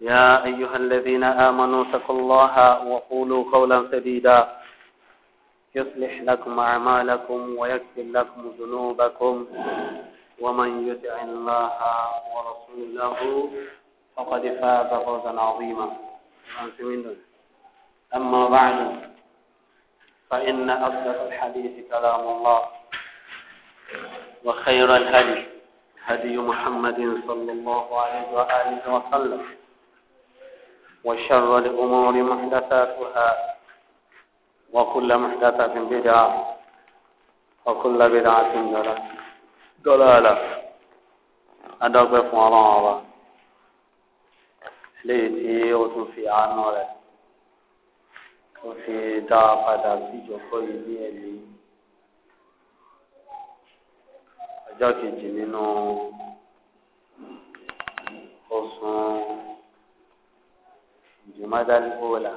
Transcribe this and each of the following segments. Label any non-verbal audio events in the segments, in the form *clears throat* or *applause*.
يا أيها الذين آمنوا اتقوا الله وقولوا قولا سديدا يصلح لكم أعمالكم ويكفر لكم ذنوبكم ومن يطع الله ورسوله فقد فاز فوزا عظيما أما بعد فإن أصدق الحديث كلام الله وخير الهدي هدي محمد صلى الله عليه وآله وسلم وشر الأمور محدثاتها وكل محدثة بدعة وكل بدعة ضلالة adọ́gbẹ́ fún ọlọ́run ọba léyìí tí ó tún fi àánú rẹ̀ ó fi dá a padà síjọpọ̀ yìí ní ẹ̀mí ọjọ́ kejì nínú oṣù jùmọ́dálí bóòlà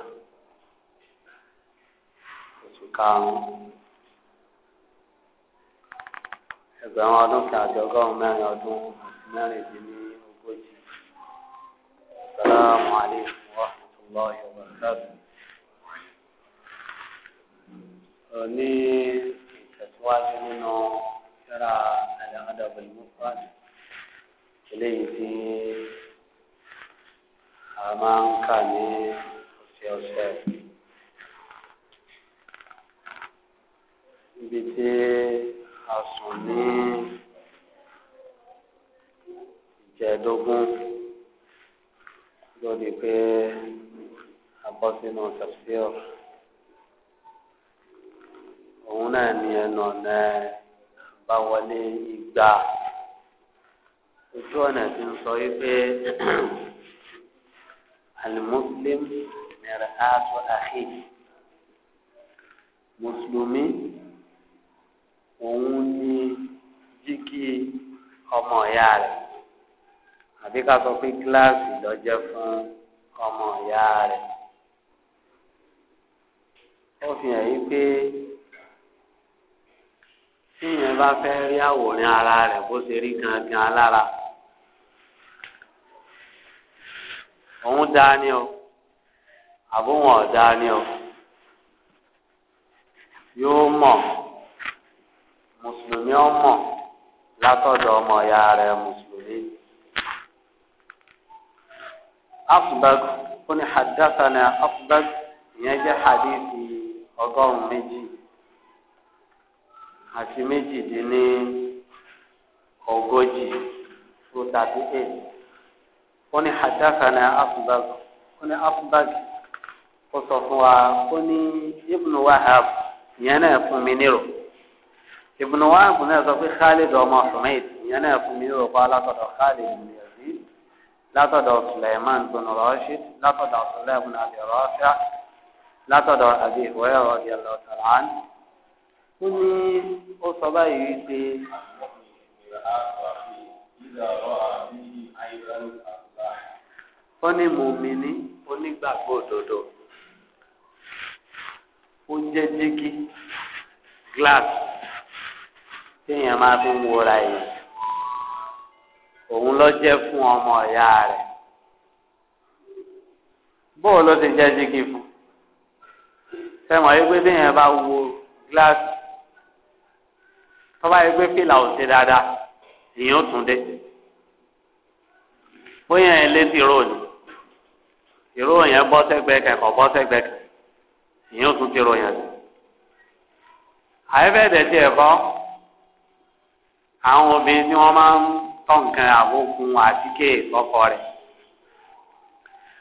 oṣù karùn-ún ẹgbẹ̀rún ọdún kan àti ọgọ́rùn-ún mẹ́rin ọdún àti mẹ́rin dín ní ogójì. Assalamu alaikum wa rahmatullahi wa barakatuh. Ní ìtẹ̀síwájú nínú ìṣẹ́ra àdàbọ̀ ìmúfàdì eléyìí tí a máa ń kà ní ọ̀sẹ̀ ọ̀sẹ̀. Ibi tí a sùn ní ìjẹ́dógún lórí pé a bọ́ sínú tafsir. Òun náà ni ẹnu ọ̀nà àbáwọlé igba ojú ọ̀nà tí ń sọ wípé. *clears throat* alimuslim mẹrẹhàtú àhí mùsùlùmí òun ni jíkì ọmọ ìyá rẹ̀ àbí ká sọ pé kíláàsì lọ́jẹ́ fún ọmọ ìyá rẹ̀ ó fi hàn yí pé tíyẹn bá fẹ́ rí àwòrán ara rẹ̀ bó ṣe rí gangan lára. òun dáa ni o àbúwọn ọ̀dáa ni ọ yóò mọ̀ mùsùlùmí ọmọ ọmọ ya rẹ̀ mùsùlùmí. méjì àti méjì dín ní ogójì two thirty wọ́n ní hadathana afubag wọ́n ní afubag kò sọ fún wa ó ní ibnu wahab ìyẹn náà fún mi nírò ibnu wahab náà sọ pé khalid ọmọ humaid ìyẹn náà fún mi nírò pa látọ̀dọ̀ khalid ibn yazid látọ̀dọ̀ suleiman bin rashid látọ̀dọ̀ suleiman abi rafi látọ̀dọ̀ abi hurairah radiyallahu ta'ala anhu ó sọ báyìí pé wọ́n ní mòmíní onígbàgbọ́ òdodo ó jẹ́ jígí glass téèyàn máa fi ń wora yìí òun lọ jẹ́ fún ọmọ ìyá rẹ̀ bóò ló ti jẹ́ jígí fún sẹ́mọ̀ yìí pé téèyàn bá wo glass tọ́ba yìí pé fìlà ò ṣe dáadáa èèyàn ó tún dé bóyá ẹ létí róòdù ìró bọ́ sẹ́gbẹ́ kẹ̀kọ́ bọ́ sẹ́gbẹ́ kẹ̀ ìyẹn ò tún ti rò yẹn. àyẹ̀fẹ́ dẹ̀tí ẹ̀kọ́ àwọn obìnrin tí wọ́n máa ń tọ́ nǹkan àbókun àtíkè lọ́kọ rẹ̀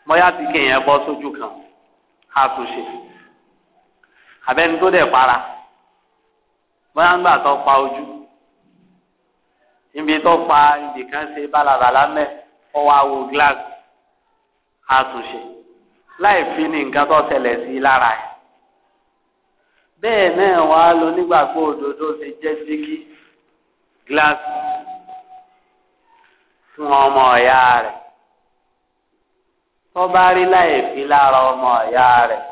bóyá àtíkè yẹn bọ́ sójú kan á tún tó dẹ̀ para bóyá ń gbà tó pa ojú ibi tó pa ibì ṣe bálabàlá mẹ́ fọwọ́ àwò gíláàsì. àtúnṣe láì fi ní nǹkan tó ṣẹlẹ̀ sí lára ẹ̀. bẹ́ẹ̀ náà wà á lo nígbàgbọ́ òdodo jẹ́ síkí gíláàsì ọmọ ọ̀yá rẹ̀ tó bá rí láì fi lára ọmọ ọ̀yá rẹ̀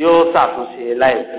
yóò ṣàtúnṣe láì fi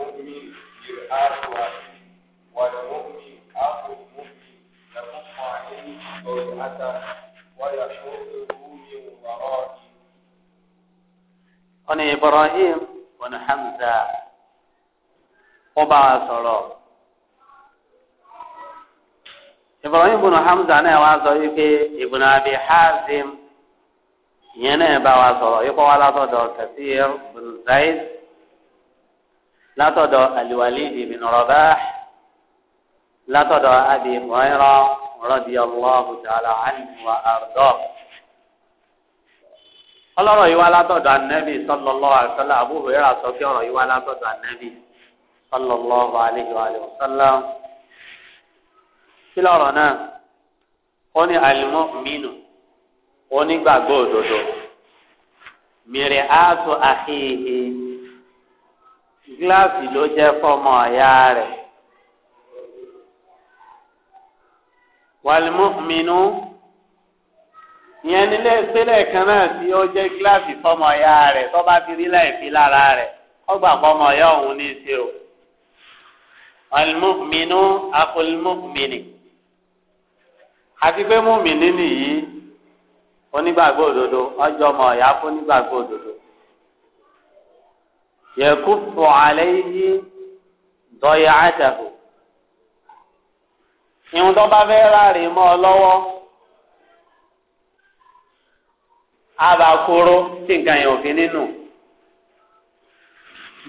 المؤمن يرآه أخيه والمؤمن أخو المؤمن يكف عليه سيئته ويحوطه من ورائه. أنا إبراهيم بن حمزة وبعد صلاة ibrahim bin hamza náà wá sọ wípé ibn abi hazim ìyẹn náà bá wa sọ̀rọ̀ yíkọ wa látọ̀dọ̀ kathir bin zaid látọ̀dọ̀ Al-Walid ibn Rabah látọ̀dọ̀ Abi Hurairah radiyallahu ta'ala anhu wa arda ọlọ́rọ̀ yìí wá látọ̀dọ̀ anabi sallallahu alaihi wasallam Abu Hurairah sọ pé ọ̀rọ̀ yìí wá látọ̀dọ̀ anabi sallallahu alaihi wa sallam kí lọ́rọ̀ náà ó ní al-mu'minu gíláàsì ló jẹ́ fọmọ ọ̀yá rẹ̀. wàlmúmínú ìyẹn nílé ìpínlẹ̀ kan náà tí ó jẹ́ gíláàsì fọmọ ọ̀yá rẹ̀ tó bá ti rí láìpí lára rẹ̀ ọgbà fọmọ ọ̀yá òun ní í ṣe o. wàlmúmínú akọlmúmínì àti pé múmínì nìyí onígbàgbọ́ òdodo ọjọ́ ọmọ ọ̀yá fún onígbàgbọ́ òdodo. يكف عليه ضيعته ìhun tó bá fẹ́ ráre mọ́ ọ lọ́wọ́ abakoro tí nǹkan yẹn ò fi nínú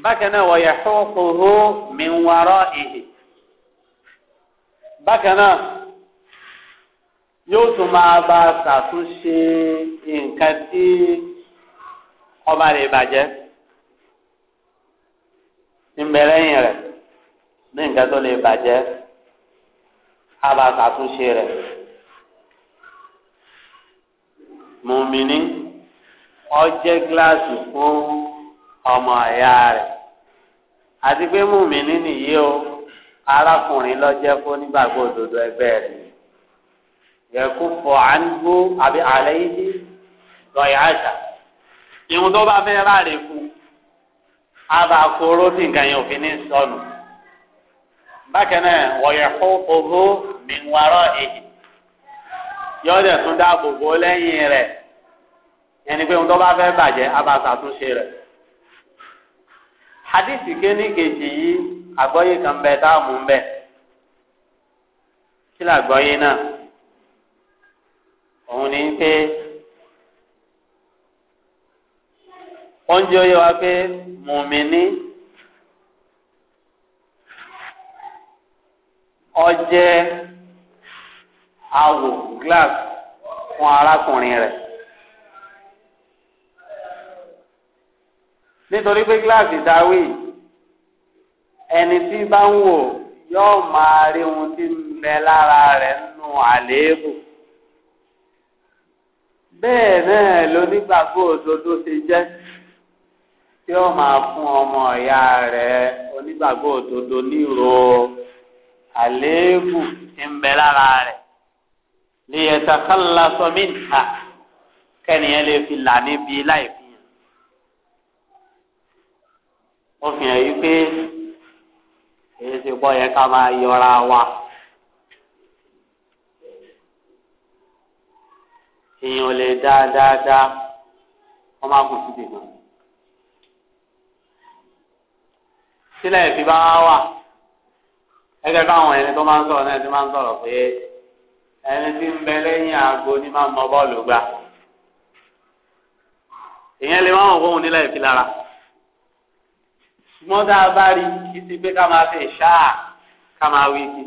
bákan náà wọ̀nyẹ mi ń warọ́ ìhì bákan náà yóò tún máa bá ṣàtúnṣe nǹkan tí rẹ̀ bàjẹ́. ńbẹ̀rẹ̀ yìn rẹ̀ ní nǹkan tó lè bàjẹ́ àbá ṣàtúnṣe rẹ̀ mùmíní ọjẹ́ gíláàsì fún ọmọ ẹ̀yà rẹ̀ àti pé mùmíní nìyí o arákùnrin lọ́jẹ́ fún nígbàgbọ́ òdodo ẹgbẹ́ rẹ̀ yẹ̀kú fọ àńgbó àbí àlẹ́ yìí lọ́yà àṣà ìhun tó bá fẹ́ ráre fún un àbá kóró tí nǹkan yẹn òfin ní sọnù bákan náà wọ̀yẹ̀ kó owó mi ń warọ́ èyí yóò dẹ̀ tún dáàbò bò lẹ́yìn rẹ̀ ẹni pé ohun tó bá fẹ́ bàjẹ́ àbá ṣàtúnṣe rẹ̀ hadithi kéènì kejì yìí àgbọ́yé kan bẹ táàmù ń bẹ kí làgbọ́yé náà òun ni pé oúnjẹ yẹ wá pé mùmíní ọjẹ́ awò glass fún arákùnrin rẹ̀. nítorí pé gíláàsì dáwì ẹni tí bá ń wò yóò máa rí ohun tí ń bẹ lára rẹ̀ nínú àléébù bẹ́ẹ̀ náà lónígbàgbọ́ òdodo ti jẹ́ tí ó máa fún ọmọ ìyá rẹ̀ onígbàgbọ́ òdodo níro àléébù tí ń bẹ lára rẹ̀ lè yẹta kálá sọ mí nìta kẹ́niyẹn lè fi là níbi láì fi hàn. ó fi hàn yí pé èyí ti pọ̀ yẹ ká máa yọra wa. èèyàn lè dáadáa wọ́n máa kù síbi kan. sílẹ̀ ìfi bá wà gẹ́gẹ́ báwọn ẹni tó máa ń sọ̀rọ̀ náà ti máa ń sọ̀rọ̀ pé ẹni tí ń bẹ lẹ́yìn aago ni máa ń mọ bọ́ọ̀lù gbà èèyàn lè má mọ̀ fóun nílẹ̀ ìfi lára ṣùgbọ́n tá a bá rí kí ti pé ká máa fi ṣáà ká máa wí kí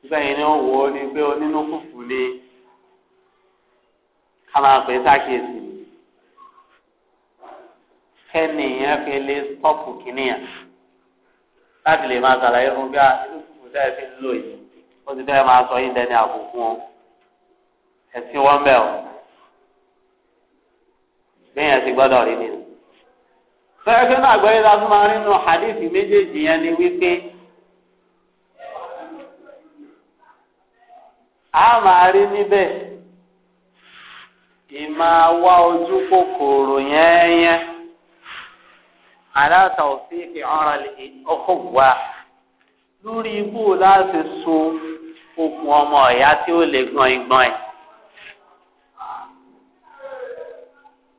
nígbà yẹn ni wọ́n wò ó ní pé onínú kùkù ni ká máa pè é sákìyèsí kẹ́nìyàn fi lè sọ́ọ̀pù kìnìyàn láti lè máa ṣàlàyé fún bí a inú kùkù sẹ́ẹ̀ fi ń lò yìí ó ti fẹ́ máa sọ yín dẹni àbùkù o ẹ̀sìn wọn bẹ̀ o bẹ́ẹ̀ ti gbọ́dọ̀ rí ni. sẹ́ẹ̀fẹ́ náà gbẹ́yìn láti máa nínú hadith méjèèjì yẹn ni wípé a máa rí níbẹ̀ ìmáa wá ojú kòkòrò yẹn yẹn aláta òfin fi ọ̀rọ̀ ọkọ̀ wá lórí ibú láti so okùn ọmọ ọ̀yá tí ó lè gbọ́n igbọ́n ẹ̀.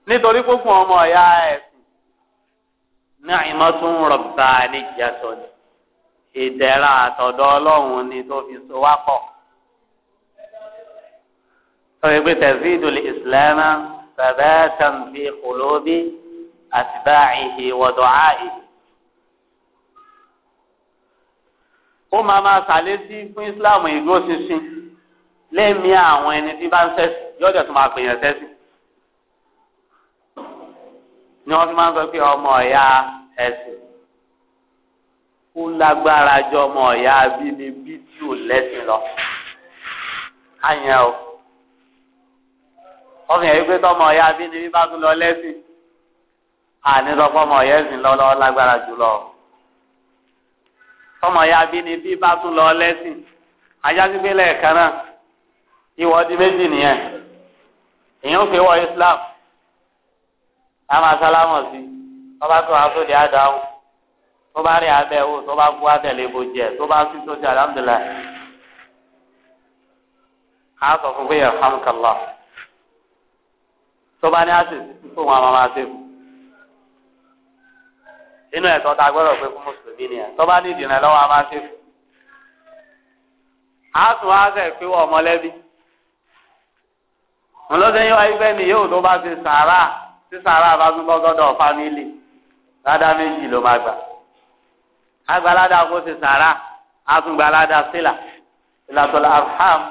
nítorí gbogbo ọmọ ọ̀yá ẹ̀sìn náà ìmọ̀ tún rọ̀bà níjàtọ̀ ni ìdẹ̀ra àtọ̀dọ̀ ọlọ́run ni tó fi so wá pọ̀. sọ̀rọ̀ pé tẹ̀síìdù lè ìsìlẹ́mà bàbá tàǹfì kòlóbí atibáyìí wọdọ ààyè ó máa máa sàlésí fún islam ìgbó ṣinṣin lẹ́mìí àwọn ẹni tí bá ń sẹ́sìn yọjọ́ tó máa pèèyàn sẹ́sìn ni wọ́n fi máa ń sọ pé ọmọ ọ̀yà ẹ̀sìn ó lágbára jọ ọmọ ọ̀yà abínibí tí ò lẹ́sìn lọ àyàn o wọ́n fi yí pé tọmọ ọ̀yà abínibí bá tún lọ lẹ́sìn ànírọ́pọ́mọ yẹn sìn lọ́lọ́ lágbára jùlọ. tọmọ ya bí ni bí bá tún lọ lẹ́sìn ajásígbé lẹ́ẹ̀kan náà ìwọ di méjì nìyẹn èèyàn fi wọ Islam a máa sálámọ̀ sí tó bá tó asóde àdáhùn tó bá rí abẹ́ wò tó bá kú abẹ́lé bo jẹ tó bá sí tó ti alhamdulilayi a sọ fún pé yẹ fámukàlá tó bá ní àṣìṣe tó wọn a máa ṣe fún inú ẹ̀tọ́ ta gbọ́dọ̀ pé fún mùsùlùmí ni ẹ̀ tó bá ní ìdìnnà lọ́wọ́ a máa ṣe fún. a tún wá sẹ̀ pé wọ́n mọ̀lẹ́bí. ńlọ́sẹ̀ yóò ayé bẹ́ẹ̀ ni yóò tó bá ṣe sàárà tí sàárà bá tún bọ́ sọ́dọ̀ fámìlì ládá méjì ló máa gbà. agbalada kó ṣe sàárà atúngbalada sílà ìlàtọ̀lá arham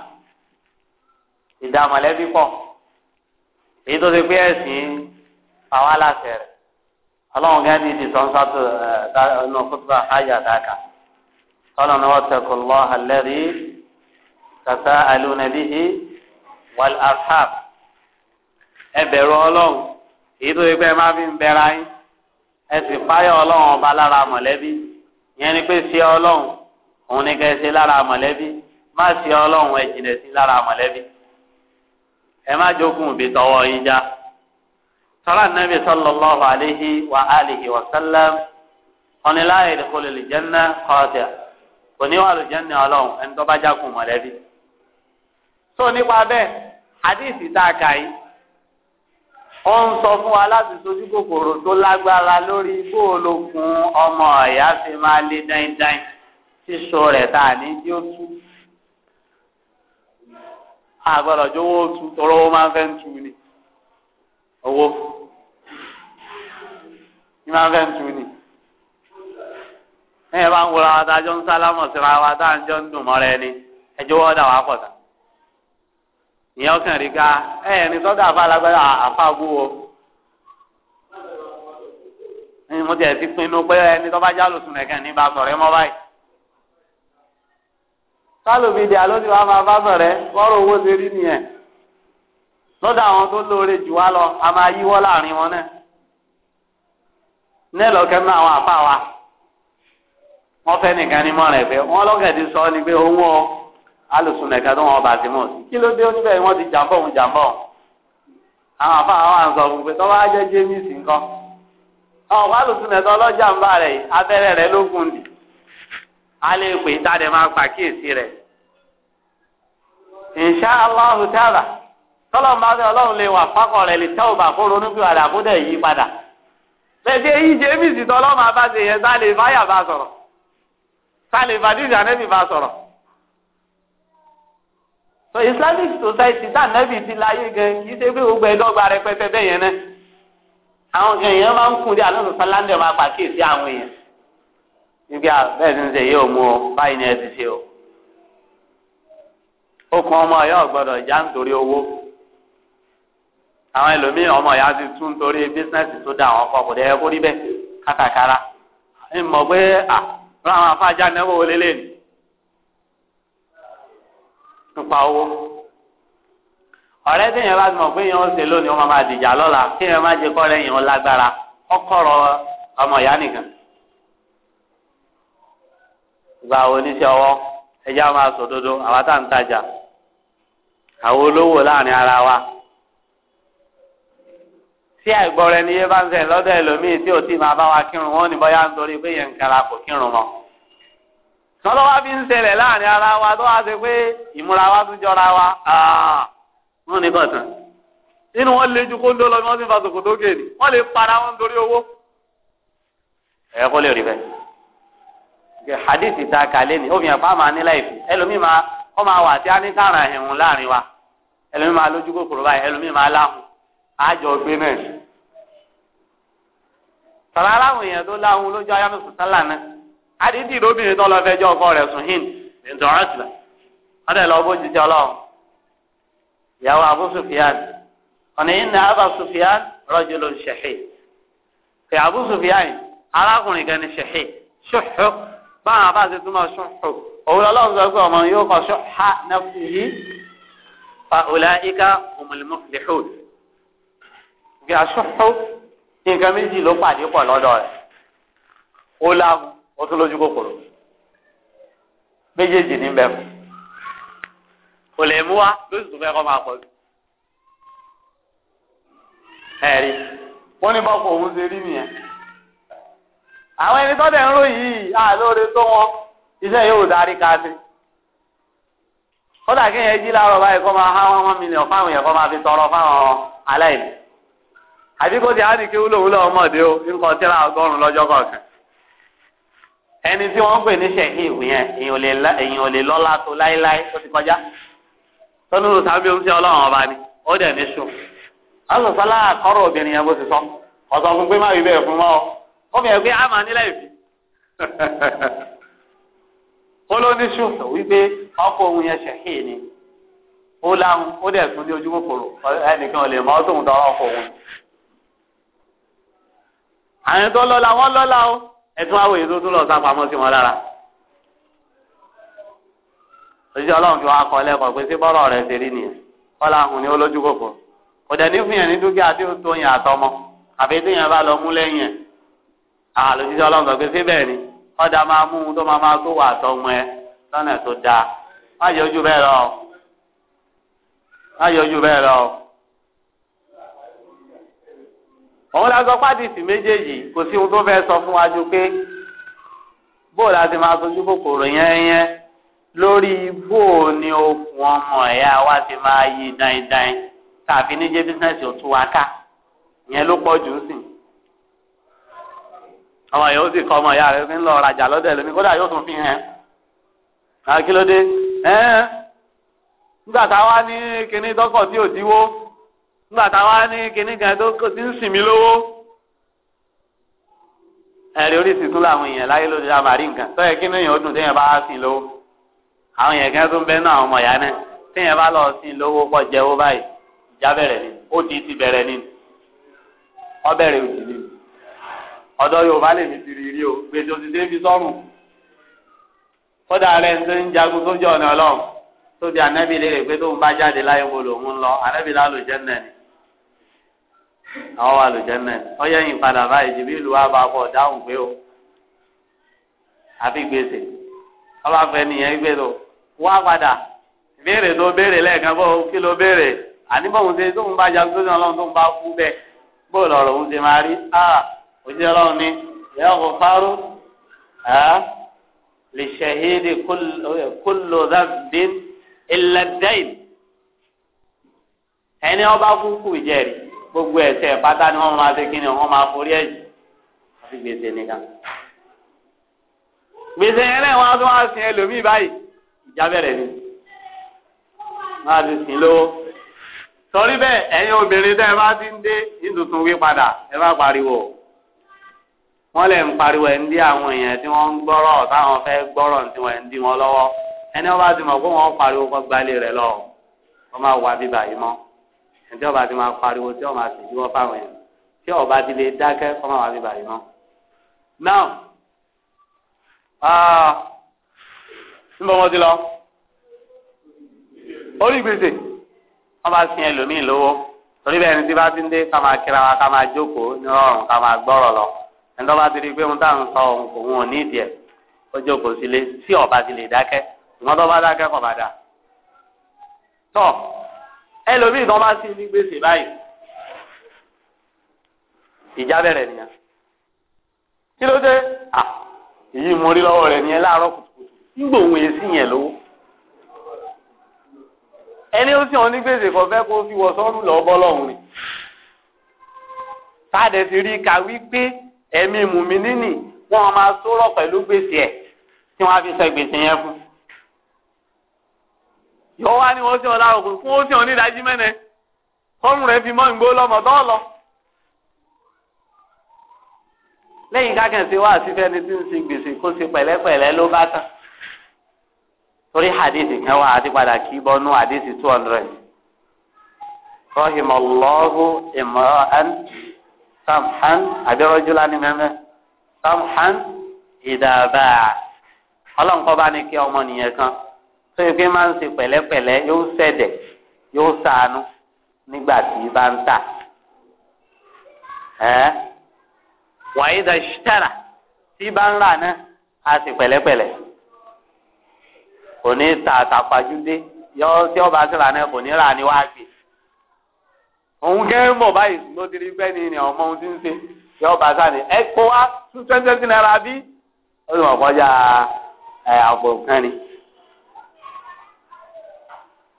ìdá mọ̀lẹ́bí pọ̀ èyí tó ṣe pé ẹ̀sìn fàwálà sẹ̀rẹ̀. ọlọ́run gẹ́gẹ́ bíi ti sọ́n sátò ọ̀nà ayé àtàkà ọlọ́run wọ́n tẹ̀kọ̀ lọ́ àlẹ́rí tata wàl ẹ ọlọ́run èyí tó yẹ pé ẹ sì fáyọ̀ ọlọ́run ọba lára mọ̀lẹ́bí ni pé ṣe ọlọ́run òun ni kẹ́ ṣe lára mọ̀lẹ́bí má ṣe ọlọ́run tọ́lá nàbì sallallahu alayhi wa alihi wa sallam ọ̀nìlá ìdíkọlù lè jẹ́nà kọ́ọ̀tà oníwà lè jẹ́nà ọlọ́run ẹni tó bá jákun mọ̀lẹ́bí. tó nípa bẹ́ẹ̀ hadith tá a kà yìí ó ń sọ fún wa láti sojú kòkòrò tó lágbára lórí bóòlókun ọmọ ẹ̀yà fi máa lé dáindáin sísọ rẹ̀ tá a ní tí ó tú. àgbọ̀dọ̀ jówó tu tọrọ ó máa ń fẹ́ tu ni. owó ní máa fẹ́ tu ni ẹ̀yẹ bá ń wọra wa tá a jọ ń sálámọ̀ síra wa tá a jọ ń dùn mọ́ra ẹni ẹjọ́ wọ́n dà wá pọ̀ta ìyẹn ọkàn rí ká ẹ̀yẹ sọ́dọ̀ àfa alágbádá àfa gbówó mo tiẹ̀ ti pinnu pé ẹni tó bá já lòsùn nìkan ní bá sọ̀rọ̀ mọ́ báyìí sálòmídìí alóṣèlú àwọn afásọ̀rẹ́ bọ́rọ̀ owó ṣe rí nìyẹn. lọ́dọ̀ àwọn tó lóore jù wá lọ a máa yíwọ́ láàrin wọn náà ní ẹ̀lọ́kẹ́ mú àwọn àpá wa wọ́n fẹ́ nìkan ní ẹ̀fẹ́ wọ́n sọ ni pé owó alùsùn nìkan tó wọn bá ti sí kí ló dé oníbẹ̀ wọ́n ti jàǹbọ̀ òun jàǹbọ̀ àwọn wa ń sọ fún pé tọ́wọ́ ajẹ́ james nǹkan alùsùn nìkan ọlọ́jà ń bá rẹ̀ abẹ́rẹ́ rẹ̀ dì tọ́lọ̀ bá fẹ́ ọlọ́run lè wà fákọ̀ rẹ̀ lè tẹ́ òbá kó ronú bí wàdà kó dẹ̀ yí padà bẹ́ẹ̀ yí jẹ́ bí ṣe yẹn Islamic society tá ti láyé gan kì í ṣe pé gbogbo ẹ̀dọ́gba bẹ́ẹ̀ yẹn náà àwọn èèyàn máa ń kún dé sọ̀tàn láńdẹ̀ máa àwọn èèyàn ibi ti ń ṣe o okùn ọmọ já nítorí owó. àwọn ẹlòmíì ọmọ ìyá ti tún torí bísínẹ́sì tó dá àwọn ọkọ kò kó rí kátàkárà pé àwọn afáàjà náwó wọlé nípa owó bá pé yẹn ṣe lónìí máa dìjà má yẹn lágbára ọmọ ìyá nìkan ìgbà wo máa wa. tí àìgbọ́ rẹ yé bá ń sẹ̀ lọ́dọ̀ ẹlòmíì tí ò tí máa bá wa kírun wọn ní bọ́yá nítorí pé yẹn ń kara kò kírun mọ́. sọ́dọ̀ fi ń ṣẹlẹ̀ láàrin ara wa tó wá ṣe pé ìmúra wa tún jọra wa wọn ní n'i nínú wọn lè ju kó ń dó lọ bí wọ́n ti fa sòkòtò gèdè lè para wọn nítorí owó. ẹ kó lè rí hadithi ta kàlẹ́ àjọ gbé náà sọ̀rọ̀ aláwọ̀ èèyàn tó láwọn olójú ayé mùsùlùmí sálà náà àdídì lóbìnrin tó lọ fẹjọ́ ọkọ rẹ̀ sùn hind ìdọ̀rọ̀tìlá ọdẹ lọ bó jíjẹ ọlọ́run ìyàwó abu sufiyan ọ̀nà yìí ní abu sufiyan rọ́jò ló ń ṣẹ̀ṣẹ̀ pé abu sufiyan arákùnrin kan ní ṣẹ̀ṣẹ̀ ṣùṣù báwọn abá ti túmọ̀ ṣùṣù òun lọ́lọ́run sọ pé ọmọ yóò kọ ṣùṣà náà fún yìí fa ọ̀là ìka òmùlùmọ́ lẹ́hùn kí aṣọ́fó nǹkan méjì ló pàdé pọ̀ lọ́dọ̀ rẹ̀ ó láàmú ó tún lójú kòkòrò méjèèjì ní fún kò lè mú wa lóṣù tó fẹ́ kọ́ máa pọ̀ jù ẹ̀rí wọ́n ní òun ṣe rí nìyẹn àwọn ẹni ń rò yìí àlóore tó wọn iṣẹ́ yóò darí jí láàárọ̀ báyìí àbí kò tí a ní wúlòwúlò ọmọdé o nǹkan tíra ọgọ́rùn lọ́jọ́ ẹni tí wọn pè ní sehif yẹn èyàn ò lè tó láéláé ti kọjá tọ́nùrù tàbí ohun tí ọlọ́run ọba ni ó dẹ̀ ní sùn a máa nílẹ̀ ó ló ní sùn wípé ohun yẹn ni ó láhùn ó dẹ̀ tún ojú kòkòrò ẹnìkan ò lè mọ́ àwọn tó lọ́la wọ́n lọ́la o ẹ̀tún àwọn èyí tó tún lọ sápamọ́ sí wọn lára. òṣìṣẹ́ ọlọ́run fi wá kọ́ lẹ́kọ̀ọ́ pé sí bọ́rọ̀ rẹ̀ ṣe rí nìyẹn kọ́lá ahùn ni ó lójú kòkó kò dẹ̀ ní fún yẹn ní dúkìá tí ó tó yẹn àtọmọ àfi tí yẹn bá lọ mú lẹ́yìn ẹ̀ àwọn òṣìṣẹ́ ọlọ́run sọ pé sí bẹ́ẹ̀ ni ọ̀dà máa mú un tó máa máa tó wà àtọmọ ẹ lọ́nà tó dáa má yọjú bẹ́ẹ̀ lọ má yọjú bẹ́ẹ̀ lọ òun la sọ pàdísì méjèèjì kò sí ohun tó fẹ́ sọ fún wa ju pé bóò la ti máa sojú kòkòrò yẹn yẹn lórí bóò ni okùn ọmọ ẹ̀yà wa ti máa yí dáindáin tàbí níjẹ́ bísíǹsì ò wa ká yẹn ló pọ̀ jù ú sìn. ọmọ sì kọ ọmọ ìyá ń lọ rajà lọ́dẹ̀ lómi fi hàn. nígbà táwa ní kinní dọ́kọ̀ tí nígbà táwa ní kinní kan tó kó sí ń sìn mí lówó ẹ̀rí oríṣi tún làwọn èèyàn láyé lóde àmàrí nǹkan tó yẹ kí inú èèyàn ó dùn téèyàn bá sìn lówó àwọn èèyàn kan tó ń bẹ́ẹ̀ náà àwọn ọmọ ìyá náà téèyàn bá lọ sìn lówó pọ̀ jẹ́wó báyìí ìjà bẹ̀rẹ̀ ni ó di ti bẹ̀rẹ̀ ni ọ bẹ̀rẹ̀ òjì ni ọ̀dọ́ Yorùbá lè mi ti rí o gbèsè òsì dé fi sọ́rùn kódà rẹ̀ ń tó jagun sójú ọ̀nà Ọlọ́run tó di ànábì pé tóun bá jáde láyé mo lòun ń lọ ànábì lálùjẹ́ náà àwọn wà lùjẹ́nẹ̀ ọyẹ́yìn padà báyìí jìbí ìlú wa bá bọ̀ dáhùn pé o àfi gbèsè ọba fẹ́ nìyẹn gbé lọ wá padà béèrè tó béèrè lẹ́ẹ̀kan bó kí ló béèrè àníbọ̀hún ṣe tóun bá jagun tó ṣe ọlọ́run tóun bá kú bẹ́ẹ̀ bó lọ̀rọ̀ òun ṣe máa rí a òṣìṣẹ́ ọlọ́run ni ìyá ọkọ̀ fárú lè ṣẹ̀hídì kúlò dábìn ẹni ọba kúkú ìjẹ́rìí gbogbo ẹ̀ṣẹ̀ pátá ni wọn máa ṣe kíni wọn máa forí ẹ̀jẹ̀ àti gbèsè nìkan gbèsè yẹn lẹ́yìn wọn á tún wá sin ẹlòmíì báyìí ìjà bẹ̀rẹ̀ ni máa ti sìn lówó sọrí bẹ́ẹ̀ ẹ̀yin obìnrin tẹ́ ẹ bá ti ń dé nítutun wí padà ẹ bá pariwo wọn lè ń pariwo ẹ ń dí àwọn èèyàn tí wọn ń gbọ́rọ̀ táwọn fẹ́ gbọ́rọ̀ tí wọn ń dí wọn lọ́wọ́ ẹni wọn bá ti mọ̀ pé wọn pariwo kọ gbalẹ rẹ lọ wọn máa wá bíbá yìí mọ́ ẹni tí ọba ti máa pariwo tí ọba ti jíwọ́ fáwọn yẹn tí ọba ti lè dákẹ́ kọ́ máa wà bí báyìí mọ́. now ah, níbo mo ti lọ orí gbèsè wọn bá sin ẹlòmíín lówó torí bẹ́ẹ̀ ni tí bá ti ń dé ká máa kíra wa ká máa jókòó nírọ̀rùn ká máa gbọ́rọ̀ lọ ẹni tó bá ti rí i pé ohun tá ń sọ òun ò ní ìdí ó jókòó sílé tí ọba ti lè dákẹ́ ìmọ̀tọ́ bá dákẹ́ kọ̀ bá dà ẹlòmíì tó bá sí ní gbèsè báyìí ìjà bẹ̀rẹ̀ nìyẹn kí ló dé à èyí mo rí lọ́wọ́ rẹ̀ nìyẹn láàárọ̀ kùtùkùtù nígbà òun èsì yẹn lówó ẹni ó sì hàn ní gbèsè kan fẹ́ kó fi wọ sọ́rùn lọ́ bọ́ lọ́hùn ni sáàdẹ̀ ti rí ka wípé ẹ̀mí mùmí nínì wọ́n máa sọ̀rọ̀ pẹ̀lú gbèsè ẹ̀ tí wọ́n á fi sọ gbèsè yẹn fún un. yọ wá ní wọ́n sí ọ̀la òkú fún ó sì ní ìdájí mẹ́nẹ fọ́ọ̀mù rẹ fi mọ́ ìgbó lọ́mọ dọ́ọ̀lọ́. lẹ́yìn kákẹ́ǹsì wá sífẹ́ ni tí ń sin gbèsè kó ṣe pẹ̀lẹ́pẹ̀lẹ́ ló bá tán torí hadith kan wà àti padà kí hadith two hundred samhan abirajula ni mẹ́mẹ́ samhan ọlọ́nkọ́ bá ní kí ọmọ tó yẹ kí máa ń ṣe pẹ̀lẹ́pẹ̀lẹ́ yóò ṣẹ̀dẹ̀ yóò ṣàánú nígbà tí bá ń tà ẹ́ wàyí dà ṣítàrà tí bá ń rà náà á sì pẹ̀lẹ́pẹ̀lẹ́ kò ní ta àtàpàjúdé yọ tí ọba sí rà náà kò ní rà ní òun kẹ́ báyìí ló ti rí ni ọmọ ohun tí ń ṣe yọ ọba sáà ní ẹ kó wá twenty naira bí ó sì mọ̀ kan ni.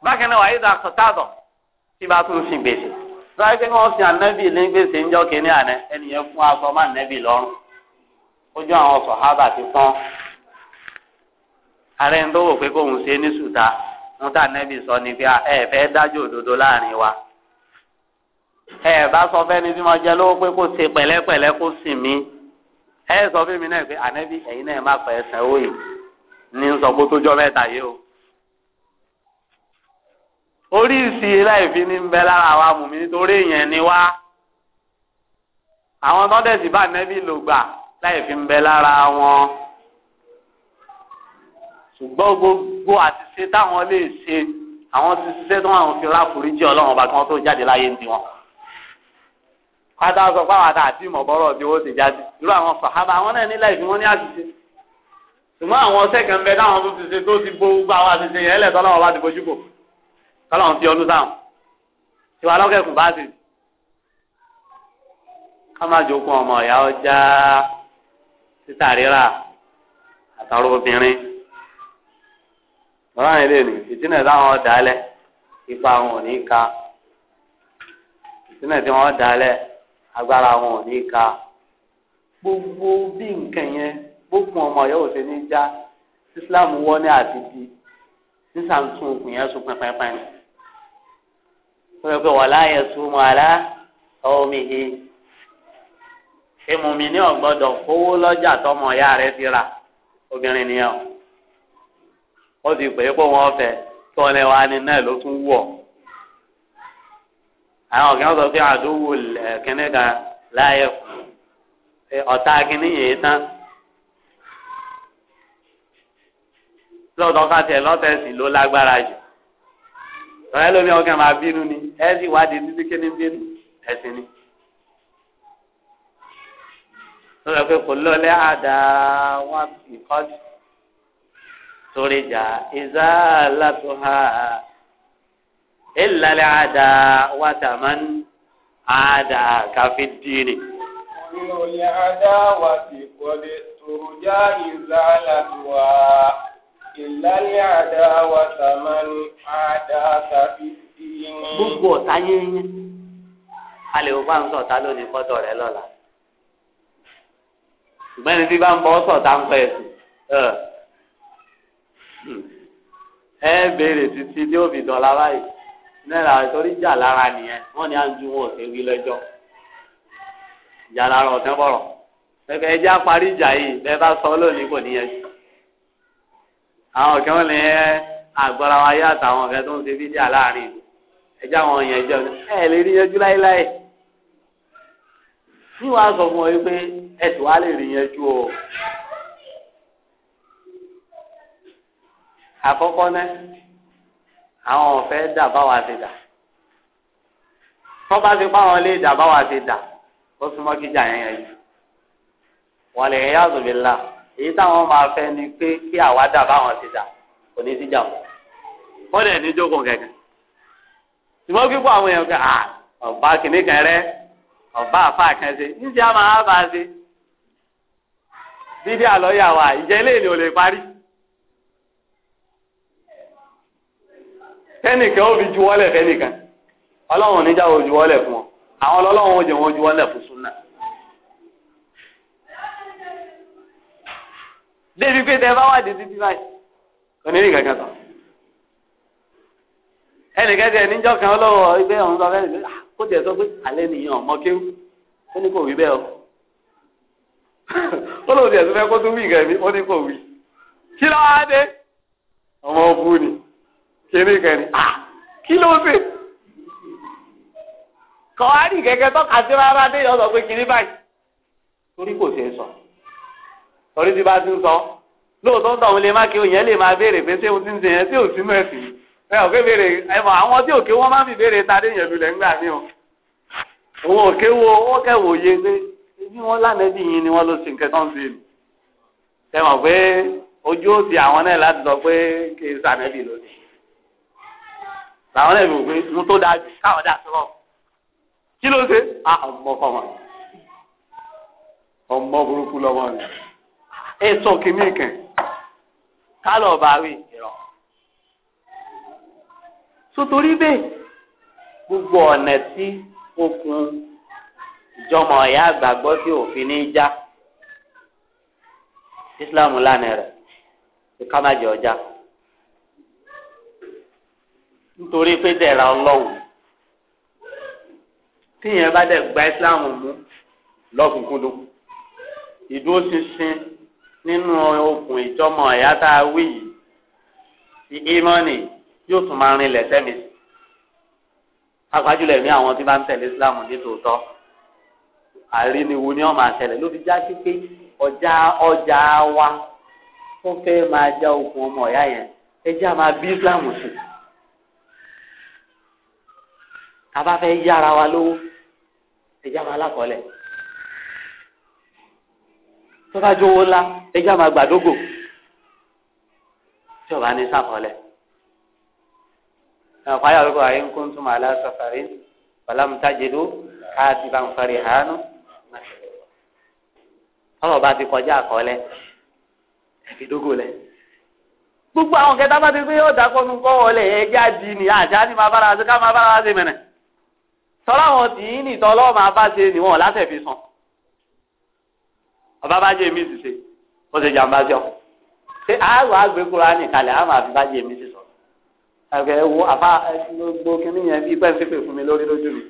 bákan náà wàá yí dàtọ tààtọ tí bá tún fi gbèsè sọ pé wọn fi ànábì lé gbèsè ńjọ kínní àná ẹnìyẹn fún aṣọ má ànábì lọ́rùn ojú àwọn sọhábà ti pọ́n ààrẹ ń tó pé kóun ṣe ní sùtà ń tà sọ ni pé ẹ fẹ́ dájọ́ òdodo láàrin wa ẹ bá sọ fẹ́ni tí mo jẹ lówó pé kó ṣe kó ẹ sọ fún mi náà pé ànábì ẹ̀yin náà má pẹ ẹsẹ owó yìí ní sọ tó jọ yìí o. orí ìsì láìfi ní bẹ lára àwa mùmí nítorí èèyàn ni wá àwọn tó dẹ̀ sí bá nẹ́bí lò gbà láìfi ń bẹ lára wọn ṣùgbọ́n gbogbo àṣìṣe táwọn lè ṣe àwọn ti ṣiṣẹ́ tó àwọn fi ráforíjì ọlọ́run ọba kí wọ́n tó jáde láyé ń di wọn pátá sọ fáwọn àtà àti ìmọ̀ bọ́rọ̀ bí wọ́n ti jáde irú àwọn sàhábà àwọn náà ní láìfi wọ́n ní àṣìṣe ṣùgbọ́n àwọn ọ̀sẹ̀ kan bẹ táwọn tó ti ṣe tó ti bo gbogbo àwọn àṣìṣe yẹn lẹ̀ tọ́lọ́wọ́ bá ti bójú kò. kọ́lọ́n fi ọdún sáwọn ìwà lọ́kẹ́kùn bá sì ká má jogún ọmọ ìyá ọjà títà rírà àtàwọn obìnrin lọ́wọ́ ìtìnà táwọn ọ̀dà ipa ò ní ka ìtìnà tí agbára ò ní ka gbogbo bí nǹkan yẹn gbogbo ọmọ Islam ní àti di sísàǹtún yẹn wọ́n yẹ pé wọ́n láyé súnmọ́ alá ọmọ ìhe ìmùmí ní ọ̀gbọ́dọ̀ kówó lọ́jà tọmọ ìyá rẹ̀ ti rà obìnrin nìyẹn o wọ́n ti pè é pé wọ́n fẹ́ tó ọ̀nà wa ni náà ló tún wọ̀ àwọn kan sọ pé àdúgbò kínní kan láyé ọ̀tá kínní yìí tán lọ́dọ̀ ká tiẹ̀ lọ́tẹ̀sì ló lágbára jù ọ̀rọ̀ ẹlòmíì ọkàn máa bínú ni ẹ sì wádìí títí kí ni bínú ẹ̀sìn ni. ó sọ pé kò lọlẹ́ àdá wọn ìkọ́jú sórí ìjà ìzá látọ̀ha ìlàlẹ́ àdá wọn tàmán àdá káfí dìínì. kò lọlẹ́ àdá wọn ìkọ́jú sórí ìjà ìzá látọ̀ha ìlàlẹ àdá wa sàmánì àdá tàbí ìní. gbogbo ọ̀tá yẹ́yẹ́ a lè wọ́n bá ń sọ̀tá lónìí fọ́tọ̀ rẹ lọ́la ṣùgbọ́n ẹni tí bá ń bọ́ sọ̀tá ń pẹ́ ẹ̀sùn ẹ béèrè títí tí ó fi dọ̀la báyìí náírà torí jà lára nìyẹn wọ́n ní à ń ju wọn òsè wí lọ́jọ́ ìjà lára ọ̀tẹ́ bọ̀rọ̀ ẹ̀fẹ̀ ẹjẹ́ á parí ìjà yìí bẹ́ẹ̀ bá sọ lónìí kò níyẹn sí àwọn kan lè ẹ àgbọ̀ra wa yá àtàwọn kan tó ń ṣe fídíà láàrin ẹjọ́ àwọn yẹn jọ ẹ lè rí yanjú láéláé tí wàá sọ fún ọ yìí pé ẹ sì lè rí yanjú o. àkọ́kọ́ náà àwọn ọ̀fẹ́ dà báwa ti dà tọ́ba ti fáwọn lé dà báwa ti dà ó súnmọ́ kíjà yẹn yẹn jù wọ́n lè yá àzùbí la èyí táwọn máa fẹ́ ni pé kí àwádà báwọn ti dà kò ní síjà wọn. wọ́n dẹ̀ ní jókòó kẹ̀kẹ́. ṣùgbọ́n kíkọ́ àwọn èèyàn kan ah, ọ̀bá kìíní kan rẹ ọ̀bá àfa kan ṣe níṣẹ́ a máa bá a ṣe. bíbí àlọ́yà wa ìjẹ́ ilé ìlú ò lè parí. tẹ́nìkan ó fi juwọ́lẹ̀ fẹ́nìkan ọlọ́run ò ní juwọ́lẹ̀ fún ọ àwọn ọlọ́run ò jẹ́ wọn juwọ́lẹ̀ fún súnà. débi pé tẹ bá wà dé títí báyìí onírì kankan sọ ẹnìkan tiẹ̀ níjọ́ kan ọlọ́wọ́ ibẹ̀ ọ̀hún sọ fẹ́ẹ́ nìkan ah, kó tiẹ̀ sọ pé alẹ́ nìyẹn ọmọ kéwù ó ní kò wí bẹ́ẹ̀ o *laughs* ó lóun tiẹ̀ sọ fẹ́ kó tún wí nǹkan mi ó ní kò wí kí ló wá dé ọmọ òfu ni kéré kan a kí ló dé kọ́ wá rí kẹ̀kẹ́ tọ́ka sí rárá dé yọ pé kiri báyìí torí kò ṣeé sọ torí ti bá ti ń sọ lóòótọ́ tó àwọn ilé má kí òyìn lè máa béèrè pé ṣé o ti ń sèyàn tí ò sí mẹ́sì ẹ ò ké béèrè ẹ àwọn tí òkè wọn má fi béèrè ta déyàn lulẹ̀ ńgbà mí o òun òkè wo ó kẹwò yé pé bí wọn lánàá bí ni wọn ló ṣe nǹkan tán sí i ẹ mọ̀ pé ojú ó ti àwọn náà láti sọ pé kí n sànẹ́bì lónìí làwọn náà rò tó dáa káwọn dà sọ́rọ̀ kí ló ṣe ah, ọmọ kọ́mọ ọmọ burúkú lọ́mọ rẹ̀ ètò kìíní kan kálọ̀ bá rí ìrọ̀. sotori bẹ́ẹ̀ gbogbo ọ̀nà tí okùn ìjọmọ̀ ọ̀yá àgbàgbọ́ tí òfin ní já Islam lánàá rẹ̀ kí ká má jẹ ọjà nítorí pé dẹ̀ra ọlọ́run tíyẹn bá dẹ̀ gba Islam mú lọ́kùnkúndùn ìdúróṣinṣin nínú okùn ìjọmọ ẹ̀yà tá a wí yìí ti ìmọ̀nì yóò tún máa rin ilẹ̀ sẹ́mi sí. apájùlẹ̀ ní àwọn tí bá ń tẹ̀lé Islam ní tòótọ́ àríniwo ni wọ́n máa tẹ̀lé ló fi já sí pé ọjà ọjà wa wọ́n fẹ́ máa já okùn ọmọ ẹ̀yà yẹn ẹjẹ́ a máa bí Islam sí. ká bá fẹ́ yára wa lówó ẹjẹ́ a máa lákọ̀ọ́lẹ̀ tó bá jó owó ńlá ẹjẹ́ àmà gbàdógò tí ọba ní sàkọlẹ̀. àfáyà olùkọ́ àyè ń kún tún màálá sàfàrí bàlámù tájèdó káàtì bá ń fari hànú. tọ́lọ̀ bá ti kọjá àkọlẹ̀ ẹ̀fídógò lẹ̀. gbogbo àwọn kẹta bá ti pé yóò dákọ́nu kọ́ wọlé ẹjẹ́ àdì ní àjá ni màá bára ṣe ká màá bára ṣe mẹ́nẹ̀. tọ́lá wọn tì í nìtọ́ ọlọ́ọ̀ máa bá ṣe nìwọ̀n látẹ̀ fi sàn ọba bá jẹ́ èmi ṣiṣẹ́ ó ṣe jàǹbá sí ọ. ṣé àárò àgbẹ̀ Kùránì kalẹ̀ àmọ́ àfi bá jẹ́ èmi ṣiṣọ́. ẹ̀kẹ́ wo àfa gbogbo kínní yẹn bí pẹ́ẹ́n pépè fún mi lórí lójú mi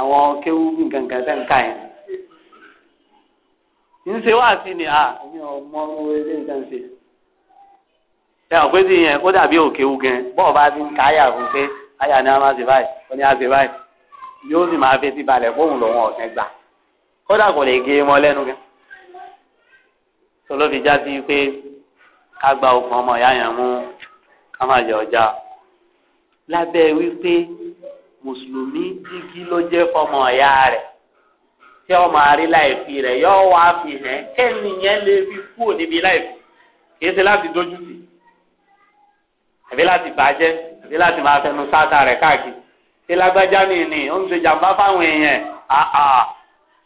àwọn kéwú nǹkankan tẹ́ ń yẹn. ń ṣe wá sí ni à mi ò mọ ohun nǹkan ṣe. ẹ ọ̀ pé tiyẹn ó dàbí òkèwú gan bọ́ọ̀ bá ti ń ka àyà fún pé àyà ni a máa ṣe báyìí ó ní a ṣe báyìí yóò sì máa fetí balẹ̀ fóun lòun ọ̀sẹ̀ gbà kódà kò lè gé e mọ́ lẹ́nu gan tọ́lọ́ fi já sí pé ká gba okùn ọmọ ìyá yẹn mú ká má yọ ọjà lábẹ́ wípé mùsùlùmí dígí ló jẹ́ fọmọ ìyá rẹ̀ tí ọmọ àrí láìfi rẹ̀ yọ wá fi hàn kẹ́ni yẹn lè fi kúrò níbi láìfi kì ṣe láti dojú sí àbí láti bàjẹ́ àbí láti máa fẹnu sáta rẹ̀ káàkiri ṣé lágbájá nìyí ni ó ń ṣe jàǹbá fáwọn èèyàn àà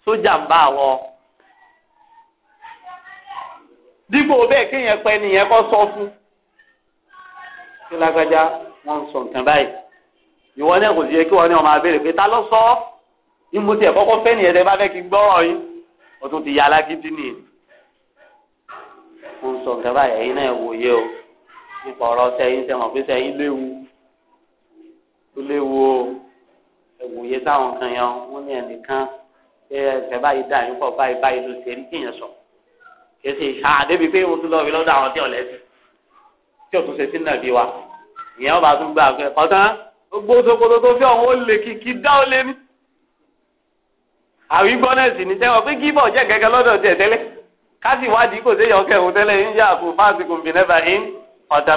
sójà ń bá àwọn dípò bẹ́ẹ̀ kéèyàn pẹ́ nìyẹn kọ́ sọ fún kí lágbájá wọ́n sọ nǹkan báyìí ìwọ náà kò sí yẹ kí wọ́n ní ọmọ abẹ́rẹ́ pé ta ló sọ ọ́ ní mo tiẹ̀ kọ́kọ́ fẹ́ nìyẹn tẹ́ bá fẹ́ kí n gbọ́rọ̀ yín o tún ti ya alágídí nìyẹn mo sọ nǹkan báyìí ẹ̀yin náà wòye o nípa ọ̀rọ̀ sẹ́yìn sẹ́mọ̀ pé sẹ́yìn léwu ó léwu o ẹ̀wòye sáwọn kan yẹn wọ́n ní ẹ̀ èsì ìṣá àdébi pé o tún lọ rí àwọn tí ọ̀lẹ́ sí tí o tún ṣe wa ìyẹn ọba tún gbà pé ọ̀tán gbogbo sokoto tó fi ọ̀hún ó lè kìkì dá ó lé ní. àwí gbọ́nẹ̀sì ní sẹ́wọ̀n pé kí bọ̀ jẹ́ gẹ́gẹ́ lọ́dọ̀ tiẹ̀ tẹ́lẹ̀ káàsì ìwádìí kò tẹ́lẹ̀ ń yà fún fáàsì kò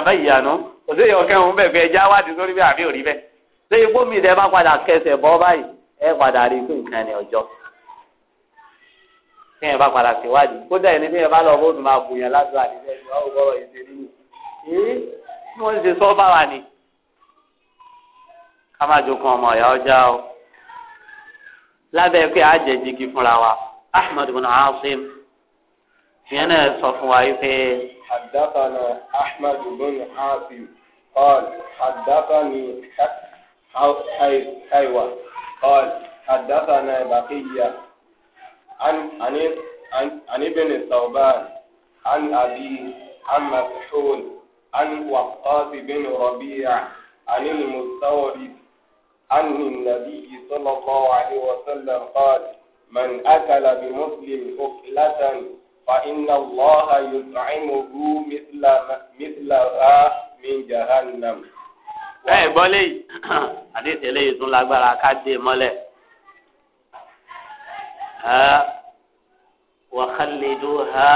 bá ìyànú kò fẹ́ já wádìí sórí àbí òrí bẹ́ẹ̀. mi ìdẹ́ bá téèyàn bá padà síwádìí kódà ẹni téèyàn bá lọ bóòdù máa bù yàn lásán àdìsẹ́ ìgbà ó bọ̀rọ̀ ìṣe nínú èyí tí wọ́n ṣe sọ́ bá wa ni. ká má jokun ọmọ ìyá ọjà o lábẹ́ pé àjẹjì kí fúnra wa Ahmad bin Asim ìyẹn náà sọ fún wa wípé. حدثنا أحمد بن عاصم قال حدثني حيوة قال حدثنا بقية عن ابن الثوبان عن أبي عن مسحول عن وقاص بن ربيع عن المستورد عن النبي صلى الله عليه وسلم قال من أكل بمسلم أكلة فإن الله يطعمه مثل مثلها من جهنم. إيه gbọ́ léyìí àdéhùn eléyìí tún lágbára ká ها وخلدوها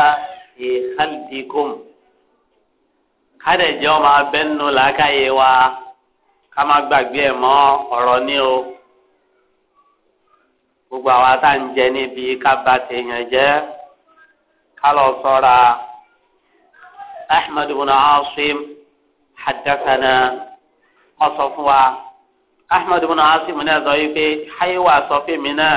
في خلدكم kada jẹ́ ọmọ abẹ́nu làákàyè wa ká má gbàgbé ẹ̀ mọ́ ọ̀rọ̀ ní o gbogbo àwa tá à ń jẹ níbi ká bà tèèyàn jẹ́ ká lọ sọ́ra ahmed bin asim hadathana ọsọ fún wa ahmed bin asim náà sọ yìí pé haiwa sọ fún mi náà.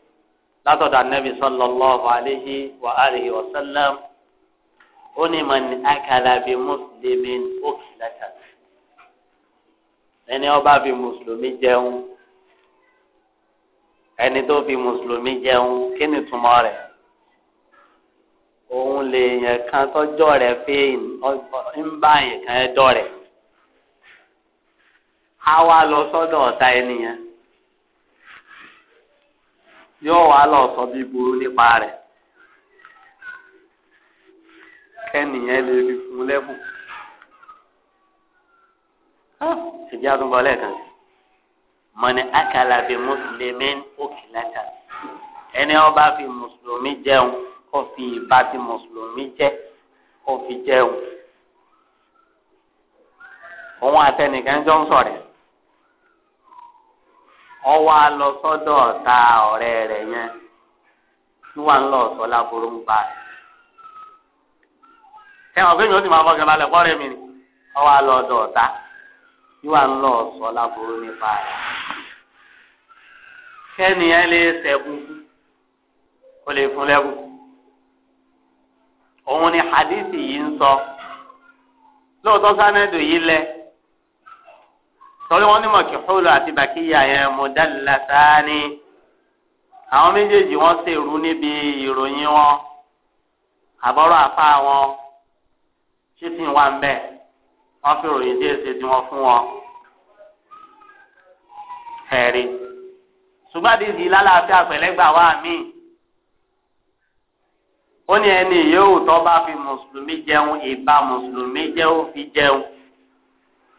látọ̀dọ̀ anabi sallallahu alayhi wa alihi wa sallam ó ní man akala bi muslimin okilata ẹni ó bá fi mùsùlùmí jẹun ẹni tó fi mùsùlùmí jẹun kí ni túmọ̀ rẹ̀ òun lè yẹn kan tọ́jọ́ rẹ̀ pé ń bá yẹn kan ẹjọ́ rẹ̀ á wá lọ sọ́dọ̀ ọ̀tá ẹni yóò wá lọ sọ bí burú nípa rẹ̀ kẹ́nìyàn lè fi fún lẹ́bùn ṣèjì ah, àtúbọ̀ lẹ́ẹ̀kan mọ̀nì akalabi mùsùlùmí òkìlẹ́ta ẹni ọba fi mùsùlùmí jẹun kó fi ìbá ti mùsùlùmí jẹ kó fi jẹun òun àtẹnìkan jọ ń sọ̀rọ̀ ọwọ́ alọ sọ́dọ̀ ọ̀tá yẹn níwà ńlọ ọ̀sọ́ láboró ń bá rẹ̀. ẹ ó sì máa balẹ̀ kọ́rẹ́ mi ni ọwọ́ alọ ọ̀dọ̀ ọ̀tá níwà sọ nípa kẹ́ni ẹ lè sẹ́gun kó lè fún lẹ́gùn. òun ni hadithi yìí ń sọ lóòótọ́ torí wọn ní mọ̀kìhúlù àti bàkíyà yẹn mọ̀dálásání àwọn méjèèjì wọn ṣèrú níbi ìròyìn wọn àbọ̀rọ̀ àfa wọn ṣífìn wà ń bẹ̀ wọ́n fi ròyìn díẹ̀ ṣe tí wọ́n fún wọn ẹ̀rí ṣùgbọ́n àdìsí lálàáfíà pẹ̀lẹ́gbà wà mí ó ní ẹni yóò tọ́ bá fi mùsùlùmí jẹun ìbá mùsùlùmí jẹun fi jẹun.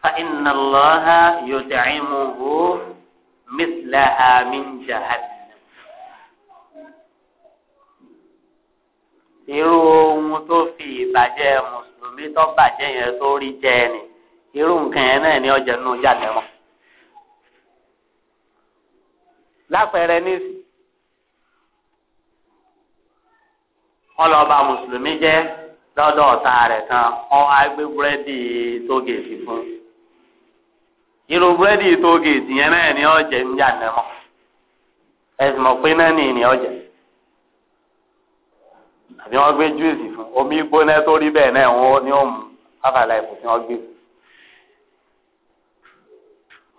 فإن الله يدعمه مثلها من جهنم irú ohun tó fi ìbàjẹ́ mùsùlùmí tó bàjẹ́ yẹn tó rí jẹ ni irú nǹkan yẹn náà ni ọjà nù jáde wọn. lápẹẹrẹ nísì wọn lọ bà mùsùlùmí jẹ́ lọ́dọ̀ ọ̀tá rẹ̀ kan wọn á gbé búrẹ́dì tó gèsì fún un. irú búrẹ́dì tó gèètì yẹn náà ni ọ̀jẹ̀ ń jà nẹ́mọ́ ẹ̀sìn mọ̀ pé náà nì ní ọ̀jẹ̀ àbí wọ́n gbé júùsì fún omi gbóná tó rí bẹ́ẹ̀ náà wọ́n ní òun afàlà ẹ̀kọ́ tí wọ́n gbé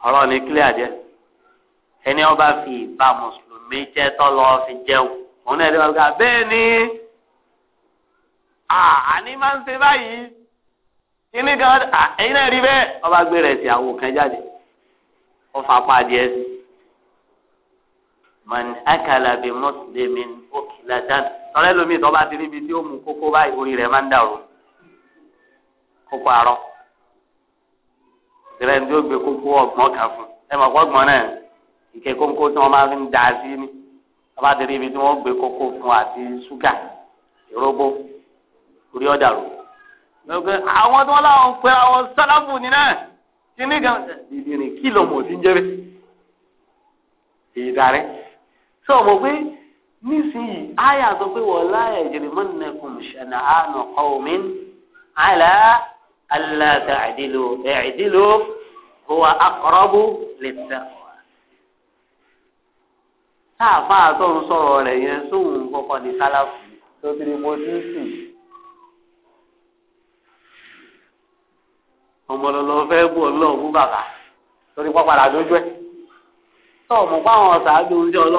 ọ̀rọ̀ ní kílíà jẹ́ ẹni ọba fi ìbá mùsùlùmí jẹ́ tọ́lọ́ fi jẹun òun náà ẹ̀dẹ́ wọn gbà bẹ́ẹ̀ ni àní máa ń ṣe báyìí kíní kan ẹ̀yin náà rí bẹ́ẹ̀ ọba gbé rẹ̀ sí àwọn kan jáde ó fa apá adìẹ sí man akala bi muslimin okila dan tọ́lẹ́ lomi ìtọ́ bá ti níbi tí ó mú kókó báyìí orí rẹ̀ máa ń dàrú kókó àárọ̀ ìrẹ́ ní ó gbé kókó ọgbọ́n kan fún ẹ mọ̀ ọgbọ́n náà ìkẹ́ kókó tí wọ́n máa ń da sí ni ọba ti níbi tí wọ́n gbé kókó fún àti ṣúgà ìrógbó orí ọ̀dàrú lọ́gbẹ́ àwọn tí wọ́n láwọn pé àwọn sálábù nínú ẹ̀ kí ní gan ìdìrín kí ló mọ̀ sí ń jẹ́rẹ́ ìdarí sọ mọ̀ pé nísìnyí àyà sọ pé wọ́n láyà ìjẹ̀lẹ̀ mọ́nàkùn ṣẹ̀nà àánú ọ̀hún àlá aláta àdìlò ẹ̀ẹ́dìlò huwa aqrabu lit-taqwa. táàfáà tó ń sọ̀rọ̀ rẹ̀ yẹn sóhun kọ́kọ́ ní sálábù tó ti mo ti sìn. ọmọlọlọ fẹ́ bù ọlọ́run fún bàbá torí wọ́n padà dójú tó ọmọ fáwọn oúnjẹ wọn ń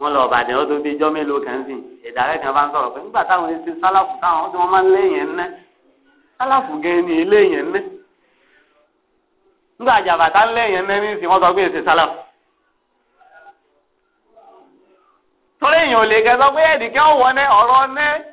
wọn lọ ọ̀bàdàn ó tó bí mélòó kan sìn ìdàrẹ́ kan bá ń sọ̀rọ̀ pé nígbà táwọn ẹni sálàfù táwọn tí máa ń ń sálàfù ni wọ́n sọ pé sálàfù torí èèyàn ò lè kẹ́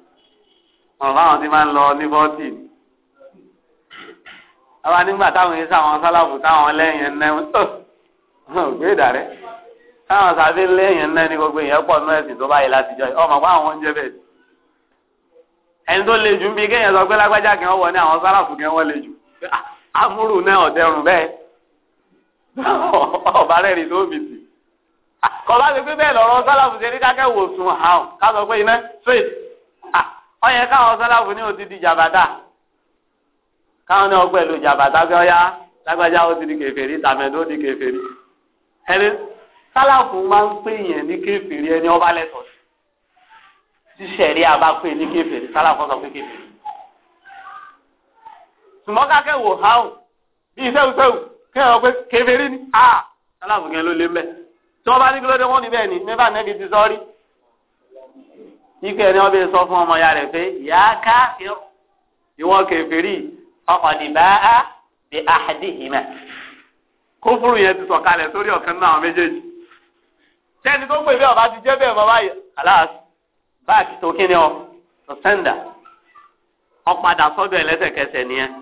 ọ̀rọ̀ àwọn tí máa ń lọ ní bọ́ọ̀tì ni. àwa nígbà táwọn yẹn sáwọn sálàfù táwọn lẹ́yìn ẹ̀ náà gbé ìdàrẹ́ táwọn sábẹ́ lẹ́yìn ẹ̀ náà ní gbogbo ìyẹn pọ̀ nú ẹ̀sìn tó báyìí láti jọ ọmọ pa àwọn oúnjẹ bẹ́ẹ̀ ẹni tó le jù ń bi kéèyàn sọ pé lágbájá kí wọ́n wọ ní àwọn sálàfù kí wọ́n le jù amúrù náà ọ̀dẹ́rùn bẹ́ẹ̀ ọ̀bá rẹ̀ rí tó bìtì kọ̀ọ̀bá ti pé bẹ́ẹ̀ lọ́rọ̀ sálàfù ṣe ní ọyẹ káwọn sọláfù ní òtítì jàbàtà káwọn ní ọgbẹ lu jàbàtà pé ọyá lágbájá ó ti di kèfèrí tàmẹdó ó di kèfèrí ẹni sálàfù máa ń pè yẹn ní kèfèrí ẹni ọba lẹtọ tí sẹrí àbá pè ní kèfèrí sálàfù sọ pé kèfèrí sùmọ́kákẹ́ wò háwù bí sẹ́wùsẹ́wù kí ẹ̀rọ pé kèfèrí ni a ah! sálàfù yẹn ló lé mbẹ tí wọ́n bá ní kí ló dé wọ́n ní bẹ́ẹ̀ ni mẹ́fà nẹ́bi ti sọ́ọ́rí ikú ẹni ọbẹ̀ sọ fún ọmọ ya rẹ̀ pé yà á káfíọ́ ìwọ̀n kẹfìrí ọkàn bá a bí àdìhìmẹ̀ kófúrú yẹn ti sọ̀kalẹ̀ sórí ọ̀kan náà méjèèjì sẹ́ni tó pè bí ọba ti jẹ́ bẹ́ẹ̀ bàbá yìí aláàs báàkì tó kíni ọ tó sẹ́ndà ọ̀padà sọ́dọ̀ ẹ̀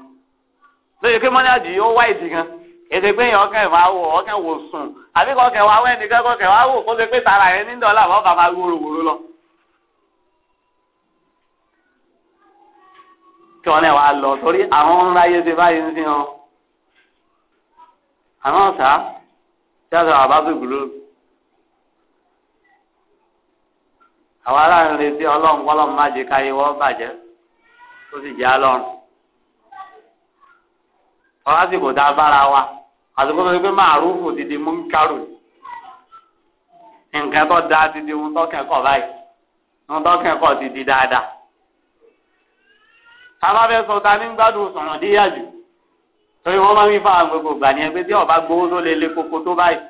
lóye kí mọ́lẹ́ àjì yóò wá ìdí gan ètò pé yẹn ìwà wò ọkàn wò sùn àbíkọ̀ ọkàn ìwà wẹ́ẹ̀ nìkan kọ̀ọ̀kan ìwà wò kó lè pé tara yẹn ní dọ́là bọ́ bàbá wóró lọ. tí wọn lè lọ torí àwọn ń ráyè ṣe báyìí ń sìn wọn. àmọ́ tí a sọ àbá tó gbúlò àwọn aláàrin retí ọlọ́run kọ́lọ́run má jẹ káyé tó sì jẹ́ ọlá a wa àsìkò tó ṣe pé mú ń kárò nǹkan tó tábà fẹ́ sọ ta ní gbádùn sọ̀rọ̀ díyà jù torí wọ́n máa ń fa àwọn gbogbo ìgbà ni ẹgbẹ́ tí ọba gbowó tó lè lé koko tó báyìí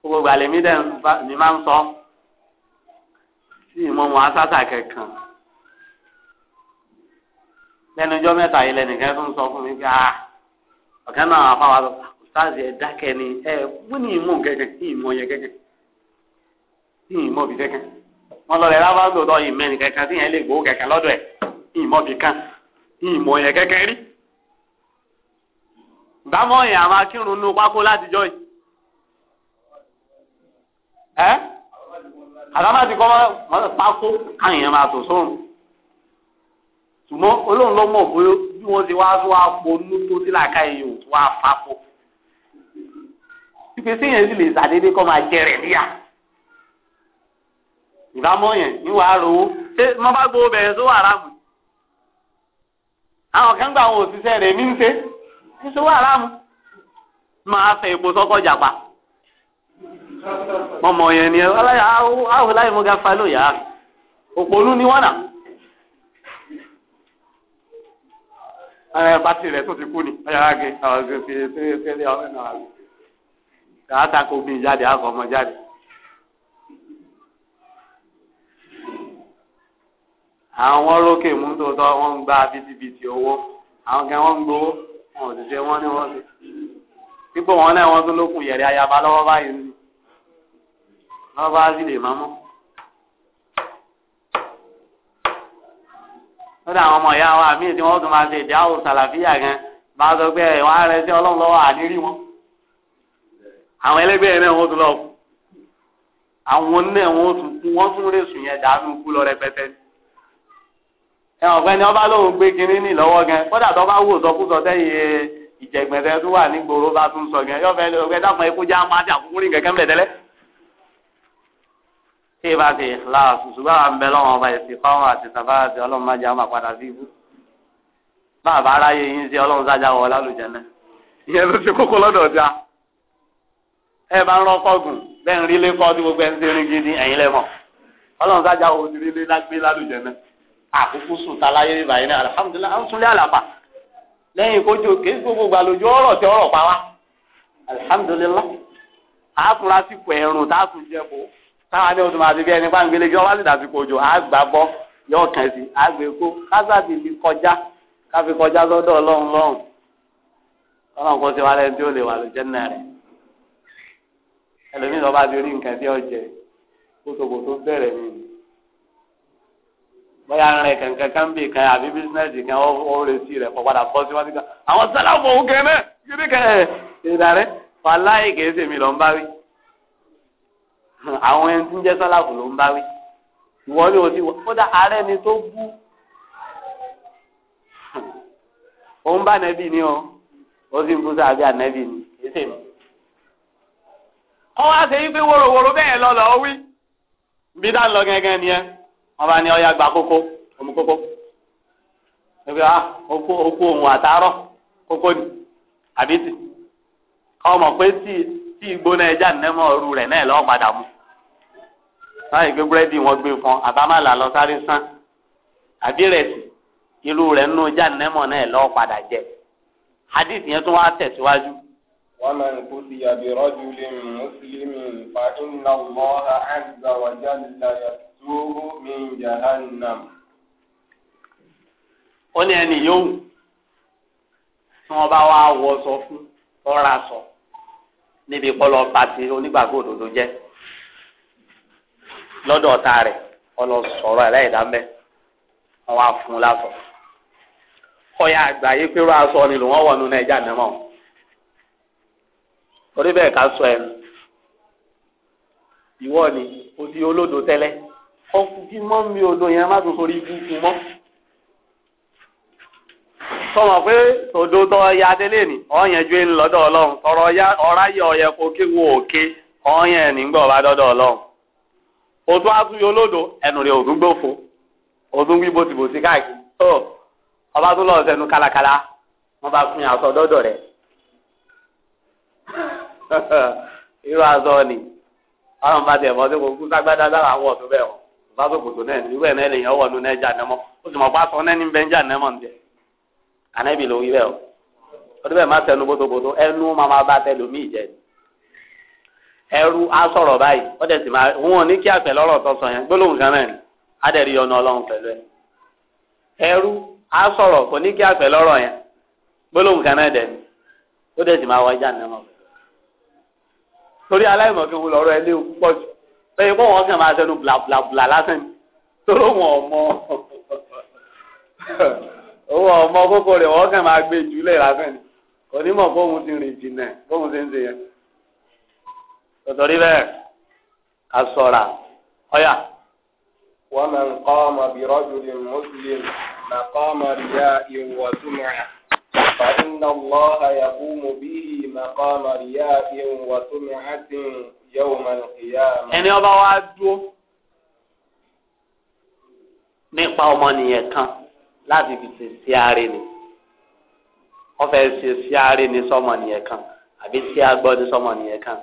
gbogbo ìgbà lèmi dẹ̀ ní máa ń sọ sí ìmọ̀ wọn asásà kẹ̀kan lẹ́nu ọjọ́ mẹ́ta yìí lẹ́nìkan tó ń sọ fún mi pé ah ọ̀kẹ́ náà àfáwà lọ sáàsì ẹ̀ dákẹ́ ni ẹ wọ́n ní ìmọ̀ kẹ̀kẹ́ sí ìmọ̀ yẹn kẹ̀kẹ́ sí ìmọ̀ bí kẹ̀kẹ́ wọ́n lọ rẹ̀ lábàgbọ́ ìmọ̀bì kan ìmọ̀ yẹn kẹ́kẹ́ rí bámọ̀ yẹn àwọn akírun nu pákó látijọ́ yìí ẹ́ àlámàtí kọ́ pákó káyìn yẹn máa tò sóhun ṣùgbọ́n olóhùn ló mọ̀ bí wọ́n ti wá tó wá ponú tó sí làákà yìí ò tó wá ìpè sí yẹn sì àwọn kan gba àwọn òṣìṣẹ́ rẹ̀ nsogbu ń ṣe ń ṣe wà láàmú máa fẹ epo sọ́kọ́ jàpá yẹn ni àwọn láì mú gafa ló yà òpònú ni wọ́n nà. tó ti kú ni àwọn ṣe àwọn rókè mú tó wọ́n ń gba bitibiti owó àwọn kan wọ́n ń gbowó wọn ò sì wọ́n ní wọ́n sì pípọ̀ wọn náà wọ́n tún lókun yẹ̀rẹ̀ ayaba lọ́wọ́ báyìí ní lọ́wọ́ bá sì lè máa lọ́dọ̀ àwọn ọmọ ìyá wa míì tí wọ́n tún máa ṣe ìdí àwọn sàlàfíà gan máa sọ pé ẹ̀wọ̀n ara ẹsẹ̀ ọlọ́run lọ́wọ́ àníírí wọn. àwọn ẹlẹgbẹ́ yẹn náà wọ́n tún lọ kú àwọn onílẹ̀ wọn tún kú wọ́n tún rèsùn yẹn dànù kú lọ rẹpẹtẹ ni ẹ ọ̀gbẹ́ni ọba lóun gbé kinní ní lọ́wọ́ gan kódà tó bá wò sọkúsọ tẹ́yìn e, ìjẹ̀gbẹ̀dẹ tó wà ní gbòòrò bá tún sọ gan yọ̀ọ́ fẹ́ ọ̀gbẹ́ dàpọ̀ ikú já máa ti àkókò rí gẹ̀gẹ́ mẹ́lẹ̀ tẹ́lẹ̀. tí ì bá ti láàsù ṣùgbọ́n àwọn bẹ lọ́wọ́ ọba ẹ̀sìn fáwọn àti tàbá àti ọlọ́run má jẹ́ àwọn àpàdà sí ibú. bàbá aráyé yín sí ọlọ́run sájà wọ lálùjẹ náà ìyẹn ló ti kókó lọ́dọ̀ ọjà àkókò sùn tá láyé rí báyìí náà alihamudulilayi à ń sunlé àlàpà lẹ́yìn kojú kéésì gbogbo gbà lójú ọ̀rọ̀ tí ọ̀rọ̀ pa wá alihamudulilayi àtúrásì pẹ̀ ẹ̀rùn tá a tún jẹ kó táwọn ní oṣù máa ti bí ẹni pàǹgbélé jọ wá sí ìdásíkò òjò àgbà bọ́ yóò kàn sí àgbè kó kásàtì fi kọjá káfi kọjá lọ́dọ̀ ọlọ́run lọ́run ọlọ́run kò sí wa lẹ́ni tí ó lè wà ló jẹ́ náà rẹ̀ ẹlòmíràn bá ti rí nǹkan tí ó jẹ kótópó bóyá rẹ kankan kan bì kan àbí bísínẹ́sì kan ó rè sí rẹ kó padà bọ́ síwájú kan àwọn sálàmù òun kẹ́mẹ́ kíni kẹ́ ìdá rẹ fàlàyé kìí ṣèmi lọ ń bá wí àwọn ẹni tí ń jẹ́ sálàmù ló ń bá wí ìwọ ni o ti wọ kódà ààrẹ ni tó bú òun bá nẹ́bì ni o ó sì ń bú sí àbí ànẹ́bì ni kìí ṣèmi. kọ́ wá ṣe wípé wòròwòrò bẹ́ẹ̀ lọ lọ́ọ́ wí bí dá ń lọ gẹ́gẹ́ wọ́n bá ní ọyá gba kókó omi kókó ebi ah okó okó òun àtàárọ̀ kókó ni àbí tì ọmọ pé tí tí ìgbóná ẹja nẹ́mọ̀ ọ̀rù rẹ̀ náà lọ́ọ́ padà mu báyìí gbé búrẹ́dì wọn gbé fún àbámàlà lọ sáré sán àbí rẹ̀ sì irú rẹ̀ nínú ẹja nẹ́mọ̀ náà lọ́ọ́ padà jẹ hadith yẹn tún wá tẹ̀síwájú. ومن قتل برجل مسلم فإن الله عز وجل يكفر duhu min jahannam. ó ní ẹni yóò tí wọ́n bá wá wọ sọ fún ọ̀rá sọ níbi kọlọ pàtì onígbàgbọ́ òdodo jẹ́ lọ́dọ̀ ọ̀tá rẹ̀ ọlọ sọ̀rọ̀ ẹ̀ láì dá mẹ́ wọ́n wá fún un lásọ̀ ọyà àgbáyé pé aṣọ ni lòun wọnú nàìjà nẹmọ torí bẹ́ẹ̀ ká sọ ẹnu ìwọ ni odi olódo tẹ́lẹ̀ ọtí mi odò yẹn má tún sórí ikú fún mọ́ sọmọ pé tòdó ya délé ni ju ń lọ́dọ̀ ọlọ́run tọrọ ọ̀rá yẹ ọ̀yẹ́ kó òkè ọ̀yẹ́ nígbà ọba dọ́dọ̀ ọlọ́run òtún atúnyẹ olódò ẹnu rẹ̀ gbófo wí bòtìbòtì káàkiri tó ọba lọ kálákálá bá fún dọ́dọ̀ rẹ̀ irú ni bá tẹ̀ mọ́ kú ságbádá bẹ́ẹ̀ bàbá kòtò náà irú ẹ̀ náà lè yàn wọnú náà jà nẹ́mọ́ ó sì mọ̀ bá sọ náà ní bẹ́ẹ̀ jà nẹ́mọ́ ń jẹ ànábì ló wí bẹ́ẹ̀ o ọdún bẹ́ẹ̀ má tẹnu bótóbótó ẹnu máa ma bá tẹlómìí jẹ ẹrú á sọ̀rọ̀ báyìí ó dẹ̀ sì máa wọn ní kí àpẹ lọ́rọ̀ tó sọ yẹn gbólóhùn kan náà ni á dẹ̀ rí ọ̀nà ọlọ́run pẹ̀lú ẹ ẹrú á sọ̀rọ̀ kò ní kí àpẹ lọ́rọ̀ yẹn gbólóhùn kan náà dẹ̀ ni ó dẹ̀ sì máa wọ ẹja nẹ́mọ́ torí aláìmọ̀ kí wọ́n lọ́rọ̀ ẹ léwu pọ̀ jù lẹ́yìn pé wọ́n kàn máa sẹ́nu blàblàblà lásán ni tóró wọn ọmọ owó ọmọ kókó rẹ̀ wọ́n kàn máa gbé jùlẹ̀ lásán onímọ̀ bóun ti rìn jìnnà bóun ti ń ṣe yẹn. tòtòrí bẹ́ẹ̀ ká sọ̀ra ọ̀yà. wọ́n máa kọ́ ọmọ bíi rọ́jòlè mùsùlùmí màkọ́ ọmọ rìyà ìwọ̀ túmọ̀ فإن الله يقوم به مقام رياء وسمعة ẹni ọba wa dúró nípa ọmọnìyàn kan láti fi ṣe sí ààrẹ ni wọ́n fẹ́ ṣe sí ààrẹ ni sọmọnìyàn kan àbí sí agbọ́ ni sọmọnìyàn kan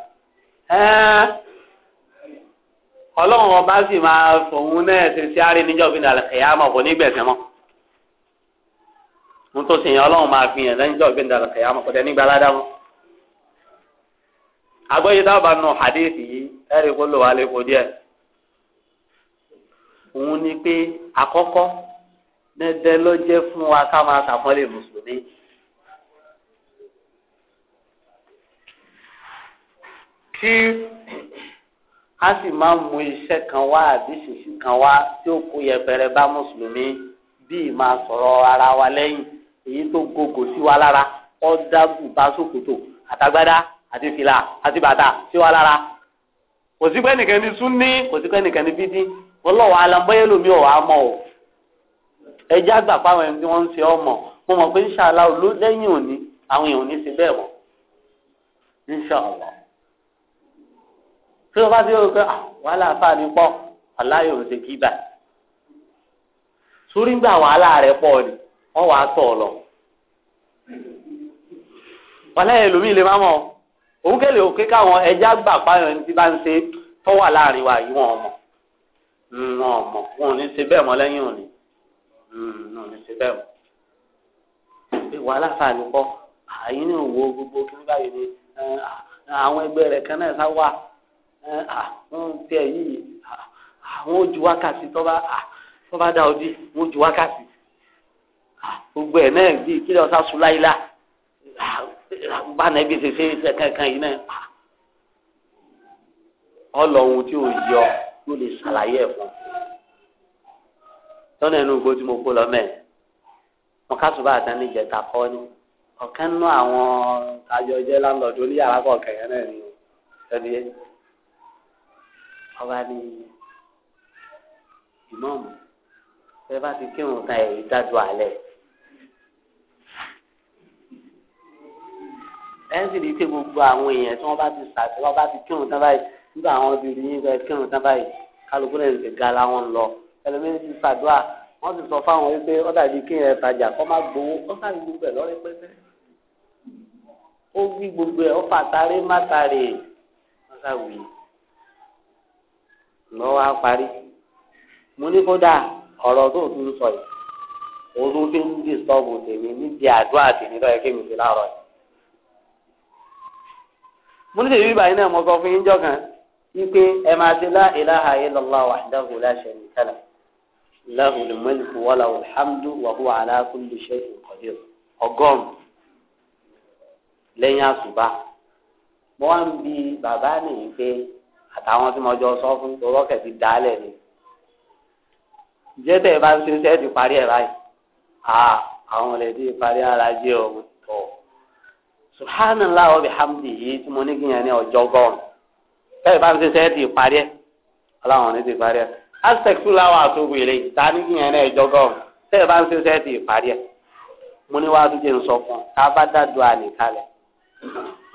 ọlọ́run ọba sì máa fòun náà ṣe sí ààrẹ níjọ́ bí nàlẹ́ ẹ̀yà mọ̀ kò ní gbẹ̀sẹ̀ mọ́ ohun tó ṣèyàn ọlọ́run máa fi hàn lẹ́yìn níjọ́ bí nàlẹ́ nígbà ládàá agbẹ́yẹ dábàá nù hadithi yìí ẹ̀rí kó lò wá lè kó díẹ̀ òun ni pé àkọ́kọ́ dẹ́dẹ́ ló jẹ́ fún wa ká máa ṣàpọ́nlé mùsùlùmí. kí a sì máa mú iṣẹ́ kan wá àbí ṣèṣì kan wá tí ó kó yẹpẹrẹ bá mùsùlùmí bíi máa sọ̀rọ̀ ara wa lẹ́yìn èyí tó gogò sí wa lára ọ̀dà bùbá sòkòtò àtàgbádá àti fìlà àti bàtà sí wa lára kò sí pé nìkan ní súnní kò sí pé nìkan ní bídí wọn lọ wàá lambọyé lómi ọwọ àmọ o ẹjẹ àgbà fáwọn ẹni tí wọn ń ṣe ọmọ mo mọ pé inṣàlá ló lẹ́yìn òní àwọn èèyàn ò ní ṣe bẹ́ẹ̀ mọ́ inṣàlá tí wọn bá ti rò pé ah, wàhálà fáàní pọ̀ aláyò ń ṣe kíbà sórí gbà wàhálà rẹ̀ pọ̀ ni wọn wàá tọ ọ lọ wàhálà ẹlòmíì lè má mọ̀ òun kẹlẹ òkè káwọn ẹja gbà páyọ̀ ti bá ń ṣe tọ́wà láàrin wa yìí wọn ọmọ hmm, wọn ọmọ wọn ò ní ṣe bẹ́ẹ̀ mọ́ lẹ́yìn òní hmm, wọn ò ní ṣe bẹ́ẹ̀ mọ́ pé wàhálà fàánù kọ́ àyín ní òwò gbogbo kí n báyìí ni eh, ah, àwọn ẹgbẹ́ rẹ̀ kan náà sá wà àwọn eh, ah, tiẹ̀ yìí àwọn ah, ojú wákàtí tọ́ba tọ́ba dá ojú wọn ojú wákàtí gbogbo ẹ̀ náà bíi kí lọ́ọ́ sá sùn láyìí bá nàbí ṣe ṣe ṣe kankan yìí náà ah. ọlọ́run tí ò yọ ló lè ṣàlàyé ẹ̀ fún lọ́nà ẹnu igbó tí mo kó lọ mẹ́ẹ̀ wọn ká tún bá àtàn ní ìjẹta kọ́ ni ọ̀kan nínú àwọn àjọjẹ́ láńlọ́ọ̀dù oníyàrá kọ̀ọ̀kan yẹn náà ni ẹni yẹn ọba ní ìmọ̀ọ́mù ẹ bá ti kírun kan ẹ̀yìn dájú alẹ́ ẹ̀ ń sì rí i pé gbogbo àwọn èèyàn tí wọ́n bá ti sà tí wọ́n bá ti kírun tán báyìí nígbà àwọn obìnrin yín fẹ́ kírun tán báyìí kálukú náà ti ga ara wọn lọ ẹlòmíín ti ṣàdúrà wọ́n ti sọ fáwọn wípé ó dàbí kí ẹ̀ tajà kọ́ má gbowó ó sàrí gbogbo ẹ̀ lọ́rẹ́ pẹ́pẹ́ ó wí gbogbo ẹ̀ ó fàtàrí mátàrí ó sàwì lọ́wọ́ á parí mo ní kódà ọ̀rọ̀ tó tún sọ yìí òun ló fi ń dìstọ́bù tèmi níbi àdúrà tèmi lọ́yẹ kí mi fi láàárọ̀ yìí mo ní tèmi báyìí náà mo sọ fún yín jọ kan wípé ẹ máa ṣe la ilaha illallah wahdahu la sharika lah lahul mulku wa lahul hamdu wa huwa ala kulli shay'in qadir ọgọ́rùn lẹ́yìn àsùbá mo wá ń bi bàbá nìyí pé àtàwọn tí mo jọ sọ fún rọkẹ ti dálẹ̀ ni jẹtẹ bá ń ṣe iṣẹ́ ti parí ẹ báyìí àwọn lè ti parí ara jẹ ọmọ subhanallah wa bihamdihi tí mo ní kí yẹn ní ọjọ́ gọ́ọ̀n bẹ́ẹ̀ bá ń ṣe sẹ́ẹ̀ ti parí ẹ̀ ọlọ́run ní ti parí ẹ̀ aspectu láwọn àtúgbò ilé ta ní kí yẹn ní ọjọ́ gọ́ọ̀n bẹ́ẹ̀ bá ń ṣe sẹ́ẹ̀ ti parí Muni mo ní wàá tún jẹ́ nsọ fún un tá a bá dàdú àlè kalẹ̀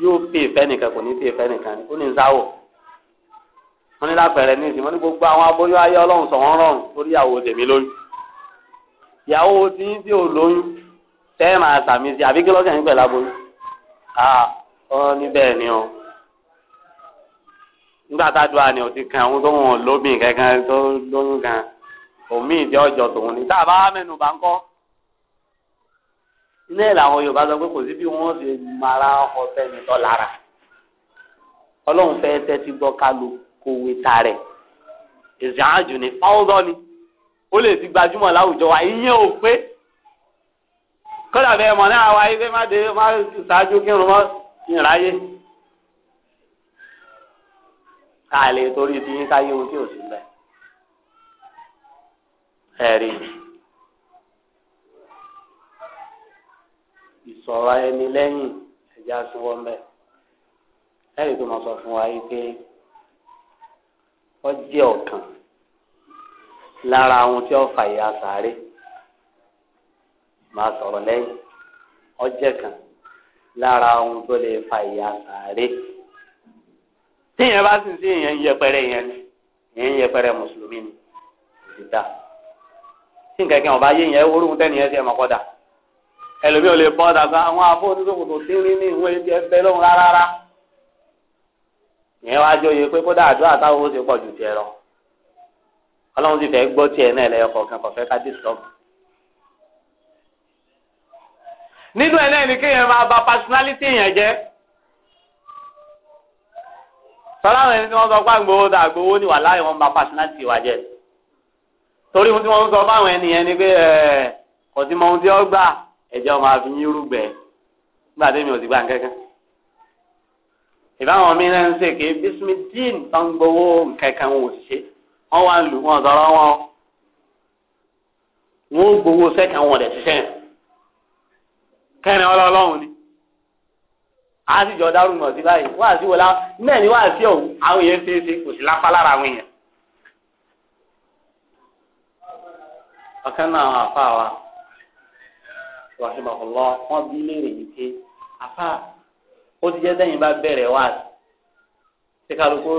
yóò pè fẹ́nìkan kò ní pè fẹ́nìkan ó ní nsáwò wọ́n ní lápẹ̀rẹ̀ ní ìsìn wọ́n ní gbogbo àwọn aboyún ayé ọlọ́run sọ̀ wọ́n rọrùn lórí ìyàwó tèmi lóyún ìyàwó tí ń tí ò lóyún tẹ́ẹ̀ máa sàmì sí àbí kí lọ́sẹ̀ ń pẹ̀lú a ọ níbẹ̀ ni o nígbà tá a dúrà ni o ti kan ohun tó wọn lóbìn kankan tó lóyún kan òmí ìdí ọjọ́ tòun ni tá a bá mẹ́nu bá ń kọ́ ilé làwọn Yorùbá sọ pé kò sí bí wọ́n ṣe mara ọkọ̀ sẹ́ni tọ́ lára Ọlọ́run fẹ́ tẹ́tí gbọ́ kálu kòwé ta rẹ̀ ìṣáájú ni fáwọn dọ́ni ó lè ti gbajúmọ̀ láwùjọ wa ìyẹn ò pé kódà bẹ́ẹ̀ mọ̀ náà wáyé pé má dé má ṣáájú kírun mọ́ ìráyé. ká lè torí ti yín káyé ohun tí ò sí bẹ́ẹ̀. ẹ̀rí ìsọ̀rọ̀ ẹni lẹ́yìn ẹja súnwọ́ mẹ́. ẹ̀rí tó máa sọ fún wa pé ó jẹ́ ọ̀kan lára ohun tí ó fà yà sáré máa sọ̀rọ̀ lẹ́yìn ọjẹ́ kan lára ohun tó lè fa ìyà sàárè tí ìyẹn bá sì ń sí ìyẹn ń yẹpẹrẹ ìyẹn ni ìyẹn ń yẹpẹrẹ mùsùlùmí ni ìdá tí nǹkan kan ọba yé ìyẹn orúkún tẹ́niyẹn sí ẹ̀ mọ́ kọ́dà ẹlòmí ò lè bọ́ dàgbà àwọn afọ oníṣòwòtò tí rí ní ìwé ibi ẹgbẹ́ lóhùn rárá ìyẹn wáá jóye pé kódà àdúrà táwọn ó ti pọ̀ ju tiẹ̀ lọ ọlọ́run ti fẹ́ gbọ́ tiẹ̀ náà lẹ́yọ kọ̀ọ̀kan kọ̀fẹ́ ká dìsọ́ọ̀bù nínú ẹ̀ náà ni kéèyàn máa ba personality yẹn jẹ́ sọláwọn ẹni tí wọ́n sọ pé àgbowó dà àgbowó ni wà láàyè wọ́n ba personality wa jẹ́ torí ohun tí wọ́n sọ fáwọn ẹni ni pé ẹ kò sí mọ ohun tí ó gbà ẹ̀jẹ̀ ọmọ àfihàn irúgbẹ́ nígbà tí mi ò sì gbà kẹ́kẹ́ ìbáwọn mi náà ń ṣe kí bísí dín tó ń gbowó kẹ̀kẹ́ wọn ò sì ṣe wọ́n wá lù wọ́n sọ̀rọ̀ wọn wọ́n gbowó sẹ́kẹ̀ wọn ò dẹ̀ yẹn. kẹrin ọlọlọ ni a sì jọ dárú mọ̀ sí báyìí wá sí wọlá náà ni wá sí òun àwọn èèyàn ṣe é ṣe kò sí lápá lára àwọn èèyàn. ọ̀kan náà àwọn àfa wa rahimahullah wọn bí léèrè yìí pé àfa ó ti jẹ́ sẹ́yìn bá bẹ̀rẹ̀ wá sí tí kálukú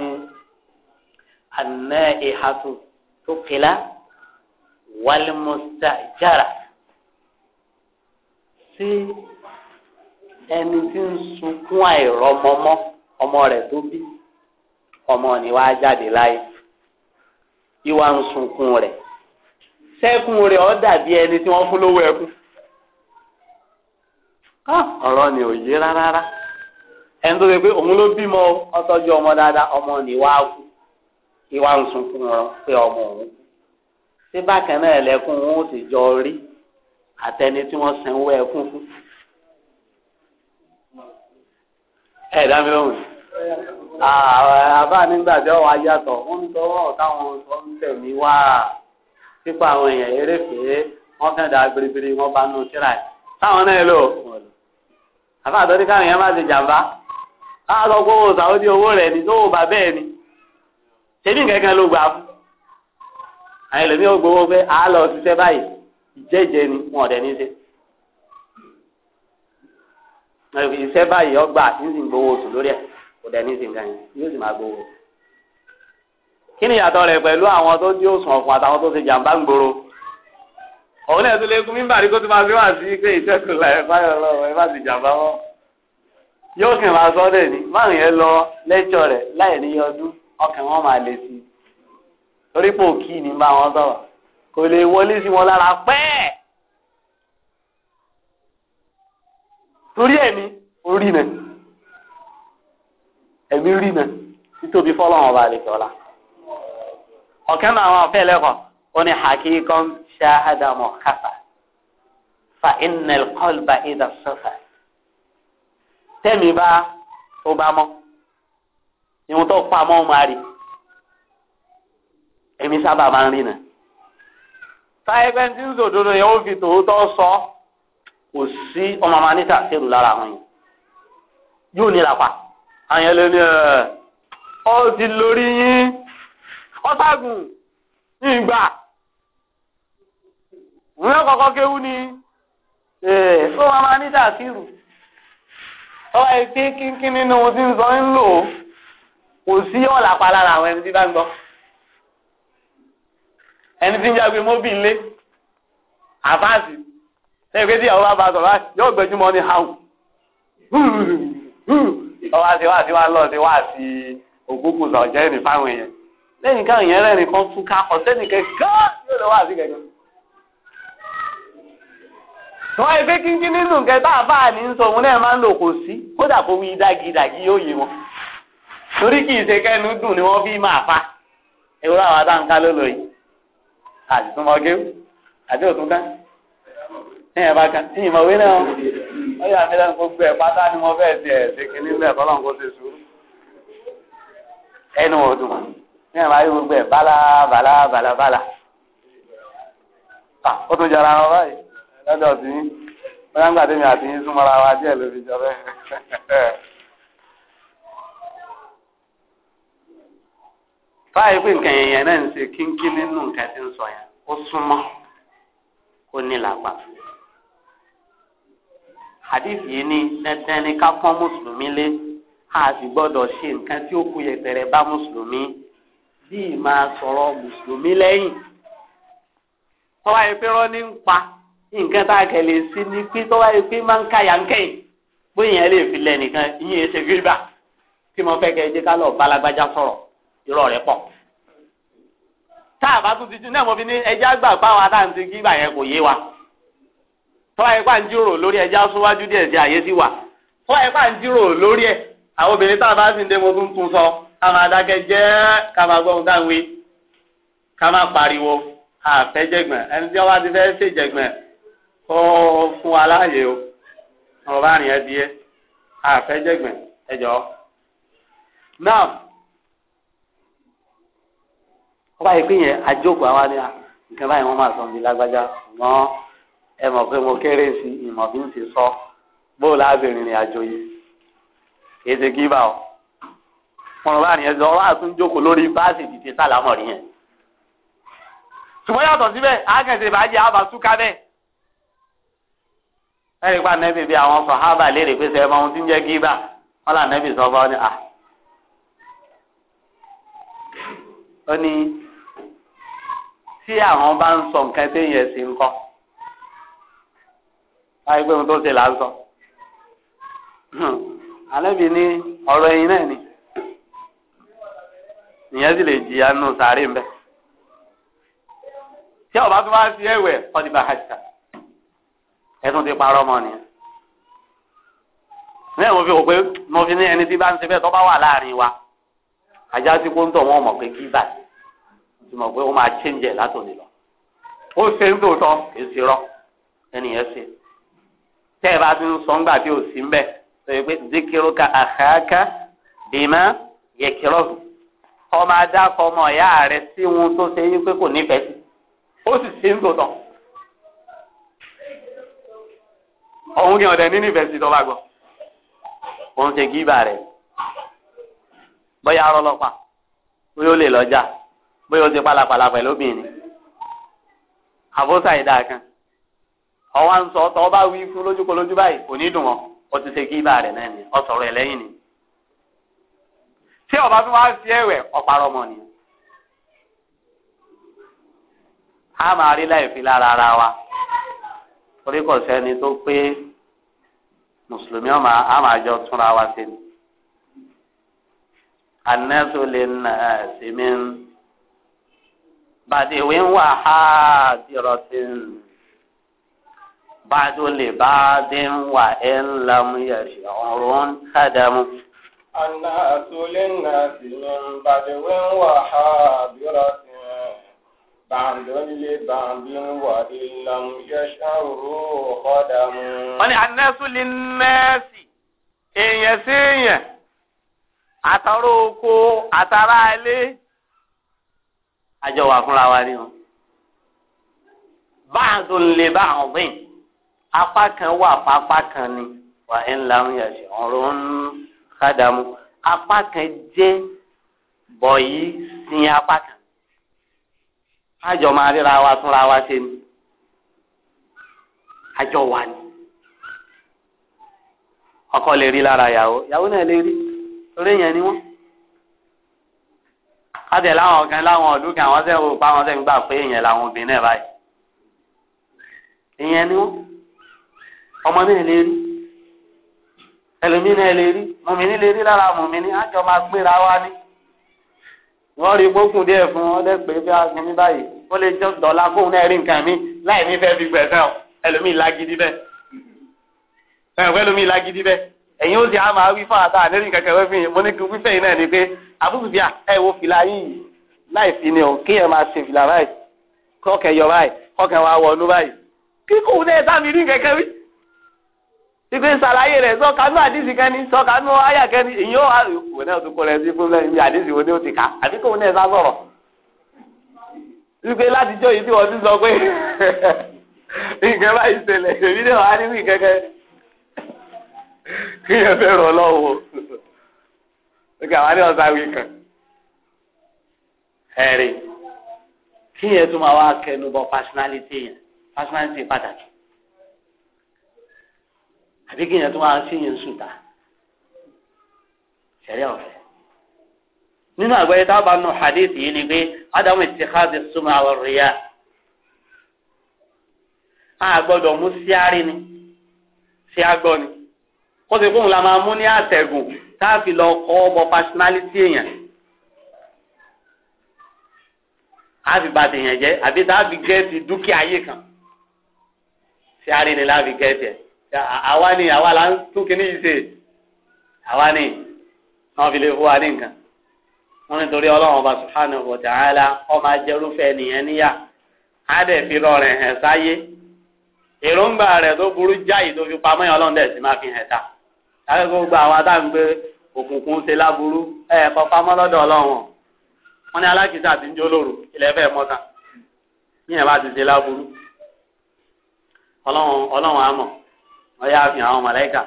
ni. النائحة تقل والمستأجرة sí ẹni tí ń sunkún àìrọ́mọmọ ọmọ rẹ tó bí ọmọ ni wàá jáde láyé ìwà ń sunkún rẹ sẹ́kùn ọ ọ́ dàbí ẹni tí wọn fún lówó ẹkún ọrọ ni ò yé rárá ẹni tó ṣe pé òun ló bímọ ọmọ dáadáa ọmọ ni wàá kú ìwà ń sunkún wọn pé ọmọ òun tí bákan náà lẹkùn wọn ó sì jọ rí àtẹni tí wọ́n sanwó ẹkún fún. ẹ dá mi lóhùn àbá nígbà tí ọwọ́ ayàtọ̀ wọ́n ń tọwọ́ táwọn sọ ń tẹ̀mí wá pípa àwọn èèyàn eréfèé wọ́n kàn dá biribiri wọ́n bá nù síra ẹ̀ táwọn náà lò àbá àtọ́jú káwọn èèyàn má ti jàmbá káwọn sọ pé sàwọ́dí owó rẹ̀ ní tó wò bá bẹ́ẹ̀ ni ṣebí kankan ló gbà fún àwọn ó gbowó pé àá lọ báyìí jẹ́jẹ́ ni wọn ọ̀dẹ̀ ní í ṣe iṣẹ́ báyìí ọgbà nísìn gbowó oṣù lórí ẹ̀ ọ̀dẹ̀ ní í ṣe nǹkan yẹn yóò sì máa gbowó. kí ni ìyàtọ̀ rẹ̀ pẹ̀lú àwọn tó dí òsùn ọ̀fun àtàwọn tó ṣe jàǹbá ń gbòòrò òun náà tún lè kún mímbà rí kó tó máa fi wá sí pé ìṣẹ́kù là ẹ̀ lọ́wọ́ ẹ má sì jàǹbá wọn. yóò kàn ọkàn wọn máa lè sí i torí pò kí ni bá wọn sọ̀rọ̀ kò lè wọlé sí wọn lára pẹ́ẹ́ torí ẹ̀mí orí nà ẹ̀mí rí nà títóbi fọlọ́wọn ọba àlejò ọ̀la ọ̀kẹ́ náà àwọn afẹ́ lẹ́kọ̀ọ́ ó ní hakikan ṣáhádàmọ̀ kásá fa inel kọlba ìdá sọfà tẹ́mi bá ó bá mọ́ ìwọ̀n tó pa mọ́ máa rí èmi sábà máa ń rí nà. táyẹ̀pẹ́ tí ń sòdodo yẹn ó fi tòótọ́ sọ kò sí ọmọ àmà níta sẹ́rù lára àwọn yẹn yóò nira pa àwọn yẹn lé ní ẹ ọ ti lórí yín ọ̀ṣàgùn ní ìgbà ìwé kọ̀ọ̀kan kéwú ni ọmọ àmà níta sẹ́rù ọ̀ṣàgùn kékeré nínú ohun tí ń sọ ń lò ó kò sí ọ̀la pa lára àwọn ẹni tí bá ń gbọ́ ẹni tí ń jágbe mọ́bì ńlé àfáàsì lẹ́yìn pé tí ìyàwó bá ba sọ̀rọ̀ ah, yóò gbẹjúmọ́ ní hàù ọwọ́ àti wáàsí wá lọ sí wáàsí ògbókù sọ̀jẹ́ ẹni fáwọn èèyàn lẹ́yìn káwọn yẹn rẹ́rìn kan tún ká ọ̀sẹ́nì kẹ́kẹ́ yóò lọ wáàsí kẹ́kẹ́ tọ́wọ́ ẹgbẹ́ kíkí nínú nǹkan tá a bá ní sọ òun náà máa ń lò kò sí kódà kó wí dágidági yóò yé wọn torí kì í ṣe kẹ́nu dùn ni wọ́n fi máa fa ewúrẹ́ àwọn adáǹká lólo yìí àti tó máa géwù àti òtún dá ní ẹ̀ bá kan tí ìmọ̀ wí náà ó yà mí lẹ́nu gbogbo ẹ̀ pátá ni mo fẹ́ẹ́ ti ẹ̀ ṣe kínní bẹ́ẹ̀ kọ́lọ́n kó ṣe sùúrù ẹnu ọdún ní ẹ̀ máa rí gbogbo ẹ̀ bálá bálá bálá bálá ó tún jọra wọn báyìí lọ́dọ̀ sí yín wọ́n yá ń gbàdé mi àti yín súnmọ́ra wa díẹ̀ lórí jọ bẹ́ẹ̀. *laughs* báyìí pé nǹkan yẹn náà ń ṣe kínkín nínú nǹkan tí ń sọ yẹn ó súnmọ́ ó ní làpá. hadith yìí ní dandan ni ká pọ́n mùsùlùmí lé a sì gbọ́dọ̀ ṣe nǹkan tí ó kú yẹpẹrẹ bá mùsùlùmí bíi máa sọ̀rọ̀ mùsùlùmí lẹ́yìn. tọ́wá yìí pé rọ́ní ń pa nǹkan tá a kẹ̀ lè sí ni pé tọ́wá yìí pé máa ń káyà ń kẹ́yìn bóyá yẹn lè fi lẹ̀ nìkan ìyẹn ṣe gbé bá mo fẹ́ kẹ́ ẹ jẹ́ ká lọ bá sọ̀rọ̀. irọ́ rẹ̀ pọ̀ tá a bá tún ti tún náà mo fi ní ẹja gbà náà ti yẹn kò yé wa tọ́wọ́ ẹ̀ pà ń jíròrò lórí ẹja súnwájú díẹ̀ sí àyè sí wa tọ́wọ́ ẹ̀ pà ń jíròrò lórí ẹ̀ àwọn obìnrin tá a bá sì ń dé mo tún tún sọ ká máa dákẹ́ jẹ́ ká máa gbọ́ ohun ká máa pariwo àfẹ́ jẹ̀gbọ̀n ẹni tí wọ́n bá ti fẹ́ ṣèjẹ̀gbọ̀n kó fún wa láàyè o ọ̀rọ̀ bá rìn ẹ́ di ẹ́ àfẹ́ jẹ̀gbọ̀n náà. wọ́n bá yẹ pé yẹn àjókòó àwa ni nǹkan báyìí wọ́n máa sọ ní lágbájá ṣùgbọ́n ẹ mọ̀ pé mo kéré sí ìmọ̀ bí n ti sọ bó láàbìnrin ni àjò yìí kì í ṣe kí bá ọ. wọn ò bá nìyẹn sọ wọn á tún jókòó lórí báàsì dìde sálàmọ̀ rí yẹn. ṣùgbọ́n yàtọ̀ síbẹ̀ àgẹ̀sẹ̀ ìbàjẹ́ àbàtúkà bẹ́ẹ̀. ẹ̀rí pa nẹ́bí bí àwọn sọ̀hábà léèrè pé sẹ́ẹ̀ mọ ohun tí ń jẹ́ kí bá wọn là nẹ́bí sọ fọ́ ni à. ó ní tí àwọn bá ń sọ nǹkan téèyàn sì ń kọ́ láì pé ohun tó ṣe là ń sọ alẹ́bí ní ọ̀rọ̀ ẹ̀yin náà ni ìyẹn sì lè jìyà nù sàárè ń bẹ tí ọba tó bá fi ẹ̀wẹ̀ ọdìbà àṣà ẹ̀sùn ti parọ́ mọ́ mo fi hàn pé mo fi ní ẹni tí bá ń ṣe bẹ́ẹ̀ wa àjá sí kó ń tọ̀ wọ́n mọ̀ pé kí tí mo pé ó máa o ń jẹ látòní lọ ó ṣe ń tòótọ́ kì í ṣe rọ ẹnìyẹn ṣe tẹ́ ẹ bá ti ń sọ ńgbà tí ò sí ń bẹ̀ ṣe pé zikiruka àkàkà bímọ yẹkẹrọgù ọmọ adákọ ọmọ ìyá rẹ sí ohun tó ṣe yí pé kò nífẹ̀ẹ́ sí ó sì ṣe ń tòótọ́ òun ni ọ̀dẹ̀ ní nífẹ̀ẹ́ sí tó bá gbọ́ òun ṣe gíbà rẹ̀ bóyá arọ́lọ́pàá bóyá ó lè lọ́jà bóyá o ti palapala pẹ̀lú obìnrin àbúrò àìdá kan ọwọ́ à ń sọ ọtọ ọba wí fún lójúkolójú báyìí kò ní dùn wọn o ti ṣe kí ibà rẹ̀ náà ni ọ sọ̀rọ̀ ẹ̀ lẹ́yìn ni tí ọba tó wá sí ẹ̀wẹ̀ ọ̀parọ̀ ọmọ nìyẹn a máa rí láìfi lára ara wa torí kò sẹ́ni tó pé mùsùlùmí ọmọ a máa jọ túnra wa sí ni anẹ́sùn lè nà ẹ̀sìn mi bàdéwé ń wà á dìrọ̀ sí i bàdó lè bá dé ń wà ẹ̀ ń lamu yẹ̀sì ọ̀rọ̀ ń kàdàmú. الناس للناس من بدو وحاضرة بعد لبعد وإن لم يشعروا خدم wọ́n ní الناس للناس èèyàn sí èèyàn àtàrà oko àtàrà ilé àjọ wà fúnra wa ni o báàdù lè bá àwọn bẹ́ẹ̀ apá kan wà fapá kan ni wà ẹ̀ ń lamú yàtọ̀ ọ̀rọ̀ ń kádàmú apá kan jẹ́ bọ̀yì sin apá kan àjọ máa ríra wa fúnra wa ṣe ni àjọ wà ni ọkọ lè rí lára yàwó yàwó náà lè rí torí yẹn ni wọ́n kájẹ láwọn kan láwọn ọdún kan àwọn sẹ́wọ̀n pa àwọn sẹ́wọ̀n gbà pé ìyẹn làwọn obìnrin náà báyìí ìyẹn ni wọn ọmọ náà lè rí ẹlòmíín náà lè rí mùmíní lè rí lára mùmíní àjọ máa gbéra wá ní wọ́n rí gbókùn díẹ̀ fún wọn lẹ́pẹ́ bí aago mi báyìí ó lè jọ dọ̀la kóun náà rí nǹkan mi láì ní fẹ́ fi gbẹ̀sẹ̀ ẹlòmíín lágídí bẹ́ẹ̀ ẹlòmíín lágídí bẹ́ẹ̀ ẹ̀yin ó di àmà wí fún àtà àlérí kankan wẹ́ẹ́ fi yín mo ní kí wífẹ́ yìí náà ni pé àbúrò bíi ẹ wo fìlà yìí láì fi ni o kéèyàn máa ṣe fìlà báyìí kọ́kẹ́ yọ báyìí kọ́kẹ́ wa wọnú báyìí kíkó náà sábì ní kankan wí. ìpè sàlàyé rẹ̀ sọ́kanú àdìsí kan ní sọ́kanú àyà kan ní ìyó àwọn náà tó kọ́ rẹ̀ sí fúnlẹ̀ ibi àdìsí wo ni ó ti kà àbíkó náà sá sọ̀rọ̀. ìpè látijọ́ yìí tí wọ́n ti sọ pé *laughs* nǹkan báyìí ṣẹlẹ̀ èmi náà wá nínú ìkẹ́kẹ́ kéèyàn bẹ̀rù ọlọ́wọ́ lókè àwọn àdéhùn sáré kan ẹ̀rí tó máa wá kẹnubọ personality yẹn personality pàtàkì àbí máa sùtà ọ̀fẹ́ nínú àgbáyé tá a bá hadith yìí ni pé ádámù ìtìkáàdì súnmọ́ àwọn a gbọ́dọ̀ mú síárì ni síágbọ́ ni. kó sì kóhùn la máa mú ní àtẹ̀gùn káàfin lọ kọ́ ọmọ pásínálítì èèyàn káàfin bá tèèyàn jẹ́ àbí táàfi gẹ́ẹ̀tì dúkìá ayé kan ṣé àárín ni láàfi gẹ́ẹ̀tì ẹ̀ àwa ni àwa là ń tún kíní yìí ṣe àwa ni wọ́n fi lè fún wa ní nǹkan wọ́n nítorí ọlọ́run ọba subhanahu wa ta'ala ọmọ ajẹ́rúfẹ́ nìyẹn níyà á dẹ̀ fi rọrẹ̀ hẹ̀ sáyé èròǹgbà rẹ̀ tó burú jáì tó fi pamọ́ ọlọ́run dẹ̀ máa fi hẹ̀ ta. láti awa àwọn adáǹgbé òkùnkùn ṣe láburú ẹ̀ kọ́ pamọ́ lọ́dọ̀ ọlọ́run wọn ni alákìísà ti ń jó lóru bá ti ṣe láburú ọlọ́run ọlọ́run Amọ wọ́n yá àwọn mọ̀lẹ́kà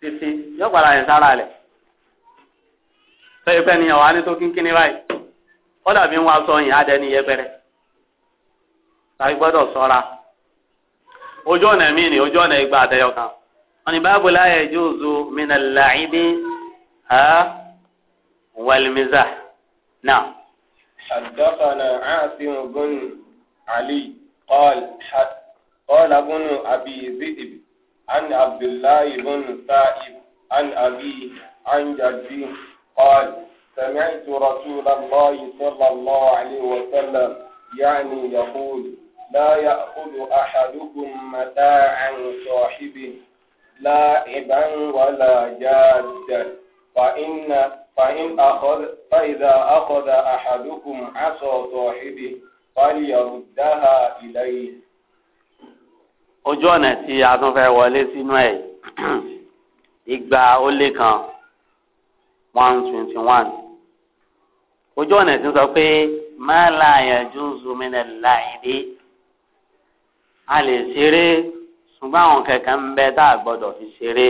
títí yóò padà yẹn sára kínkínní báyìí bí ń wá sọ adẹni ojú ọ̀nà míì ni ojú ọ̀nà àtẹyọ kan wọn ni báàbò láyé jòzó mina làìbí ha wàlmíza náà. حدثنا عاصم بن علي قال حد قال ابن أبي ذئب عن عبد الله بن سائب عن أبي عن جدي قال سمعت رسول الله صلى الله عليه وسلم يعني يقول لا يأخذ أحدكم متاعا صاحبه لاعبا ولا جادا فإن فإن أخذ فإذا أخذ أحدكم عصا صاحبه فليردها إليه ojú ọ̀nà tí a tún fẹ́ wọlé sínú ẹ̀ *clears throat* igba ó lé kan one twenty one ojú ọ̀nà tí ń sọ pé má láàyàn jù zùmínà láìdé a lè ṣeré ṣùgbọ́n àwọn kẹ̀kẹ́ ń bẹ tá a gbọ́dọ̀ fi ṣeré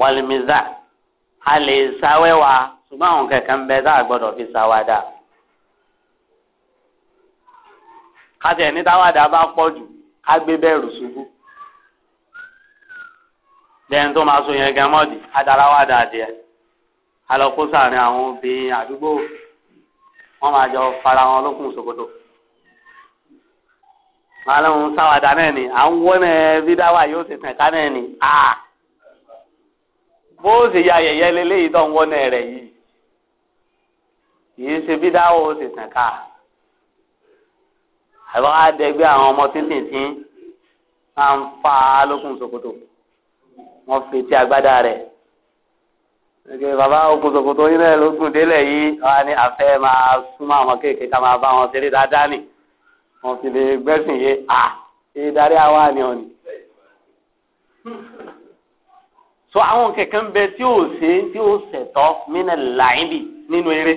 wàlímíza a lè sáwẹ́wà ṣùgbọ́n àwọn kẹ̀kẹ́ ń bẹ tá a gbọ́dọ̀ fi sáwádà. kájẹ̀ ní táwádà bá pọ̀ jù ká gbé bẹ́ẹ̀rù ṣubú. lẹ́yìn tó máa so yẹn gan mọ́ọ̀dì adárawádà adìẹ alọ́kó sàárín àwọn obìnrin àdúgbò wọ́n máa jọ fara wọn lókun ṣòkòtò àlọ́hún sáwàdà náà ni à ń wọ́n bídáwà yóò ṣe tàn ká náà ni à bó ṣe ya yẹ̀yẹ́ lélẹ́yìí tó ń wọ́n rẹ̀ yìí kìí ṣe bídáwà ó ṣe tàn ká àbọ̀ àdẹ́gbẹ́ àwọn ọmọ tíntín máa ń fa lókun ṣòkòtò wọ́n fi ti agbádá rẹ̀ ẹgbẹ́ bàbá okun ṣòkòtò yín náà ló gùn délẹ̀ yìí wọ́n á ní àfẹ́ máa súnmọ́ àwọn kéèké ká máa bá wọn ṣeré dáadáa nìí wọn fi lè gbẹ́sìn yé a ìdarí àwa ni ọ̀nì. so àwọn kẹ̀kẹ́ ń bẹ tí ó ṣe tí ó ṣẹ̀tọ́ mínà làyìnbí nínú eré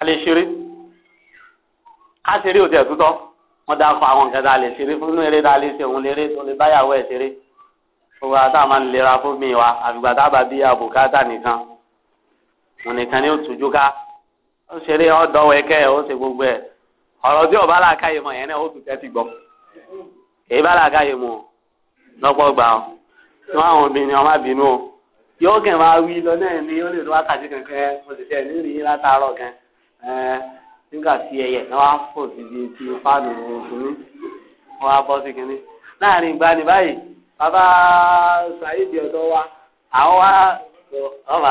a lè ṣeré ká ṣeré òtí ẹ̀tútọ́ wọ́n dáa kọ àwọn nǹkan tá a lè ṣeré fún inú eré tá a lè ṣe òun léré tó lè báyàwó ẹ̀ ṣeré gbogbo àti máa ń lera fún mi wa àfìgbà tá bí àbùkátà nìkan òun nìkan ni ó tùjú ká ó ṣeré ọ̀dọ́wẹ̀kẹ́ ó ṣe gbogbo ẹ̀ ọ̀rọ̀ tí ọba làákàyè mọ̀ yẹn náà ó tún tẹ́tí gbọ́ èyí bá làákàyè mọ̀ lọ́pọ̀ gbà ọ́ tí wọ́n àwọn obìnrin ọmọ àbínú o yóò kàn máa wí lọ náà ní ó lè lọ wákàtí kankan mo sì tẹ̀ nírì yín látàárọ̀ kan nígbà tí ẹyẹ náà wá fò sí di ti fáànù òkùnrin wọn á bọ́ sí kinní láàrin ìgbà ní báyìí bàbá Saheed ọ̀dọ́ wa àwọn wa ọ̀bà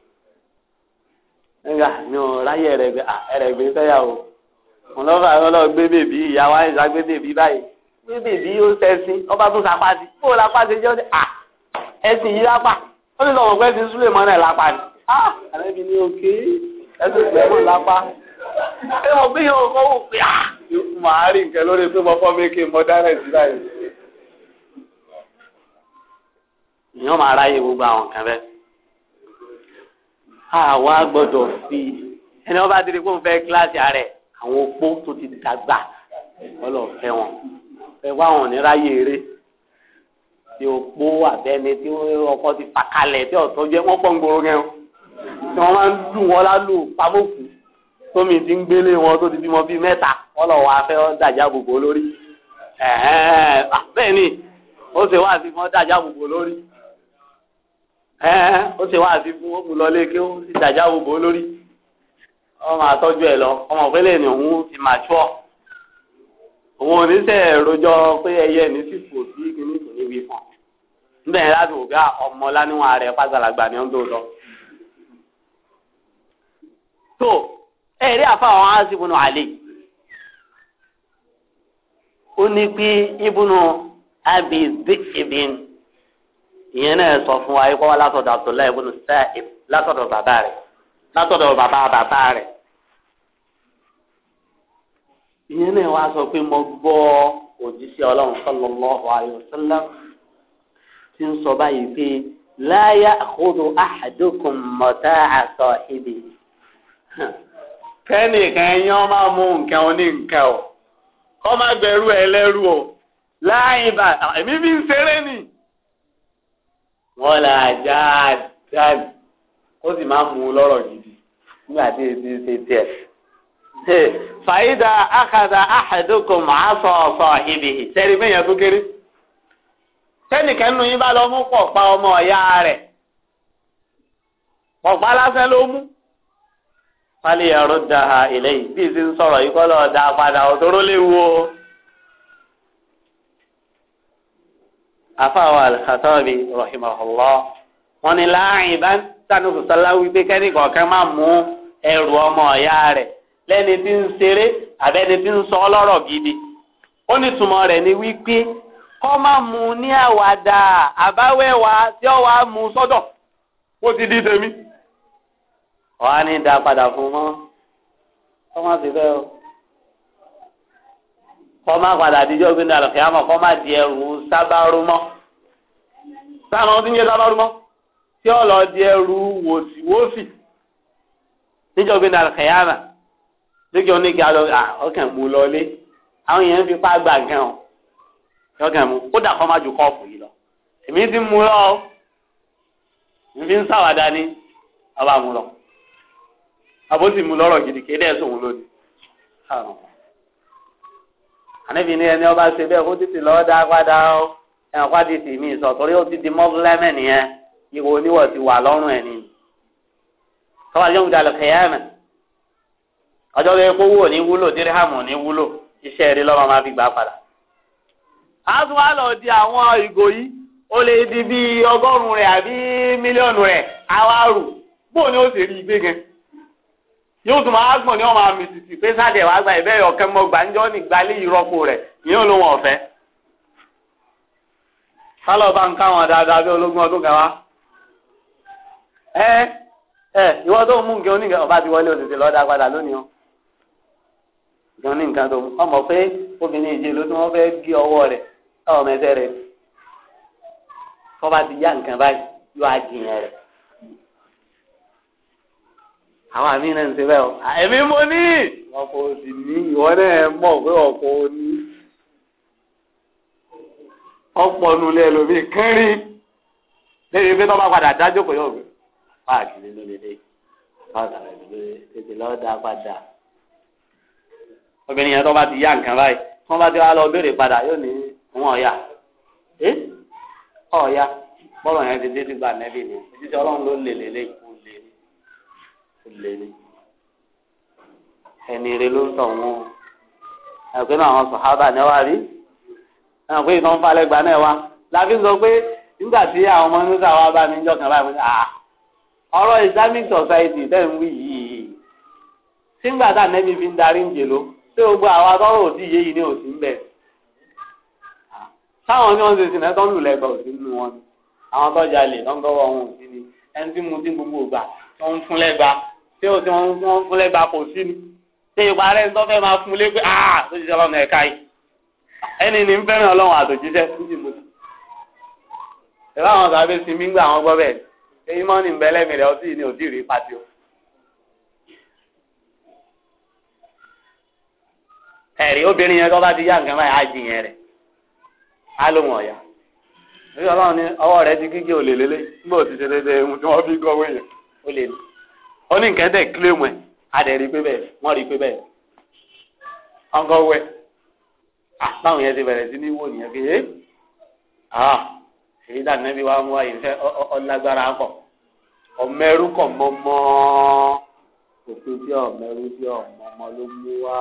nígbà mi ò ráyè ẹ̀rẹ̀gbẹ́ ẹ̀rẹ̀gbẹ́ fẹ́yàwó mo lọ́ fà lọ́ gbé bèbí ìyá wa ìyá gbé bèbí báyìí gbé bèbí ó sẹ́sìn ọba tó sapá sí kó o lápá ṣe jẹ́ ẹ̀sìn yìí lápá ó ní lọ́wọ́ pẹ́ ti súlè mọ́ náà lápá ni àrẹ́bí ni òkè ẹ̀sìn ìgbẹ́mọ̀ lápá ẹ mọ̀ bí yóò kọ́ wò pé màá rí nǹkan lórí pé mo fọ́ mi kí n mọ dárẹ̀ kan bẹ́ẹ̀ àwa gbọ́dọ̀ fi ẹni wọn bá ti di kó ń fẹ́ kíláàsì ààrẹ àwọn opó tó ti dàgbà ọlọ́ọ̀fẹ́ wọn ẹ wá wọn ní ráyè eré tí opó àbẹ́ni tí ọkọ ti fà kalẹ̀ tí ọ̀tọ́ jẹ́ wọ́n pọ̀ ń gbòòrò gẹ́rùn tí wọ́n máa ń dùn wọn lálù pamọ́kù tómi ti ń gbélé wọn tó ti bímọ bíi mẹ́ta ọlọ́wọ́ afẹ́ dàjà gbogbo lórí bẹ́ẹ̀ ni ó ṣe wá sí fún dàjà gbogbo lórí ẹ ó ṣe wá àti fún ó mú lọ lé kí ó sì dàjà wo bò ó lórí ọ máa tọ́jú ẹ lọ ọmọ òpínlẹ̀ ni òun ti máa tú ọ òun ò ní sẹ́ rojọ́ pé ẹyẹ ní sì fò sí kíní kò ní wí fún ọ níbẹ̀ yẹn láti wò pé ọmọ láníwọ̀n rẹ̀ pàṣàlàgbà ni ó ń tó lọ. tó ẹ rí àfa àwọn aṣíbùnú àlè ó ní pé ibùnú àbí ìbí ìbí ìyẹn náà sọ fún wa ikọ́ wa látọ̀dọ̀ Abdullahi ibùdó sáà látọ̀dọ̀ bàbá rẹ̀ látọ̀dọ̀ bàbá bàbá rẹ̀ ìyẹn náà wá sọ pé mo gbọ́ òjíṣẹ́ ọlọ́run sallallahu alaihi wasallam ti ń sọ báyìí pé la ya'khudhu ahadukum mata'a sahibihi kẹ́nìkan ẹ̀yán máa mú nǹkan oní o kọ́ má gbẹrú ẹ lẹ́rú o láàyè bá èmi fi ń ṣeré nìyí. wọ́n là jáàjáàjì ó sì máa ń mú lọ́rọ̀ gidi nígbà tí èsì ṣe tiẹ̀. *laughs* fàyídà àkàdà àhàdókò màá sọ ọ̀sọ̀ ìbì sẹ́ni bẹ́yẹn tó kéré. sẹ́nìkẹ́ nù yín bá lọ mú pọ̀ pa ọmọ ọ̀yá rẹ̀ pọ̀ lásán ló mú. pálí ẹ̀rọ da ilé yìí bí ti ń sọ̀rọ̀ afáwọn alikatọ́bi rahimahullah wọn ni láàrin ìbá sani sọsọlá wípé kẹ́nìkan kan máa mú ẹrù ọmọ ọ̀yá rẹ̀ lẹ́ni tí ń ṣeré àbẹ́ni tí ń sọ ọlọ́rọ̀ gidi ó ní túmọ̀ rẹ̀ ni wípé kọ́ máa mú ní àwàdà àbáwẹ́wà tí ó wàá mú sọ́dọ̀ ó ti di tèmi wàá ní dá padà fún mọ́ kọ́ máa ti fẹ́ o kọ́ máa padà díjọ́ gbé ní àlọ́kẹ́ àmọ́ kọ́ máa di ẹrù sábàrú mọ́ sáwọn ọdún yẹn lábárúmọ́ tí ọ̀lọ́ di ẹrú wòsíwòsì níjọ́ gbé náà kẹ̀yàmà lókè oníkẹ́ àlọ́ ọkàn ah, mú lọlé àwọn yẹn ń fi pa gan o ọkàn mú ó dà kọ́ má ju kọ́ọ̀pù yìí lọ èmi ti mú lọ n fi ń sàwádà ní ọba mú lọ àbótì mú lọ́rọ̀ gidi kéde ẹ̀sùn òun lónìí ànábìíní ẹni ọba ṣe bẹ́ẹ̀ kó títí lọ́ọ́ dá padà o. ẹ̀wọ̀n pàdé tì mí sọ torí ó ti di mọ́bílẹ́mẹ̀ nìyẹn ìwọ oníwọ̀ ti wà lọ́rùn ẹ̀ ni. tọ́wọ́ àti yóò dalẹ̀ kẹ́yàmẹ̀ ọjọ́ bẹ́ẹ̀ kó wúlò wúlò díríhàmù ní wúlò iṣẹ́ máa fi gbà padà. a tún wá lọ di àwọn ìgò yìí ó lè di bíi ọgọ́rùn-ún rẹ̀ àbí mílíọ̀nù rẹ̀ ni ó sì rí gan yóò tún máa gbọ̀n ní ọmọ gba ọ̀kẹ́ mọ́gbà nígbà lé ìrọ́pò kálọ̀ bá ń káwọn dáadáa bí ológun ọdún kan wá. ẹ ẹ ìwọ tó mú nǹkan oníkan ọba ti wọlé òtítì lọ́dà padà lónìí o nǹkan oníkan tó mú ọmọ pé obìnrin ìjẹ ló tí wọ́n fẹ́ gé ọwọ́ rẹ̀ káwọn mẹsẹ̀ rẹ̀ tọ́ba ti yá nǹkan báyìí yóò á jiyàn rẹ̀ àwọn àmì náà ń ṣe bẹ́ẹ̀ o ẹ̀mí mo ní ọkọ̀ òsì ní ìwọ náà mọ̀ pé ọkọ̀ òní ọ̀pọ̀ nulẹ̀ lómi kẹ́rì lẹ́yìn pé tọ́ba padà dájọ́ kò yọ̀ gbé páàkì nínú lélẹ̀ páàkì nínú lélẹ̀ tètè lọ́ọ́ dá padà obìnrin yẹn tọ́ba ti yá nǹkan báyìí wọ́n bá ti wá lọ béèrè padà yóò ní wọn ọ̀ya ẹ́ ọ̀ya bọ́lọ̀ yẹn ti dé ti gba nẹ́bí ni títí ọlọ́run ló lè lélẹ̀ kó lè ní kó lè ló ń tọ̀ wọn ẹ̀pẹ́ náà àwọn sọ̀hábà náà wà rí náà pé ìtàn falẹ̀ gbà náà wá làbí sọ pé nígbà tí àwọn ọmọ nígbà wa bá mi jọ kàn báyìí ah ọ̀rọ̀ islamic society tẹ̀ ń wí yìí sígbà tá nẹ́bí fi ń darí ń jèló pé gbogbo àwa tọrọ òdì yé yìí ni òsì ń bẹ táwọn ah, ní wọn ṣe sìnà tó ń lù lẹgbẹ òsì nínú wọn ni àwọn tó jalè tó ń gbọwọ wọn òsì ni ẹni tí mu tí gbogbo ògbà tó ń fún lẹgba tí ó ti wọn ń fún lẹgba kò sí ni ṣé ìparẹ́ ń tọ́ fẹ́ máa fún lé pé ah tó ti sọ́lọ́mù ẹ̀ka yìí. ẹni ní ń fẹ́ràn ọlọ́run àtòjíṣẹ́ ìlú àwọn sàbẹ̀ sí mi gbà wọn gbọ́ bẹ́ẹ̀ èyí mọ́ ní ìbẹ́lẹ́mì rẹ̀ ọtí ni òdì rí pàtó. ẹ̀rí obìnrin yẹn tó bá ti yá nǹkan báyìí á jiyàn rẹ̀ á ọlọ́run ní ọwọ́ rẹ̀ ti nígbà òsì ṣe ohun tí wọ́n fi ó lè ó ní nǹkan tẹ̀ àtàwọn ah, yẹn ti bẹ̀rẹ̀ sí ní wò nìyẹn fi ẹ́ ah èyí dà nẹ́bí wa mú ayé fẹ́ ọlágbára pọ̀ ọmẹrú kọ̀ mọ́mọ́ òfin tí ọmẹrú tí ọmọọmọ ló mú wá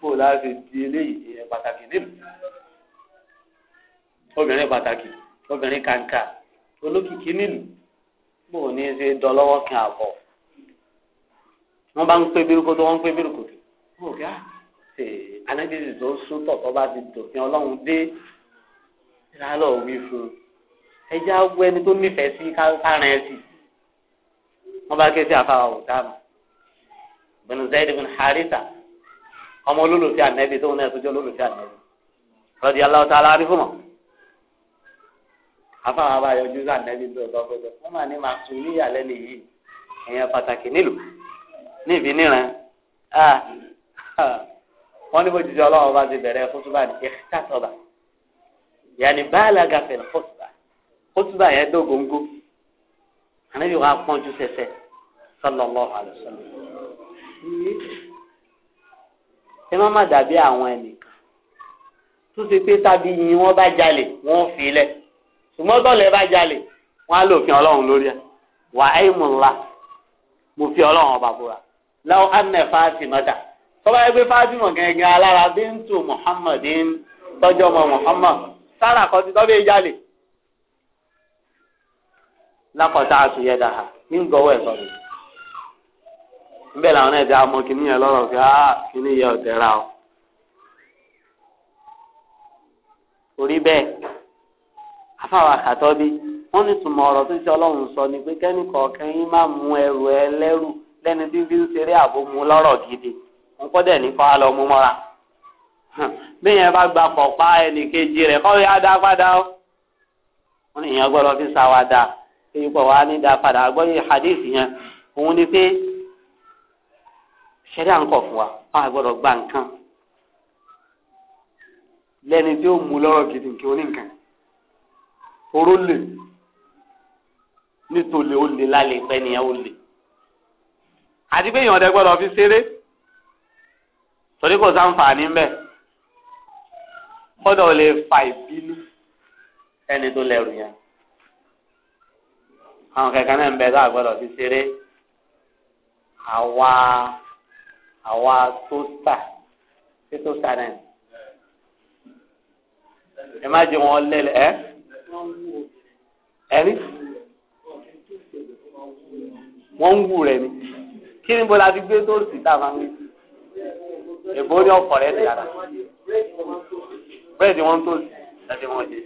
kó láti di eléyìí ẹ pàtàkì nílùú obìnrin pàtàkì obìnrin kàǹkà olókìkí nílùú bò ní ṣe dọlọ́wọ́ kan àbọ̀ wọ́n bá ń pé bírúkú tó wọ́n ń pé bírúkú tó wọ́n kí á. Ah, anábìrì tó sútọ̀ tó bá ti dòfin ọlọ́run dé lálọ́ wí fún ẹjẹ́ awọ ẹni tó nífẹ̀ẹ́ sí kárẹ̀ ẹ̀sì wọ́n bá ké sí àfàwà òtáàmù bẹ̀rù Zaid bin Haritha ọmọ olólùfẹ́ ànẹ́bí tóun náà tó jẹ́ olólùfẹ́ ànẹ́bí rọ́dí aláwọ̀ tá a lárí fún mọ́ afáwọn abáyọjú sí ànẹ́bí tó tọ́ fẹ́ wọ́n máa ní màá sùn níyàlẹ́ nìyí ẹ̀yẹn pàtàkì nílùú níbi níran ah, wọn ní bójútó ọlọ́run bá ti bẹ̀rẹ̀ kótóbá ní ìtàtọ̀bà yàní báàlágà fẹ̀lẹ̀ kótóbá kótóbá yẹn dó góńgó ànábì wa pọ́njú sẹsẹ sallallahu alaihi wasallam. ẹ má má dàbí àwọn ẹnìkan tó ṣe pé tábí yín wọ́n bá jalè wọ́n fi lẹ̀ ṣùgbọ́n tọ́lẹ̀ bá jalè wọ́n á lò fi ọlọ́run lórí ẹ̀ wà á ìmùlá mo fi ọlọ́run ọba búra láwọn àmì ẹ̀fà àti mọ́ta. tọ́ba ẹgbẹ́ fátímọ̀ gẹ́gẹ́ alára bíntu muhammadin tọ́jọ́ ọmọ muhammad sára kọ́tí tọ́ba ìjálè lákọ̀tà àtúnyẹ̀dá ní gbọ́wọ́ ẹ̀ sọ́dọ̀ níbẹ̀ làwọn ẹ̀dá ọmọ kìíní yẹn lọ́rọ̀ fi áá kìíní yẹ ra bẹ́ẹ̀ kàtọ́ bí wọ́n ní tùmọ̀ sọ ni pé yín má mú ẹrù lẹ́ni ń gidi. wọn kọ́ dẹ̀ ní kọ́ á lọ mú mọ́ra bí yẹn bá gba pọ̀pá ẹnìkejì rẹ̀ kọ́ ya dá padà ó wọn ní ìyẹn gbọ́dọ̀ fi ṣàwàdà èyí pọ̀ wá ní dá padà àgbọ́yé hadith yẹn òun ni pé ṣẹ́rí à ń kọ̀ fún wa a gbọ́dọ̀ gba nǹkan lẹ́ni tí ó mú lọ́rọ̀ gidi kí ó oró lè nítorí ó lè lálẹ́ pẹ́ nìyẹn ó lè àti pé èèyàn gbọ́dọ̀ fi ṣeré torí kò sáǹfààní mbẹ kódà ò lè fa ìbínú ẹni tó lẹ́rù yẹn àwọn kankan náà ń bẹ sáà gbọ́dọ̀ fi ṣeré àwa àwa tó tà sí tó tà náà ẹ má jẹ wọn lẹlẹ ẹ ẹni wọn ń wù rẹ ni kí ni bọlá ti gbé tó sì tá a máa èbó ní ọkọ rẹ nìyàrá bírèdì wọn tó láti wọn jẹ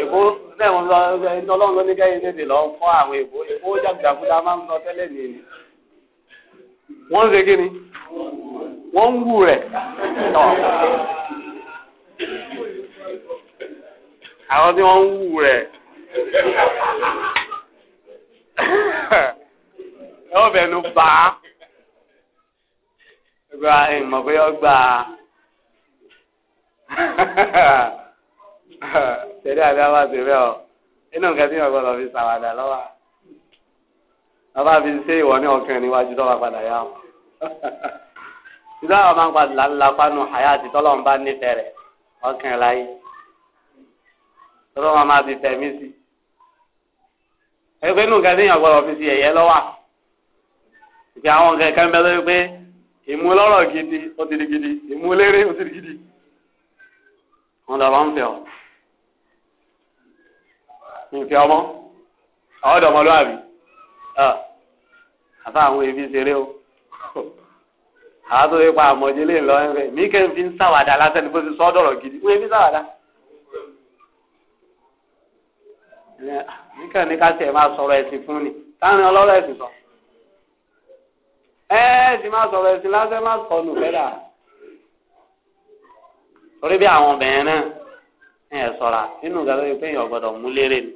èbó náà wọn lọ Ọlọ́run ló ní kẹyìn tètè lọ fọ àwọn èbó èbó jàgùdàgùdà máa ń sọ tẹ́lẹ̀ nìyí wọn ń ṣe kí ni wọn ń wù rẹ tọ àwọn tí wọn ń wù rẹ ẹ ọbẹ nu bàá. Ibrahim mọ̀ *laughs* bóyá àbí àwọn rẹ̀ ọ́. Inú nǹkan tí ìwọ̀n gbọ́dọ̀ fi ṣàwàdà lọ́wọ́. Bàbá fi ṣe ìwọ ní ọkàn níwájú tọ́wọ́ padà yá o. Ìgbà àwọn máa ń padà ńlá pánú àyà àti tọ́lọ̀ nífẹ̀ẹ́ rẹ̀ ọkàn láyé. Tọ́lọ́ máa máa fi fẹ̀mí sí. Ẹgbẹ́ inú nǹkan tí ìwọ̀n gbọ́dọ̀ fi ṣe ẹ̀yẹ lọ́wọ́. Ìgbà àwọn nǹkan kan bẹ́ẹ̀ lórí pé ìmúlọ́rọ̀ gidi ó ti di gidi ìmúlérè ó ti di gidi wọn lọ bá ń fẹ́ ọ nfẹ́ ọmọ àwọn ọ̀dọ́mọlúwàbí àfa àwọn ebi ṣeré o *laughs* àwọn tó yẹ pa àmọ̀jẹ́ lè lọ ẹ̀fẹ̀ mí kẹ́ ń fi ń sàwádà lásán ní bó ti sọ ọ́dọ̀rọ̀ gidi wọ́n ebi sàwádà. mí kẹ́ ní ká tiẹ̀ máa sọ̀rọ̀ ẹ̀sìn fún ni táwọn ọlọ́rọ̀ ẹ̀sìn sọ̀rọ̀ ẹ ti máa sọ̀rọ̀ ẹ̀sìn lásán máa sọ nù fẹ́dà torí bí àwọn obìnrin náà ẹ ṣọ́ra nínú ìgbà tó yẹ pé èèyàn gbọ́dọ̀ mú lérè ni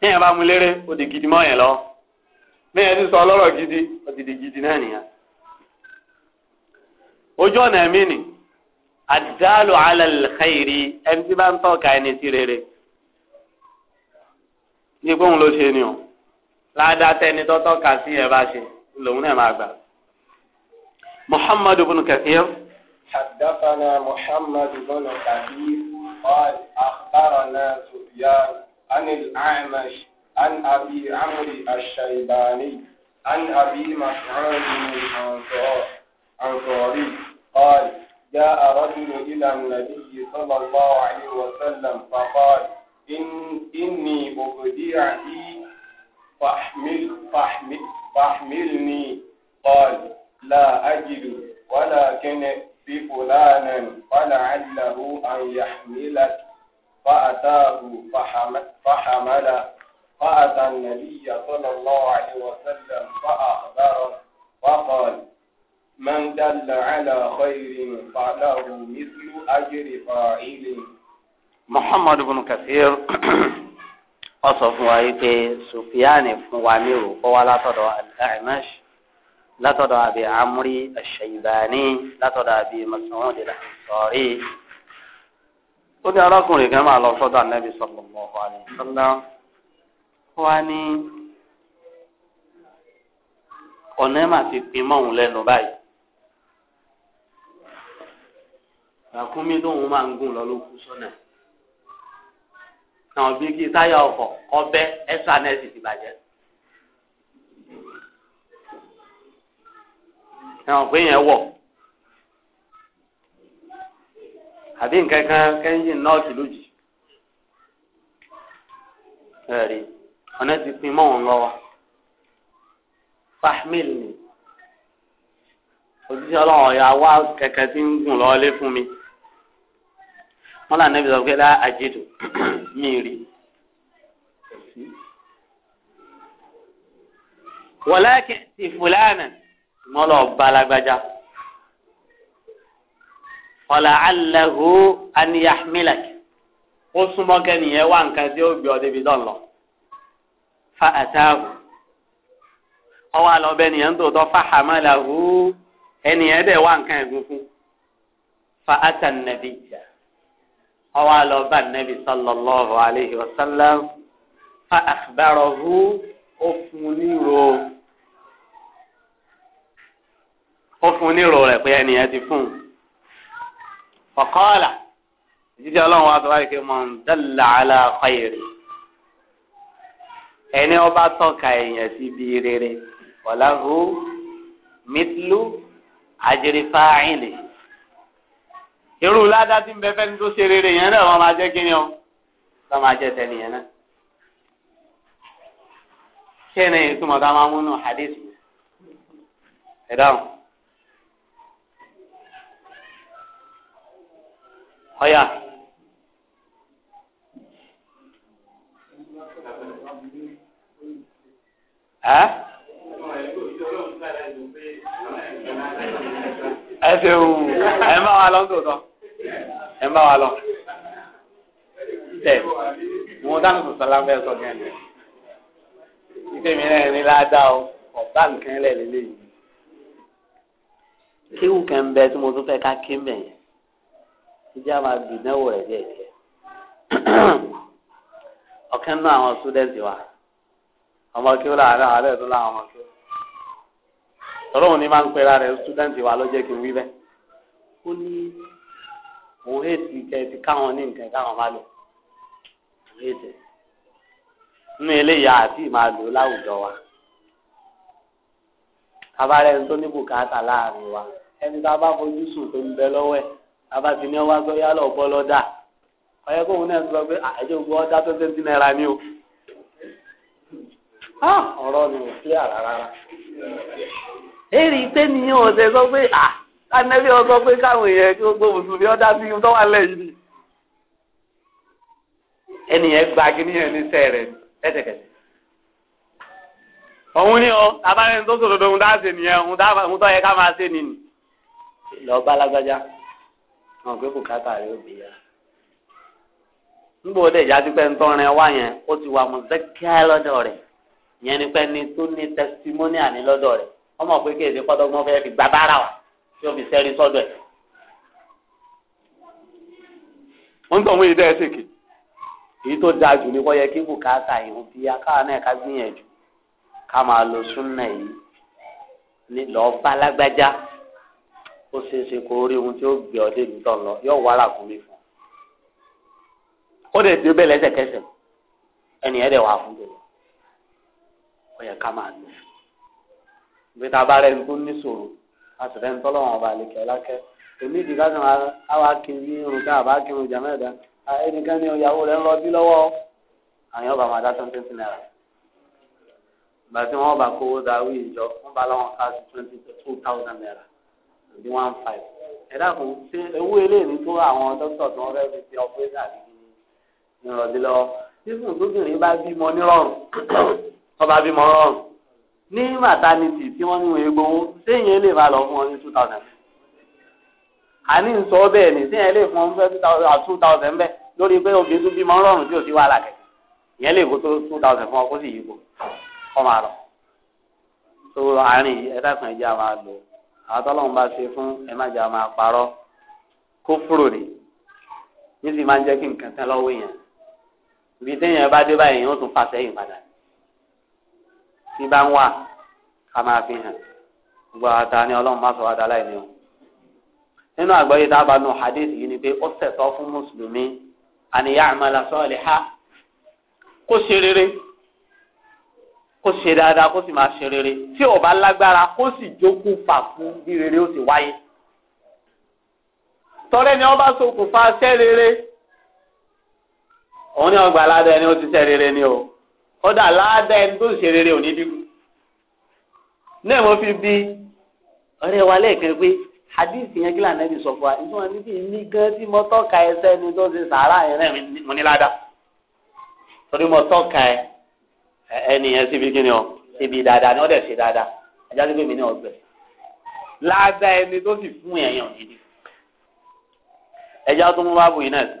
téèyàn bá mú lérè ó di gidi mọ́ yẹn lọ bẹ́ẹ̀ ti sọ ọlọ́rọ̀ gidi ó ti di gidi náà nìyẹn ojú ọ̀nà ẹ̀mí ni àdálù alàlùkàìrí ẹni tí bá ń tọ́ka ẹni sí rere ní pé òun ló ṣe ni o ládàá tẹni tó tọ́ka sí ẹ bá ṣe lòun náà محمد بن كثير حدثنا محمد بن كثير قال أخبرنا سفيان عن الأعمش عن أبي عمرو الشيباني عن أبي مسعود الأنصاري قال جاء رجل إلى النبي صلى الله عليه وسلم فقال إن إني أبدي فاحمل فاحمل فاحملني قال لا أجد ولكن ائت فلانا فلعله أن يحملك فأتاه فحمل فأتى النبي صلى الله عليه وسلم فأخبره فقال من دل على خير فله مثل أجر فاعل محمد بن كثير wọ́n sọ fún wa wípé sùfìyàní fún wa nírò kọ́ wa látọ̀dọ̀ al-A'mash látọ̀dọ̀ àbí amúrí ash-Shaybani látọ̀dọ̀ àbí Mas'ud al-Ansari ó ní arákùnrin kan máa lọ sọ́dọ̀ anábì sallallahu alaihi wasallam wá ní ọ̀nà ẹ̀ máa ti pin mọ́hún lẹ́nu báyìí. ràkúnmí lóun máa ń gùn lọ lókun sọ́nà. àwọn bíi kí táyà ọkọ̀ ọbẹ ẹsọ nẹ́ẹ̀sì ti bàjẹ́. ẹ̀wọ̀n pé yẹn wọ̀ àbí nǹkan kan kẹ́yìn nọ́ọ̀sì lójì. ẹ̀rí ọ̀nà pin mọ́ wọn lọ́wọ́ fahmil ni òjíṣẹ́ ọlọ́run ọ̀yà wá kẹ̀kẹ́ tí ń gùn lọ́ọ́lé fún mi. wọn là nẹbi sọ pé lá àjẹdù *clears throat* mí rí wọláàkì ti fúlànà mọ lọ bá alágbájá ọlà aláhu aniyahmilak ó súnmọ́ kẹniyẹn wá nǹkan tí ó gbé ọ débi lọ fa àtàwù ọwọ àlọ bẹ nìyẹn tó tọ fa hamalahu ẹnìyẹn dẹ wá nǹkan ẹgún fún fa àtànàbíyà. ọwọ́ àlọ́ bá nẹ́bí sallallahu alayhi wa sallam fa akhbarahu ó fún níro ó fún níro rẹ̀ pé ẹnìyẹn ti fún un. faqala jíjẹ́ ọlọ́run wa sọ wáyé pé man dalla ala khayri ẹni ọba tọ́ka èèyàn sí ibi rere ọ̀làhùn mithlu ajri fa'ili irú ládá tí ń bẹ fẹ́ni tó ṣe rere yẹn náà wọ́n máa jẹ́ kí ni o wọ́n máa jẹ́ tẹ́ni yẹn náà. ṣé ẹni ìtumọ̀ tá a máa mú nù hadith ẹ dáhùn. ọ̀yà. ẹ́ ẹ ṣe wù ẹ má wa lọ sòtọ ẹ má wa lọ tẹ mo dáná sọ sọlá fẹ sọ kẹ ẹ ike mi náà ní ládàá o ọba nǹkan lẹ lélẹyìí kéwù kan bẹ tí mo tún fẹ ká ké mẹ yẹn ìjà máa bì náwó rẹ díẹ̀ díẹ̀ ọkàn náà àwọn sùdẹ́ǹtì wa ọmọ kí ó láàárọ̀ àárẹ̀ tó láwọn ọmọ kí ó tọ́lọ́ òní máa ń pera rẹ̀ sítúdẹ̀ǹtì wa lọ́jọ́ kí n wí bẹ́ẹ̀. ó ní òun èsì kẹ́ẹ̀tì káwọn ní nǹkan káwọn máa lò òun èsì. nínú eléyà àti máa lò láwùjọ wa. abalẹ̀ ń tó ní bùkátà láàrin wa ẹni tá a bá fojú sùn tó ń bẹ lọ́wọ́ ẹ̀ bàbá ti ní ọwọ́ agbọ́ yálà ọ̀bọ lọ́dà ọ̀yẹ́ kóun náà sọ pé àjẹ́ ògbó ọ̀dà tó tẹ́tí náírà ni o. *laughs* Ah, ọ̀rọ̀ ni ò sí àrà rárá èrì pé nìyẹn ọ̀sẹ̀ sọ pé à kánẹ́bí pé káwọn èèyàn kí gbogbo mùsùlùmí ọ̀dà sí tó wà lẹ́yìn ni. ẹnìyẹn gba kíníyàn ní sẹ́ẹ̀rẹ̀ lẹ́sẹ̀kẹsẹ̀. òun ni ọ abáyẹn tó sòdodo òun dá ṣe nìyẹn òun tó yẹ ká máa ṣe nìyẹn. lọ bá lágbájá wọn pé kò káta rẹ òbí yá. níbo dé ìyájú pé ń tọrin wá yẹn ó ti wà mọ̀ sẹ́kẹ́ lọ́dọ̀ rẹ̀ yẹn ni pé tó ní tẹsitímọ́nì ọmọ pé kí èdè kọ́dọ́gbọ́n fẹ́ fi gba bára wa tí ó fi sẹ́rí sọ́dọ̀ ẹ̀. wọ́n tọ̀ wọ́n yìí dẹ́ ẹ̀sìnkì èyí tó dáa jù ní wọ́n yẹ kí bùkátà ìhun bí akáwa náà ká gbìyànjú ká máa lo súnà yìí ní lọ́ọ́ bá lágbájá ó ṣeé ṣe kó rí ohun tí ó gbé ọ débi tán lọ yóò wá làkúnmí fún ó lè dé bẹ́ẹ̀ lẹ́sẹ̀kẹsẹ̀ ẹnìyẹn dẹ̀ wà fún bẹ́ẹ̀ ó yẹ ká máa lò fún bí ta bá rẹ ní kó ní sòrò a sì rẹ ní tọ́lọ́wọ́n ọba àlekẹ́ lákẹ́ èmi ìdí káṣí máa àwa kiri irun ká àbá kiri ìjà mẹ́ta ẹnìkan ní ìyàwó rẹ ń lọ bí lọ́wọ́ àyàn ọba máa dá twenty naira ìgbà tí wọ́n bá kówó darí ìjọ wọ́n bá láwọn ká sí twenty two thousand naira àbí one five ẹ dákun ṣé owó eléyìí tó àwọn dókítà tí wọ́n fẹ́ fi ṣe ọpẹ́rẹ́sà àbí ní ìrọ̀lẹ́ lọ́wọ́ tí fún tóbìnrin bá bímọ nírọ̀rùn ní màtánítì tí wọ́n ní egbò wọn séèyàn lè máa lọ fún wọn ní two thousand. àní ń sọ bẹ́ẹ̀ ni séèyàn lè fún wọn two thousand bẹ́ẹ̀ lórí pé obìnrin tún bímọ rọrùn tí ò sí wàhálà kẹ̀ ìyẹn lè kó tó two thousand fún ọ kó sì yí kó kọ́ máa lọ. tó àárín ẹ̀dá kan ìjà máa lò àwọn tọ́lọ́run bá ṣe fún ẹ má jà máa parọ́ kó fúrò ní níbi máa ń jẹ́ kí nǹkan tán lọ́wọ́ èèyàn ibi téèyàn bá dé báyìí yóò tún fà sẹ́yìn padà ní. tí bá ń wà ká máa fi hàn gbogbo ata ni ọlọ́run má sọ wá dáláì ni o nínú àgbáyé tá a bá nu hadith yìí ni pé ó ṣẹ̀tọ́ fún mùsùlùmí àníyá àmàlà ha kó ṣe rere kó ṣe dáadáa kó sì máa ṣe rere tí ó bá lágbára kó sì jókòó fà fún bí rere ó sì ni ọba ṣokùnfà ṣẹ́ rere òun ni ọgbà ó ti ṣẹ́ rere kódà láàdá ẹni tó ṣe rere ò ní dínkù náà mo fi bí ọ̀rẹ́ wa lẹ́ẹ̀kan pé hadith yẹn kí lànà ẹbí sọ fún wa ìtú wọn níbi ìmí gan tí mo tọ́ka ẹsẹ̀ ni tó ṣe sàárà yẹn náà mo ní ládàá torí mo tọ́ka ẹ ẹni yẹn síbi kí ni ọ síbi dáadáa ni ọ dẹ̀ ṣe dáadáa ajá sí pé mi ní ọgbẹ́ láàdá ẹni tó sì fún yẹn yẹn ò ẹjá tó mú báàbù yìí náà sí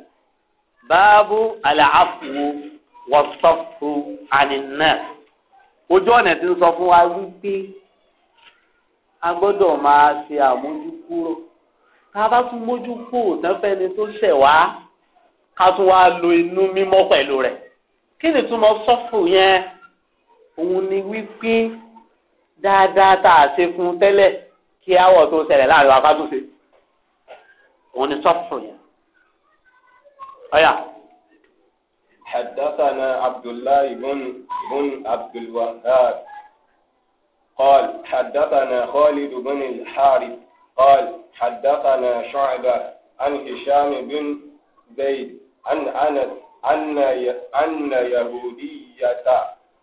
báàbù àlàáfù wọ́sọ́fù ànínà ojú ọ̀nà tí ń sọ fún wa wípé a gbọ́dọ̀ máa ṣe àmójúkúrò ká bá tún mójú kó òtẹ́fẹ́ni tó ṣẹ̀ wá ká tún wá lo inú mímọ́ pẹ̀lú rẹ̀ kí ni túmọ̀ sọ́fù yẹn òun ni wípé dáadáa tá a ṣe fún tẹ́lẹ̀ kí awọ tó ṣẹlẹ̀ láàrin wa ká tún ṣe òun ni sọ́fù yẹn ọ̀yà. حدثنا عبد الله بن بن عبد الوهاب قال حدثنا خالد بن الحارث قال حدثنا شعبة عن هشام بن زيد عن أنس أن أن يهودية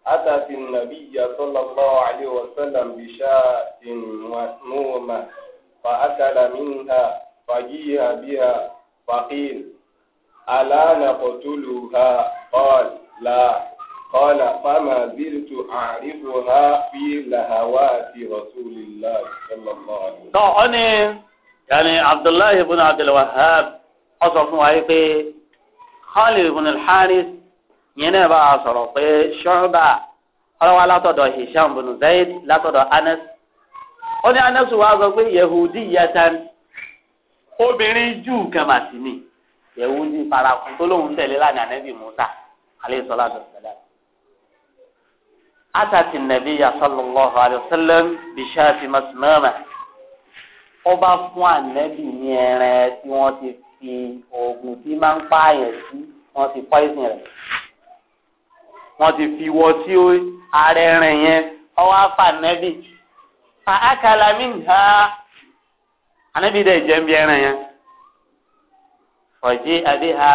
أتت النبي صلى الله عليه وسلم بشاة مسمومة فأكل منها فجيء بها فقيل ألا نقتلها قال لا قال فما زلت أعرفها في لهوات رسول الله صلى الله عليه وسلم. طبعا يعني عبد الله بن عبد الوهاب أصف معيقي خالد بن الحارث ينبع عصرقي شعبة ọlọ́wọ́ látọ̀dọ̀ hisham bin zayid látọ̀dọ̀ anas ó ní anas wàá sọ pé yehudi yatan obìnrin jù kẹmàtì ni yẹ̀wù ní farakun tó lóun tẹ̀lé lánàá nẹ́bí Musa aleyhi salatu salam. atati nabi ya sallallahu alayhi wa sallam bishafi masmama ó bá fún ànẹ́bí ní ẹran tí wọ́n ti fi oògùn tí máa ń pààyàn sí wọ́n ti pọ́ìsìn rẹ̀ wọ́n ti fi wọ́ tí ó ara yẹn ọwọ́ afa ànẹ́bí fa akala minha ànẹ́bí dẹ̀ jẹ́ ń bí yẹn kọjí adéha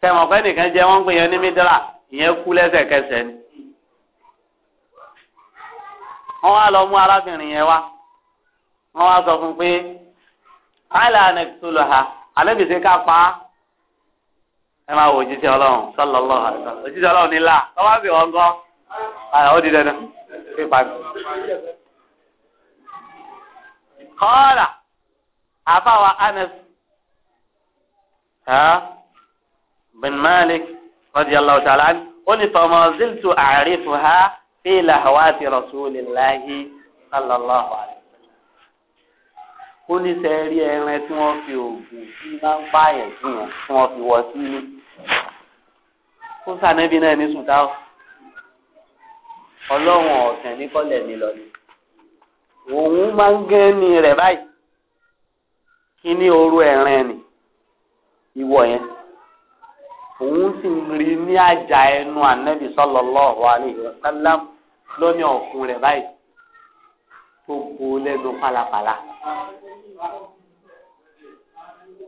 sẹ́wọ̀n nìkan jẹ́ wọ́n ń ní mídírà ìyẹn kú lẹ́sẹ̀kẹsẹ̀ ni wọ́n wá lọ mú arábìnrin yẹn wá wọ́n wá sọ fún pé àìlànà tó ha àlébìsí ká pa á ẹ máa wò òjíṣẹ́ ọlọ́run sọlọ́lọ́ òjíṣẹ́ ọlọ́run nílà lọ́wọ́ bí wọ́n gọ́ ó di dandan pé pàmì. kọ́ọ̀là àfàwà Anas bin Malik radiyallahu ta'ala anhu ó ní fama ziltu a'rifuha fi lahawati rasulillahi sallallahu alayhi wa sallam. ó ní sẹ́ẹ̀rí ẹran tí wọ́n fi oògùn tí máa ń pààyàn sí wọn tí wọ́n fi wọ́ sílé. ó sànẹ́bí náà ní sùn táwọn ọlọ́run ọ̀sẹ̀ ní kọ́lẹ̀ mi lọ ni òun máa ń gé ní rẹ̀ báyìí kí ní orú ẹ̀rìn ni ìwọ yẹn òun sì ń rí ní àjà ẹnu ànábì sallallahu alaihi wasallam lọ́ní ọ̀fun rẹ̀ báyìí tó bo lẹ́nu pálapàla.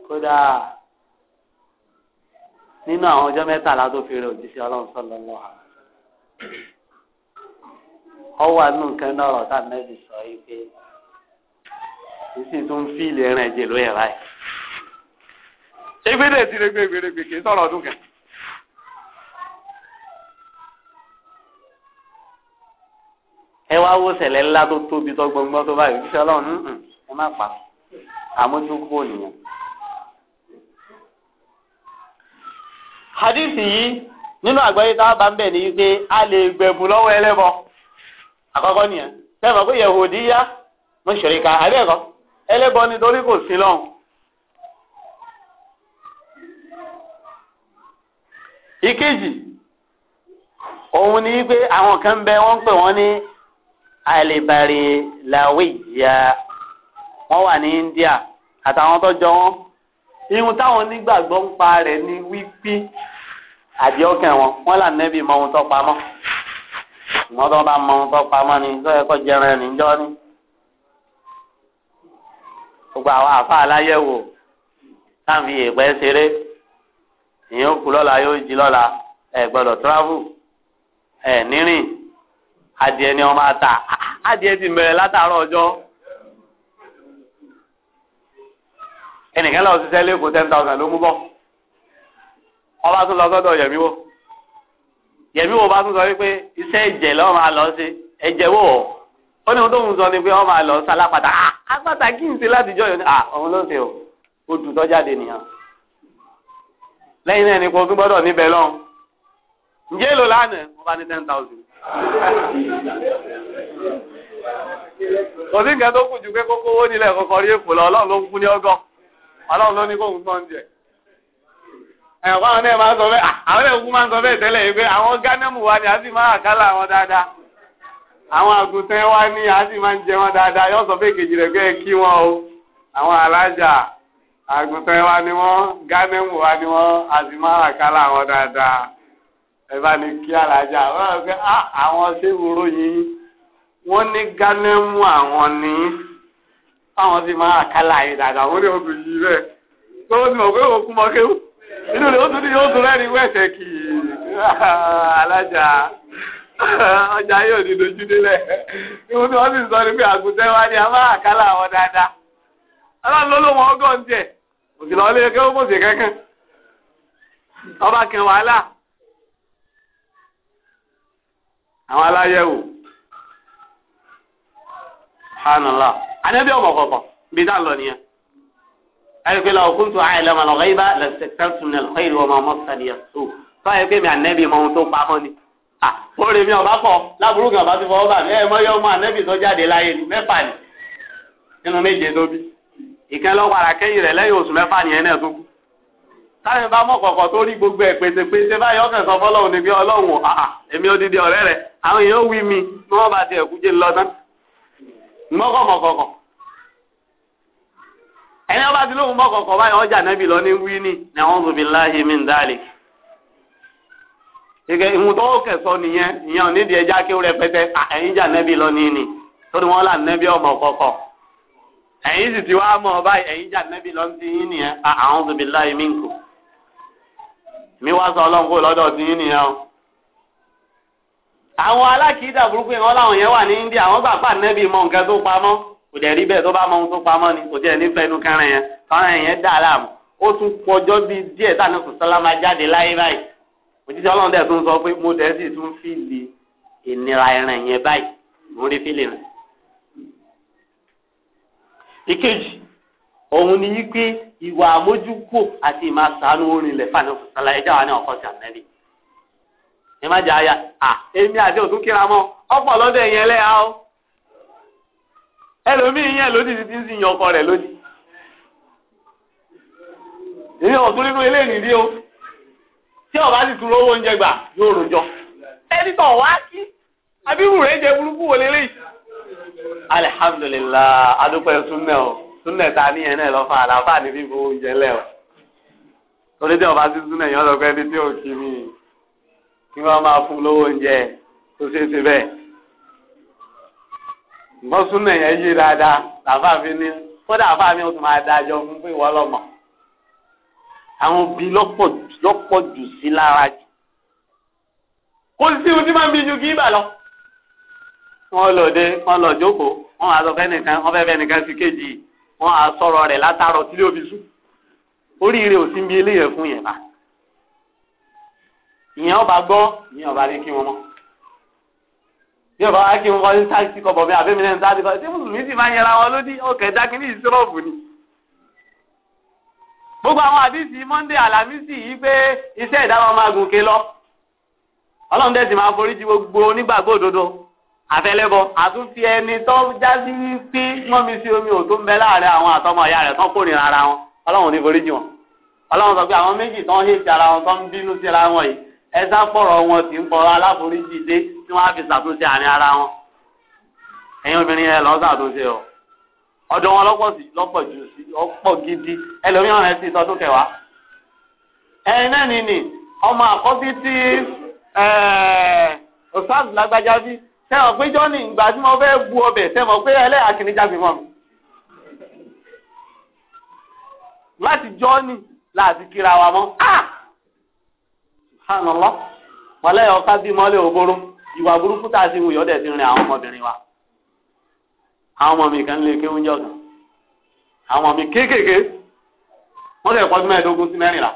kódà nínú àwọn ọjọ́ mẹ́tàlá tó fi rẹ̀ òjíṣẹ́ ọlọ́run sallallahu alaihi wasallam ọwọ́ àánú nǹkan náà ọ̀tá ànábì sọ yìí pé ìsìn tó ń fíìlì ẹran ẹ̀jẹ̀ ló yẹ báyìí egbede ti le gbé gbèrègbè kì í sọ̀rọ̀ ọdún kan. ẹ wá wo ṣẹlẹ̀ ńlá tó tóbi tó gbọngbọn tó báyìí ojúṣe Ọlọ́run hmm, ẹ má pa àmójúkúrò nìyẹn. hadith yìí nínú àgbáyé tá a bá ń bẹ̀ ni wípé a lè gbẹ̀bù lọ́wọ́ ẹlẹ́bọ àkọ́kọ́ nìyẹn sẹ́wọ̀n pé yẹ̀wò òdíyá mo ṣèrìkà àbẹ́ẹ̀kọ́ ẹlẹ́bọ nítorí kò sí lọ́hùn. ìkejì òun ni pé àwọn kan bẹ wọ́n pè wọ́n ní alibari lawiya wọ́n wà ní India àtàwọn tó jọ wọn ihun táwọn nígbàgbọ́ ń pa rẹ̀ ní wípé àdìọ́kẹ́ wọn wọ́n là nẹ́bí mọ ohun tó pamọ́ ìmọ̀ tó bá mọ ohun tó pamọ́ ni tó yẹ kó jẹran ẹ̀ níjọ́ ni gbogbo àwọn àfa aláyẹ̀wò táwọn fi èèpẹ̀ ṣeré ìyẹn ó kú lọ́la yóò jí lọ́la ẹ gbọ́dọ̀ travel ẹ nírìn adìẹ ni wọ́n máa ta adìẹ ti mẹ̀rẹ̀ látàárọ̀ ọjọ́ ẹnìkan lọ ṣiṣẹ́ lẹ́kọ̀ọ́ ten thousand ló mú bọ́ ọba tún lọ sọ́dọ̀ yẹ̀mí wò yẹ̀mí wò bá tún sọ wípé iṣẹ́ ẹ̀jẹ̀ lọ́wọ́ máa lọ sí ẹ̀jẹ̀ wò ó ó ní ohun sọ ni pé wọ́n máa lọ sálápàtà àpàtà ah, kí n ṣe látijọ́ yìí ọ̀hún ah, ló ń ṣe o ó dùn tọ́jáde nìyẹn. lẹ́yìn náà ni kò tún gbọ́dọ̀ níbẹ̀ lọ́hùn ǹjẹ́ èlò lánàá wọ́n bá ní ten thousand. kò sí nǹkan tó kù ju pé kókó owó nílẹ̀ kọ̀ọ̀kan rí èkó lọ ọlọ́run ló ń fún ní ọgọ́ ọlọ́run ló ní jẹ. àwọn sọ bẹ́ẹ̀ àwọn sọ bẹ́ẹ̀ tẹ́lẹ̀ pé àwọn gánàmù wa ni a sì máa kálá wọn dáadáa àwọn àgùntàn wa ni a sì máa ń jẹ wọn dáadáa yóò sọ kejì rẹ̀ àgùntàn wa ni wọ́n gánẹ́mù wa ni wọ́n àtìmọ́ra kálá àwọn dáadáa ẹ bá ní kí alájà wọ́n rẹ̀ pé ah, àwọn ṣéwúrò yìí wọ́n ní gánẹ́mù àwọn ní àwọn sì máa kálá yìí dáadáa wọ́n ní oṣù yìí rẹ̀ tó ní ọ̀gbẹ́ òkú mọ́kéwù inú rẹ̀ ó tún ní yóò tún rẹ́rìn wẹ̀sẹ̀ kì í *laughs* alájà *laughs* ọjà yóò ní dojú délẹ̀ ìwọ́n tí wọ́n sì sọ ni pé àgùntàn wa ni a máa kálá àwọn dáadáa ọlọ́run ló lóun ọgọ́ ń tiẹ̀ òsì lọ́ọ́ lé kẹ́wọ́ mọ̀sẹ̀ kankan ọba kan wàhálà àwọn aláyẹ̀wò hànàlá anábì ọmọ kọ̀ọ̀kan bí dá lọ nìyẹn ayọ̀kẹ́ la òkú tó àyẹ̀lẹ̀ ọmọ lọ́gọ́ ibà lẹ́sẹ̀ tẹ́sùn ní ọ̀kọ́ ìlú ọmọ mọ́sálì ẹ̀sọ́ tó ayọ̀kẹ́ mi anábì mọ ohun tó pa mọ́ ni ó rèmi ọba kọ láburú kan bá ti fọwọ́ bà mí ẹ̀ mọ́ yọ ọmọ anábì tó jáde láyé ni mẹ́fà ni nínú méje tó ìkẹ́ lọ́wọ́ra kẹ́yìn rẹ̀ lẹ́yìn oṣù mẹ́fà nìyẹn náà tó táyọ̀ bá mọ̀ tó rí gbogbo ẹ̀ pèsèpèsè báyìí ọkàn sọ fọlọ́hún ni ọlọ́hún àà èmi odidi ọ̀rẹ́ rẹ̀ àwọn èèyàn wí mi bí wọ́n bá tiẹ̀ kú jẹ́ lọ́tán. mọ́kọ̀mọ̀kọ̀kọ̀ ẹni ọba ti lóhùn mọ́kọ̀kọ̀ báyìí ọjà nẹ́bí lọ ní wí ni ni àwọn tó fi láàyè ń dálé. ìkẹ́ ìhun tó kẹsọ nìyẹn ìyẹn ò nídìí ẹja kí ó ẹ̀yìn jà nẹ́bí lọ ní ni tó ni wọ́n là nẹ́bí ọmọ kọ̀kọ̀ ẹ̀yin sì ti wá mọ̀ ọba ẹ̀yin jà nẹ́bí lọ́n ti yín nìyẹn àwọn tóbi láì mí nkù mi wá sọ ọlọ́run kó lọ́dọ̀ ti yín nìyẹn o. àwọn alákìídà burúkú yẹn wọn láwọn yẹn wà ní India àwọn gbà pa nẹ́bí mọ nǹkan tó pamọ́ kò dẹ̀ rí bẹ́ẹ̀ tó bá mọ ohun tó pamọ́ ni kò tiẹ̀ nífẹ̀ẹ́ inú kẹrin yẹn kọrin yẹn dà láàmú ó tún pọjọ́ bíi díẹ̀ tánú kò sọ́lá jáde láyé báyìí òjijì ọlọ́run ìkejì òun ni wípé ìwà àmójúkò àti ìmọ̀ àṣàánú orin ilẹ̀ fani wa ní ọkọ̀ ti ẹ má jẹ àyà à èmi àti òtún kíra mọ ọ̀pọ̀ lọ́dọ̀ ẹ̀yìn ẹlẹ́yà o ẹlòmíì yẹn lódì ti ń ọkọ rẹ lódì nínú o tí ọba sì tún lówó oúnjẹ gbà yóò ẹni tó wá kí jẹ burúkú wọlé alihamdulilah adúpẹ́ súnẹ̀ o súnẹ̀ ta ní yẹn náà lọ́fà àlàáfà ní fífo oúnjẹ lẹ̀ o torí tí ọba sí súnẹ̀ yẹn lọ́pẹ́ ní tí ò kí mi kí wọ́n máa fún lówó oúnjẹ tó ṣe é ṣe bẹ́ẹ̀ mọ súnẹ̀ yẹn yí dáadáa làfà fi ní kódà àfà mi ò tún máa dájọ́ fún pé ìwọ lọ́mọ àwọn òbí lọ́pọ̀ jù sí lára jù kò sí ohun tí máa bí ju kí ibà lọ wọ́n lọ dé wọ́n lọ jókòó wọ́n á sọ fẹ́nìkan wọ́n fẹ́ fẹ́nìkan sí kejì wọ́n á sọ̀rọ̀ rẹ̀ látàrọ̀ tí yóò fi sùn oríire ò sí bí eléyẹ̀ fún yẹn bá ìyẹn ọba gbọ́ ìyẹn ọba ní kí wọn mọ́ bí ọba wa kí wọn kọ́ ní táàkì kọ́ bọ̀ bí abẹ́mi náà ń táàkì kọ́ tí mùsùlùmí sì máa ń yẹra wọn lódì ọkẹ́ dákì ní ìṣòròbù ni gbogbo àwọn àdìsí monday alamisi yìí pé iṣẹ́ ìdáwọ́ máa gùn ké lọ ọlọ́run dẹ̀ sì máa foríjì gbogbo onígbàgbọ́ òdodo àfẹlẹbọ àtúntì ẹni tó jásí wípé wọn mi sí omi òtún bẹ láàrin àwọn àtọmọ ìyá rẹ tán kórìíra ara wọn Ọlọ́run ní foríjì wọn Ọlọ́run sọ pé àwọn méjì tán hé ti ara wọn tán bínú sí ara wọn yìí ẹsẹ pọrọ wọn ti ń bọ aláforíjì dé tí wọn á fi ṣàtúnṣe àárín ara wọn ẹ̀yin obìnrin yẹn lọ ṣàtúnṣe o ọ̀dọ̀ wọn lọ́pọ̀ sí lọ́pọ̀ jù sí ọ̀pọ̀ gidi ẹlòmíràn rẹ sì tọdún kẹwàá ẹ̀yin náà nìní ọmọ àkọ́bí tí ọ̀sáàdù lágbájá bíi sẹ́wọ̀n pé jọ́ni ìgbà tí mo fẹ́ bu ọbẹ̀ sẹ́wọ̀n pé ẹlẹ́yà kìíní jágbe mọ́ mi. láti jọ́ni láti kíra wa mọ́ á hànàlọ́ wọlé ọ̀ká bímọ lé òbóró ìwà burúkú tá a ti wù yọ́ dẹ̀ ti rin àwọn ọmọbìnrin wa. àwọn ọmọ mi kan lè ké oúnjẹ ọ̀gàn àwọn ọmọ mi kéékèèké wọ́n lè pọ́ mẹ́ẹ̀ẹ́dógún sí mẹ́rìnlá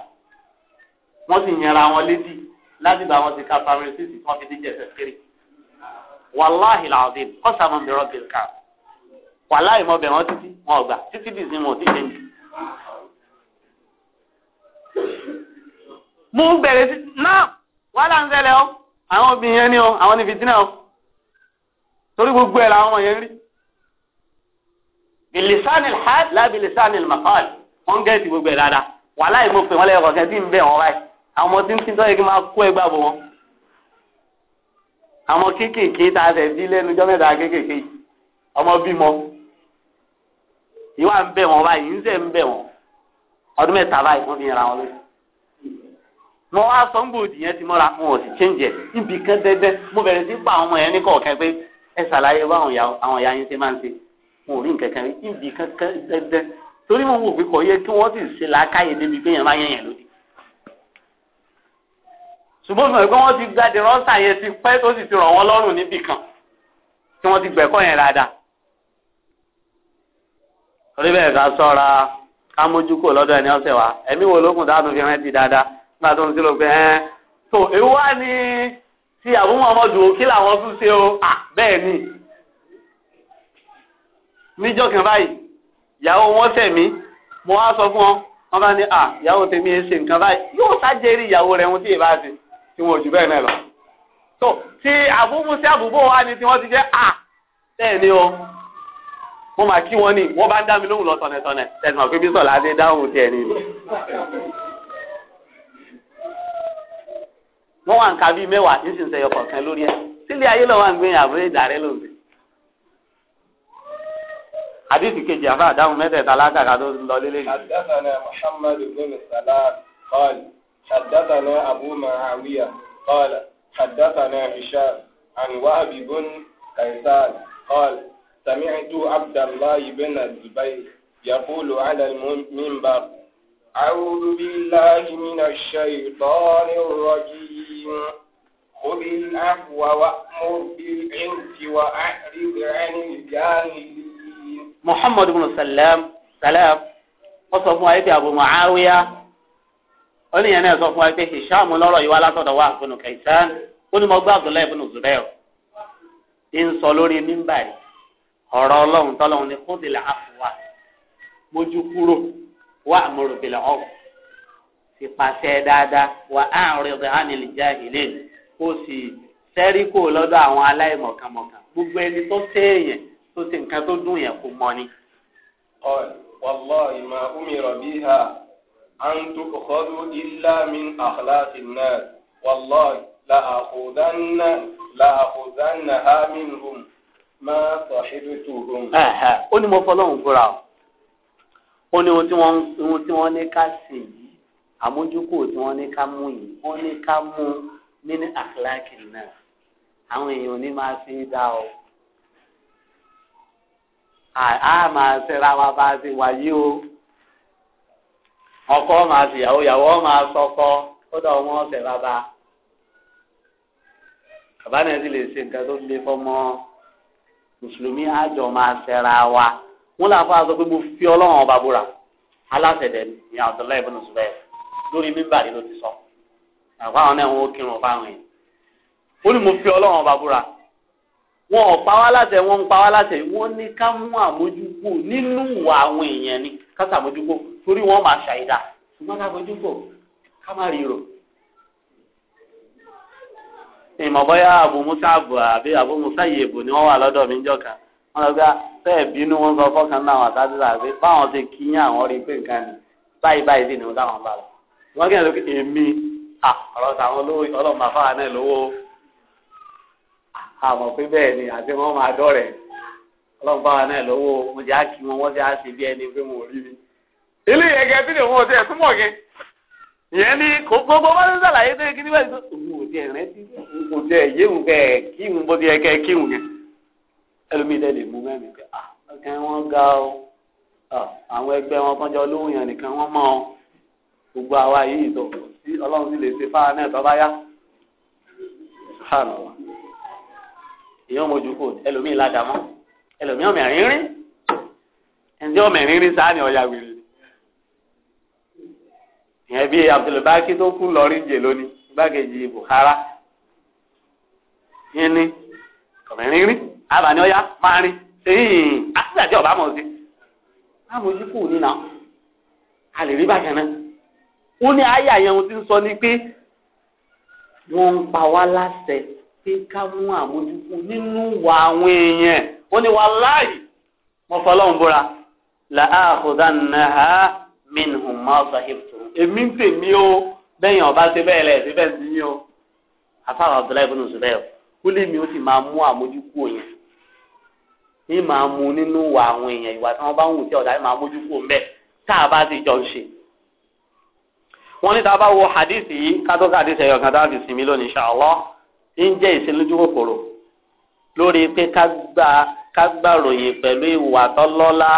wọ́n sì yẹra wọn létí láti bá wọn ti ka primary six wọ́n fi díjẹ́ fẹ́ kéré wàláhì làwọn kọ́sà mọ̀ bẹ̀rọ̀ bẹ̀rẹ̀ kà wàláhì mọ̀ bẹ̀rẹ̀ wọn títí wọn ọ̀gbà títí dì sí wọn ò tí ṣe ń jì. mo bẹ̀rẹ̀ sí náà wàhálà ń ṣẹlẹ̀ o àwọn obìnrin yẹn ni o àwọn ní fìtínà o torí gbogbo ẹ̀ làwọn ọmọ yẹn rí bilisanil hal la bilisanil wọn gẹ̀ẹ́sì gbogbo ẹ̀ dáadáa wàláhì mo pè wọn lẹ́yìn kọ̀ọ̀kẹ́ tí ń bẹ̀ wọn báyìí àwọn ọmọ tí ń tí ń tọ́ yẹ kí n máa kó ẹgbàá bọ̀ wọn àwọn kéékèèké tá a tẹ̀ bí lẹ́nu jọ́ mẹ́ta kéékèèké ọmọ bímọ ìwà ń bẹ̀ wọ́n báyìí ń sẹ̀ ń bẹ̀ wọ́n ọdún mẹ́ta báyìí wọ́n fi yẹra wọn lóṣù mo wá sọ ń gbòdì yẹn ti mọ́ra wọn sì change ẹ̀ níbi kan dẹ́dẹ́ mo bẹ̀rẹ̀ sí pa àwọn ọmọ yẹn ní kọ̀ọ̀kan pé ẹ ṣàlàyé bá àwọn ìyá yín ṣe máa ń ṣe wọn ò rí nǹkan kan níbi kan dẹ́dẹ́ torí mo wò pé kò kí wọ́n sì ṣe làákàyè débi ṣùgbọ́n mọ̀ pé wọ́n ti gba dìrọ́sà yẹn ti pẹ́ tó sì ti rọ̀ wọ́n lọ́rùn níbì kan tí wọ́n ti gbẹ̀kọ́ yẹn dáadáa. torí bẹ́ẹ̀ ká sọ́ra ká mójú kò lọ́dọ̀ ẹni ọ̀sẹ̀ wa ẹ̀mí wo lókun dáadọ́ fi rántí dáadáa nígbà tó ń sílò pé ẹ́ tó ewu wá ní ti àbúmọ̀ ọmọdù kí làwọn tún ṣe o à bẹ́ẹ̀ ni. níjọ́ kan báyìí ìyàwó wọn sẹ̀mí mo wá sọ fún ọ wọn bá ní à ìyàwó tèmi ẹ ṣe nǹkan báyìí yóò sá jẹ́rìí ìyàwó rẹ̀ ń tí ì bá ṣe tí wọn ò jù bẹ́ẹ̀ náà lọ. tó ti àbúrú sí àbúrú wa ni tí wọ́n ti jẹ́ à bẹ́ẹ̀ ni o mo máa kí wọn ni wọ́n bá ń dá mi lóhùn lọ tọ̀nẹ̀tọ̀nẹ̀ tẹ̀sán pé bí sọ̀lá adé dáhùn tiẹ̀ ni. wọ́n wà ń ka bíi mẹ́wàá nísinsìnyí ọkọ̀ kan lórí ẹ̀ sílẹ̀ ayé lọ́wọ́ à ń gbé yàn àbúrò ìdàrẹ́ lòdì حديث كي جابا دام متى تلاقى قالوا لولي لي حدثنا حدثنا أبو معاوية قال حدثنا هشام عن وهب بن كيسان قال سمعت عبد الله بن الزبير يقول على المنبر أعوذ بالله من الشيطان الرجيم خذ العفو وأمر بالعنف وأعرض عن الجاهلين محمد بن سلام سلام وصفوا أيدي أبو معاوية ó ní yẹn náà sọ fún wa pé Hisham lọ́rọ̀ yìí wá látọ̀dọ̀ wa àbùnú Kaysan ó ní mo gbọ́ Abdullahi ibn Zubair ti ń sọ lórí mímbàrí ọ̀rọ̀ ọlọ́run tọ́lọ́run ní kódìlà àfùwà mójú kúrò wà àmọ̀ròbìlà ọ̀rọ̀ ìpàṣẹ dáadáa wà áàrin ọ̀dọ̀ ánìlìjà ìlẹ̀ kó sì sẹ́rí kò lọ́dọ̀ àwọn aláìmọ̀kànmọ̀kàn gbogbo ẹni tó séèyàn tó ti nǹkan tó dùn yẹn kò mọ ni. ọ̀ أن تؤخذ إلا من أخلاق الناس والله لأخذن لأخذنها منهم ما صحبتهم أها ó ní mo fọlọ́run fúra o ó ní ohun tí wọ́n ohun tí wọ́n ní ká ṣe yìí àmójúkò tí wọ́n ní ká mú yìí wọ́n ní ká mú nínú àkìláàkì náà àwọn èèyàn ní máa fi dá o a máa ṣe ra wa bá a ṣe wáyé o ọkọ máa ṣèyàwó yàwó máa sọkọ kódà ọmọ ọsẹ bàbá bàbá náà sì lè ṣe nǹkan tó lè fọmọ mùsùlùmí àjọ máa ṣẹra wa wọn làwọn afọ àṣọ pé mo fi Ọlọ́run ọba búra aláṣẹdẹ ní Abdullahi ibn Zubair lórí mímbàrí ló ti sọ àbá àwọn náà wọn ó kírun fáwọn yìí ó ní mo fi Ọlọ́run ọba búra wọn ò pa wá láṣẹ wọn ń pa wá láṣẹ wọn ní ká mú àmójúkò nínú ìwà àwọn èèyàn ni ká sàmójúkò torí wọ́n máa ṣàìdá ṣùgbọ́n ká fojú fò ká má rí rò. ìmọ̀ bọ́yá Abu Musa àbò àbí Abu Musa yèbò ni wọ́n wà lọ́dọ̀ mi jọ kan wọ́n lọ gbá bẹ́ẹ̀ bínú wọn sọ fọ́kàn náà wọn sáájú rà pé báwọn ti kí yín àwọn rí pé nǹkan ni báyìí báyìí sì ni wọ́n táwọn bá lọ. wọ́n kí ni lókè èmi ọ̀rọ̀ sàwọn olówó ọlọ́mọ afáwa náà lówó àmọ̀ pé bẹ́ẹ̀ ni àti wọ́n ilé yẹn gẹ bí lè wọn ọtí ẹ túmọ̀ yẹn yẹn ni gbogbo wọn ń sàlàyé tó yẹ kí níbẹ̀ tó òun ò tiẹ̀ rẹ tí òun ò tiẹ̀ yé òun kẹ kí òun bó tiẹ̀ kẹ kí òun yẹn ẹlòmíì dẹ́ lè mú mẹ́rin pé ah kẹ́ wọ́n ga o ah, àwọn ẹgbẹ́ wọn kọjá olóhùn yẹn nìkan wọ́n mọ̀ ọ́ gbogbo àwa yìí tó tí ọlọ́run sì lè ṣe fáwọn náà tó bá yá subhanallah èèyàn mojú kò ẹlòmíì ládàá mọ́ ẹlòmíì ọ̀mẹ̀rin rí ẹni tí ọ̀mẹ̀rin rí sáà ni ọ̀yà wèrè ìyẹn bí abdulbaki tó kú lọrin jè lónìí igbákejì buhara yín ni ọ̀rẹ́rin rí abàní ọ̀yá máa rin ṣéyìn àtìgbàjẹ́ ọ̀bá mọ̀ sí láwọn ojú kù nínà a lè rí bákan náà ó ní àyà yẹn ohun tí ń sọ ni pé wọ́n ń pa wá láṣẹ pé ká mú àmójúkú nínú wa àwọn èèyàn ó ní wàláhì mo fọlọ́run búra làákùdánnáhà mìíràn èmi ń tèmi o bẹ́yìn ọba ṣe bẹ́ẹ̀ lẹ̀ ṣe bẹ́ẹ̀ ní o afáwọn abdullahi ibùdó ṣe bẹ́ẹ̀ ó lé mi ó sì máa mú àmójúkúò yẹn ní máa mú nínú ìwà àwọn èèyàn ìwà tí wọ́n bá ń wù tí ọ̀dà ní máa mójúkúò ń bẹ̀ tá a bá ti jọ ń ṣe. wọ́n ní tá bá wo hadith yìí kátó hadith ẹ̀yọ̀ kan dáàbì sinmi lónìí inshallah ń jẹ́ ìsinlójú kòkòrò lórí pé ká ròyìn pẹ̀lú ìwà tọ́lọ́lá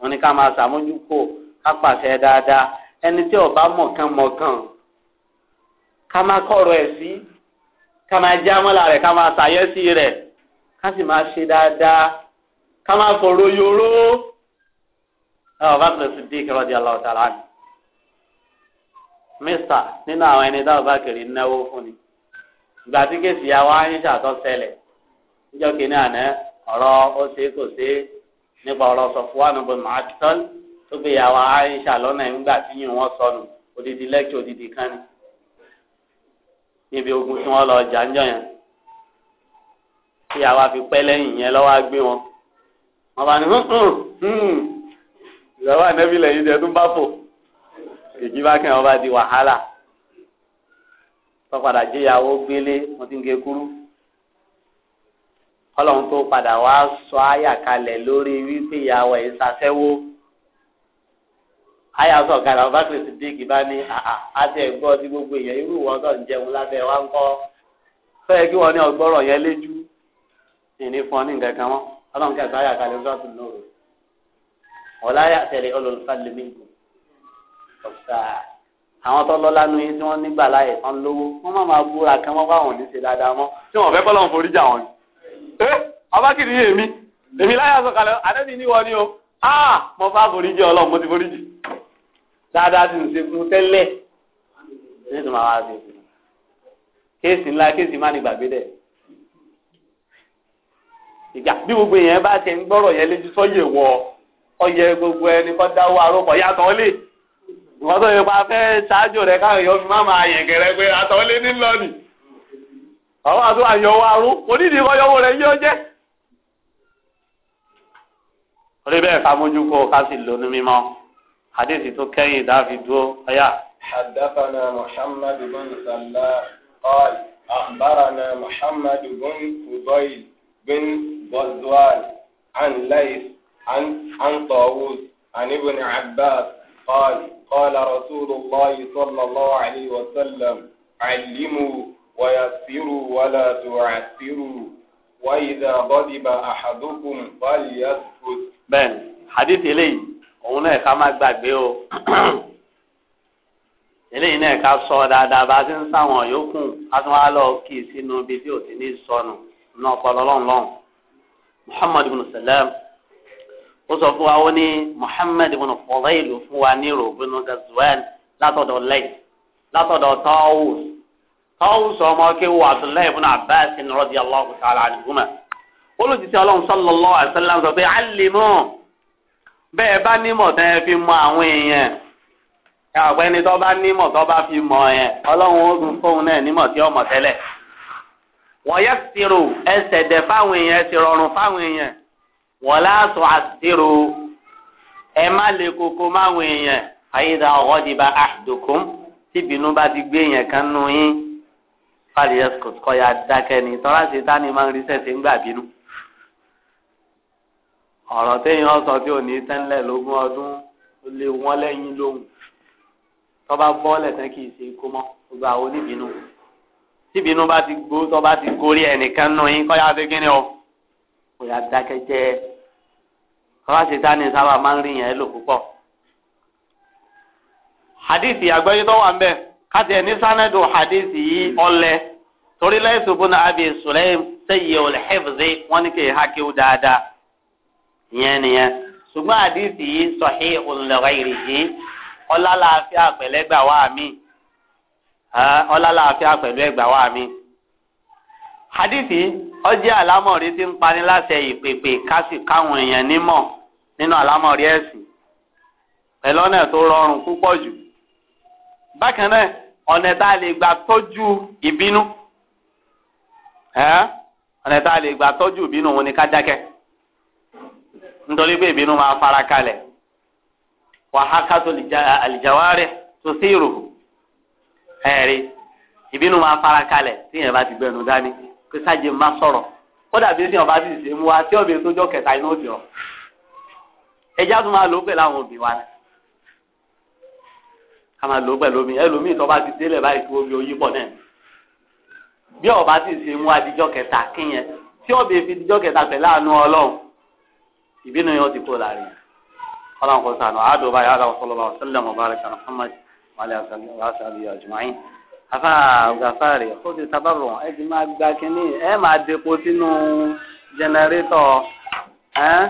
wọn ni ká máa ṣàmójúkúò ká pàṣẹ dáadáa ẹni tí ọba mọ̀kan mọ̀kan ká máa kọ̀rọ̀ ẹ̀ sí ká máa já mọ́lá rẹ̀ ká máa ṣàyẹ́sí rẹ̀ ká sì máa ṣe dáadáa ká máa fọ̀rọ̀ yoró ọba tó sì dé ìkẹrọ di aláwọ̀ tààrà ni. mísà nínú àwọn ẹni tá ọba kiri náwó fún ni ìgbà tí kèsì àwọn ayéṣà tó ṣẹlẹ̀ níjọ́ kìíní àná ọ̀rọ̀ ó ṣe kò ṣe nípa ọ̀rọ̀ sọ̀fúnwánú bọ́ọ̀mù àkítọ́lù tó gbé ìyàwó Aisha lọ́nà ìgbà tí yìí wọ́n sọnù odidi lẹ́kì odidi kan ni níbi ogun tí wọ́n lọ jàǹjọ́ yẹn tí ìyàwó àfi pẹ́ lẹ́yìn yẹn lọ́wọ́ á gbé wọn wọn bá ní hmm, hmm, hmm. ìyàwó ànẹ́bí lẹ́yìn tẹ́ tún bá fò èjì bá kẹ́ wọn bá di wàhálà tọ́padà jẹ́ ìyàwó gbélé wọn ti ń gé kúrú kọ́lọ́hún tó padà wá sọ àyà lórí wípé ìyàwó ẹ̀ sasẹ́wó àyà sọ kàlà ọba kìrìsì dìgì bá ní àti ẹgbọ́ ti gbogbo èèyàn irú wọn tó ń jẹun lábẹ́ wa ń kọ́ fẹ́ẹ́ kí wọ́n ní ọgbọ́rọ̀ yẹn léjú ìní fún ọ ní nǹkan kan mọ́ ọlọ́run kẹsàn áyà kalẹ̀ ọjọ́ tó lóru ọ̀la yà tẹ̀lé olùfàlẹ̀ mẹ́kù ọ̀sà àwọn tó lọ́lá nu yín tí wọ́n nígbà láyè tán lówó wọ́n má máa búra kan mọ́ báwọn ní ṣe dáadáa mọ́ tí wọ́n fẹ́ bọ́lọ̀ forí jà wọn ni. ẹ ọba kìdí èmi èmi láyà sọ̀kalẹ̀ adébíyí ni wọ́n ni o ah mo bá forí jẹ́ ọlọ́run mo ti forí jì dáadáa ti ń ṣe fún tẹ́lẹ̀ ní tòun àwọn àti ìfún kéèsì ńlá kéèsì má ní gbàgbé dẹ̀ ìgbà bí gbogbo èèyàn bá ti ń gbọ́rọ̀ yẹn lójú sọ́yè wọ ọyẹ gbogbo ẹni kọ́ dáwọ́ àròpọ̀ yàtọ̀ lè ìwọ́n tó yẹ pa fẹ́ ṣáájú rẹ̀ káwọn èèyàn fi má máa yẹn gẹ̀rẹ́ pé àtọ̀ lé nílọ ọwọ́ àti àyọ̀wọ́ àrùn onídìí kọ́yọ́wọ́ rẹ̀ yóò jẹ́ orí bẹ́ẹ̀ ká mójú kó o ká sì lónú mímọ́. حديث توكي دافي دو ايا حدثنا محمد بن سلام قال أخبرنا محمد بن فضيل بن بزوال عن ليس عن عن طاووس عن ابن عباس قال قال رسول الله صلى الله عليه وسلم علموا ويسروا ولا تعسروا وإذا غضب أحدكم فليسكت. بن حديث إليه òun náà ká má gbàgbé o eléyìí náà ká sọ dáadáa bá a ti ń sáwọn yòókù a tún wá lọ kì í sínú ibi tí ò ti ní sọnù ní ọpọlọ lọ́nlọ́n Muhammad ibn Salam ó sọ fún wa ó ní Muhammad ibn Fudayl fún wa ní rògbònú Gazwan látọ̀dọ̀ lẹ́yìn látọ̀dọ̀ tọ́wùs tọ́wùs ọmọ kéwù Abdullahi ibn Abbas radiyallahu ta'ala anhuma olùdíje ọlọ́run sallallahu alaihi wasallam sọ pé allimu bẹ́ẹ̀ bá nímọ̀ tẹ́ ẹ fi mọ àwọn èèyàn àpẹ ni tọ́ bá nímọ̀ tọ́ bá fi mọ̀ yẹn ọlọ́run ó dùn fóun náà nímọ̀ tí ọmọ tẹ́lẹ̀ wọ́n yẹ sírò ẹsẹ̀ dẹ̀ fáwọn èèyàn ẹsẹ̀ rọrùn fáwọn èèyàn wọ́n láàtọ̀ àsírò ẹ má le koko máwọn èèyàn àyíká ọ̀gọ́dì bá àdùkún tí ìbínú bá ti gbé èèyàn kan nù yín fàlẹ́ kọ́ ya dákẹ́ ni tọ́lá ṣe tá ni máa ń rí sẹ́sẹ̀ ń bínú ọ̀rọ̀ téèyàn sọ tí ò ní tẹ́ńlẹ̀ lógún ọdún ó lè wọ́n lẹ́yìn lóhùn tọ́ba bọ́ọ̀lẹ̀ tán kì í ṣe kó mọ́ gbogbo àwọn oníbínú tíbínú bá ti gbó tọ́ba ti gorí ẹnìkan nù yín kọ́ ya fi kíni o kò yá dákẹ́ jẹ́ kọ́lá ṣètánì sábà máa ń rí yẹn lò púpọ̀ hadithi àgbẹ̀yìn wà ń bẹ̀ káti ẹ̀ sanadu hadithi yìí ọlẹ̀ torí lẹ́sùn fún abiy sulaim sẹ́yìn olùhẹ́fẹ́ wọn ni kì í hákíw dáadáa. ìyẹn nìyẹn ṣùgbọ́n àdìsí yìí sọ̀hí òǹlẹ̀wẹ̀ ìrìhì ọlálàáfíà pẹ̀lú ẹgbà wá mi ọlálàáfíà pẹ̀lú ẹgbà wá mi. àdìsí ọjẹ́ àlámọ̀rí ti ń pani láṣẹ ìpèpè kásì káwọn èèyàn nímọ̀ nínú àlámọ̀rí ẹ̀sìn pẹ̀lú ọ̀nà tó rọrùn púpọ̀ jù. bákan náà ọ̀nà tá a lè gbà tọ́jú ìbínú ọ̀nà ni ká dákẹ́. nítorí pé ìbínú máa fara kalẹ̀ wàhákàtó àlìjáwárẹ̀ tó sí ìrò ẹ̀rí ìbínú máa fara kalẹ̀ tí yẹn bá ti gbẹnu dání pé sáàjì má sọ̀rọ̀ kódà bí tí ọba ti ṣe mú wa tí ọbẹ̀ tó jọ kẹta inú òdì ọ ẹjá tó máa lò ó pẹ̀lú wa ni ká máa omi ẹlòmíì tó bá ti délẹ̀ báyìí tó omi oyí pọ̀ náà bí ọba ti ṣe mú wa dijọ́ kẹta kíyẹn tí fi dijọ́ kẹta pẹ̀lú àánú ọlọ́run ìbínú yóò ti kó láàrin ọlọ́run kò sànù àádọ́ báyìí àdá ọ̀sọ́lọ́ bá ọ̀sẹ́lẹ̀ mọ̀ bá rẹ̀ kan Muhammad wàlẹ̀ àṣàbí àjùmáyìn afa gafari ó ti sábàbọ̀ ẹ ti máa gba kínní ẹ máa depo sínú jẹnẹrétọ̀ ẹ́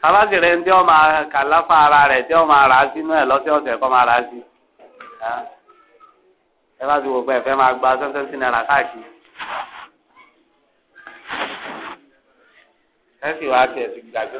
tabagere ń tí ọ máa kà láfa ara rẹ̀ tí ọ máa rà á sínú ẹ̀ lọ́sẹ̀ ọ̀sẹ̀ máa rà á sí ẹ bá ti wò pé ẹ fẹ́ máa gba sẹ́ńsẹ́ńsì náírà káàkiri. ẹ sì wá tẹ̀ sí gbàgbé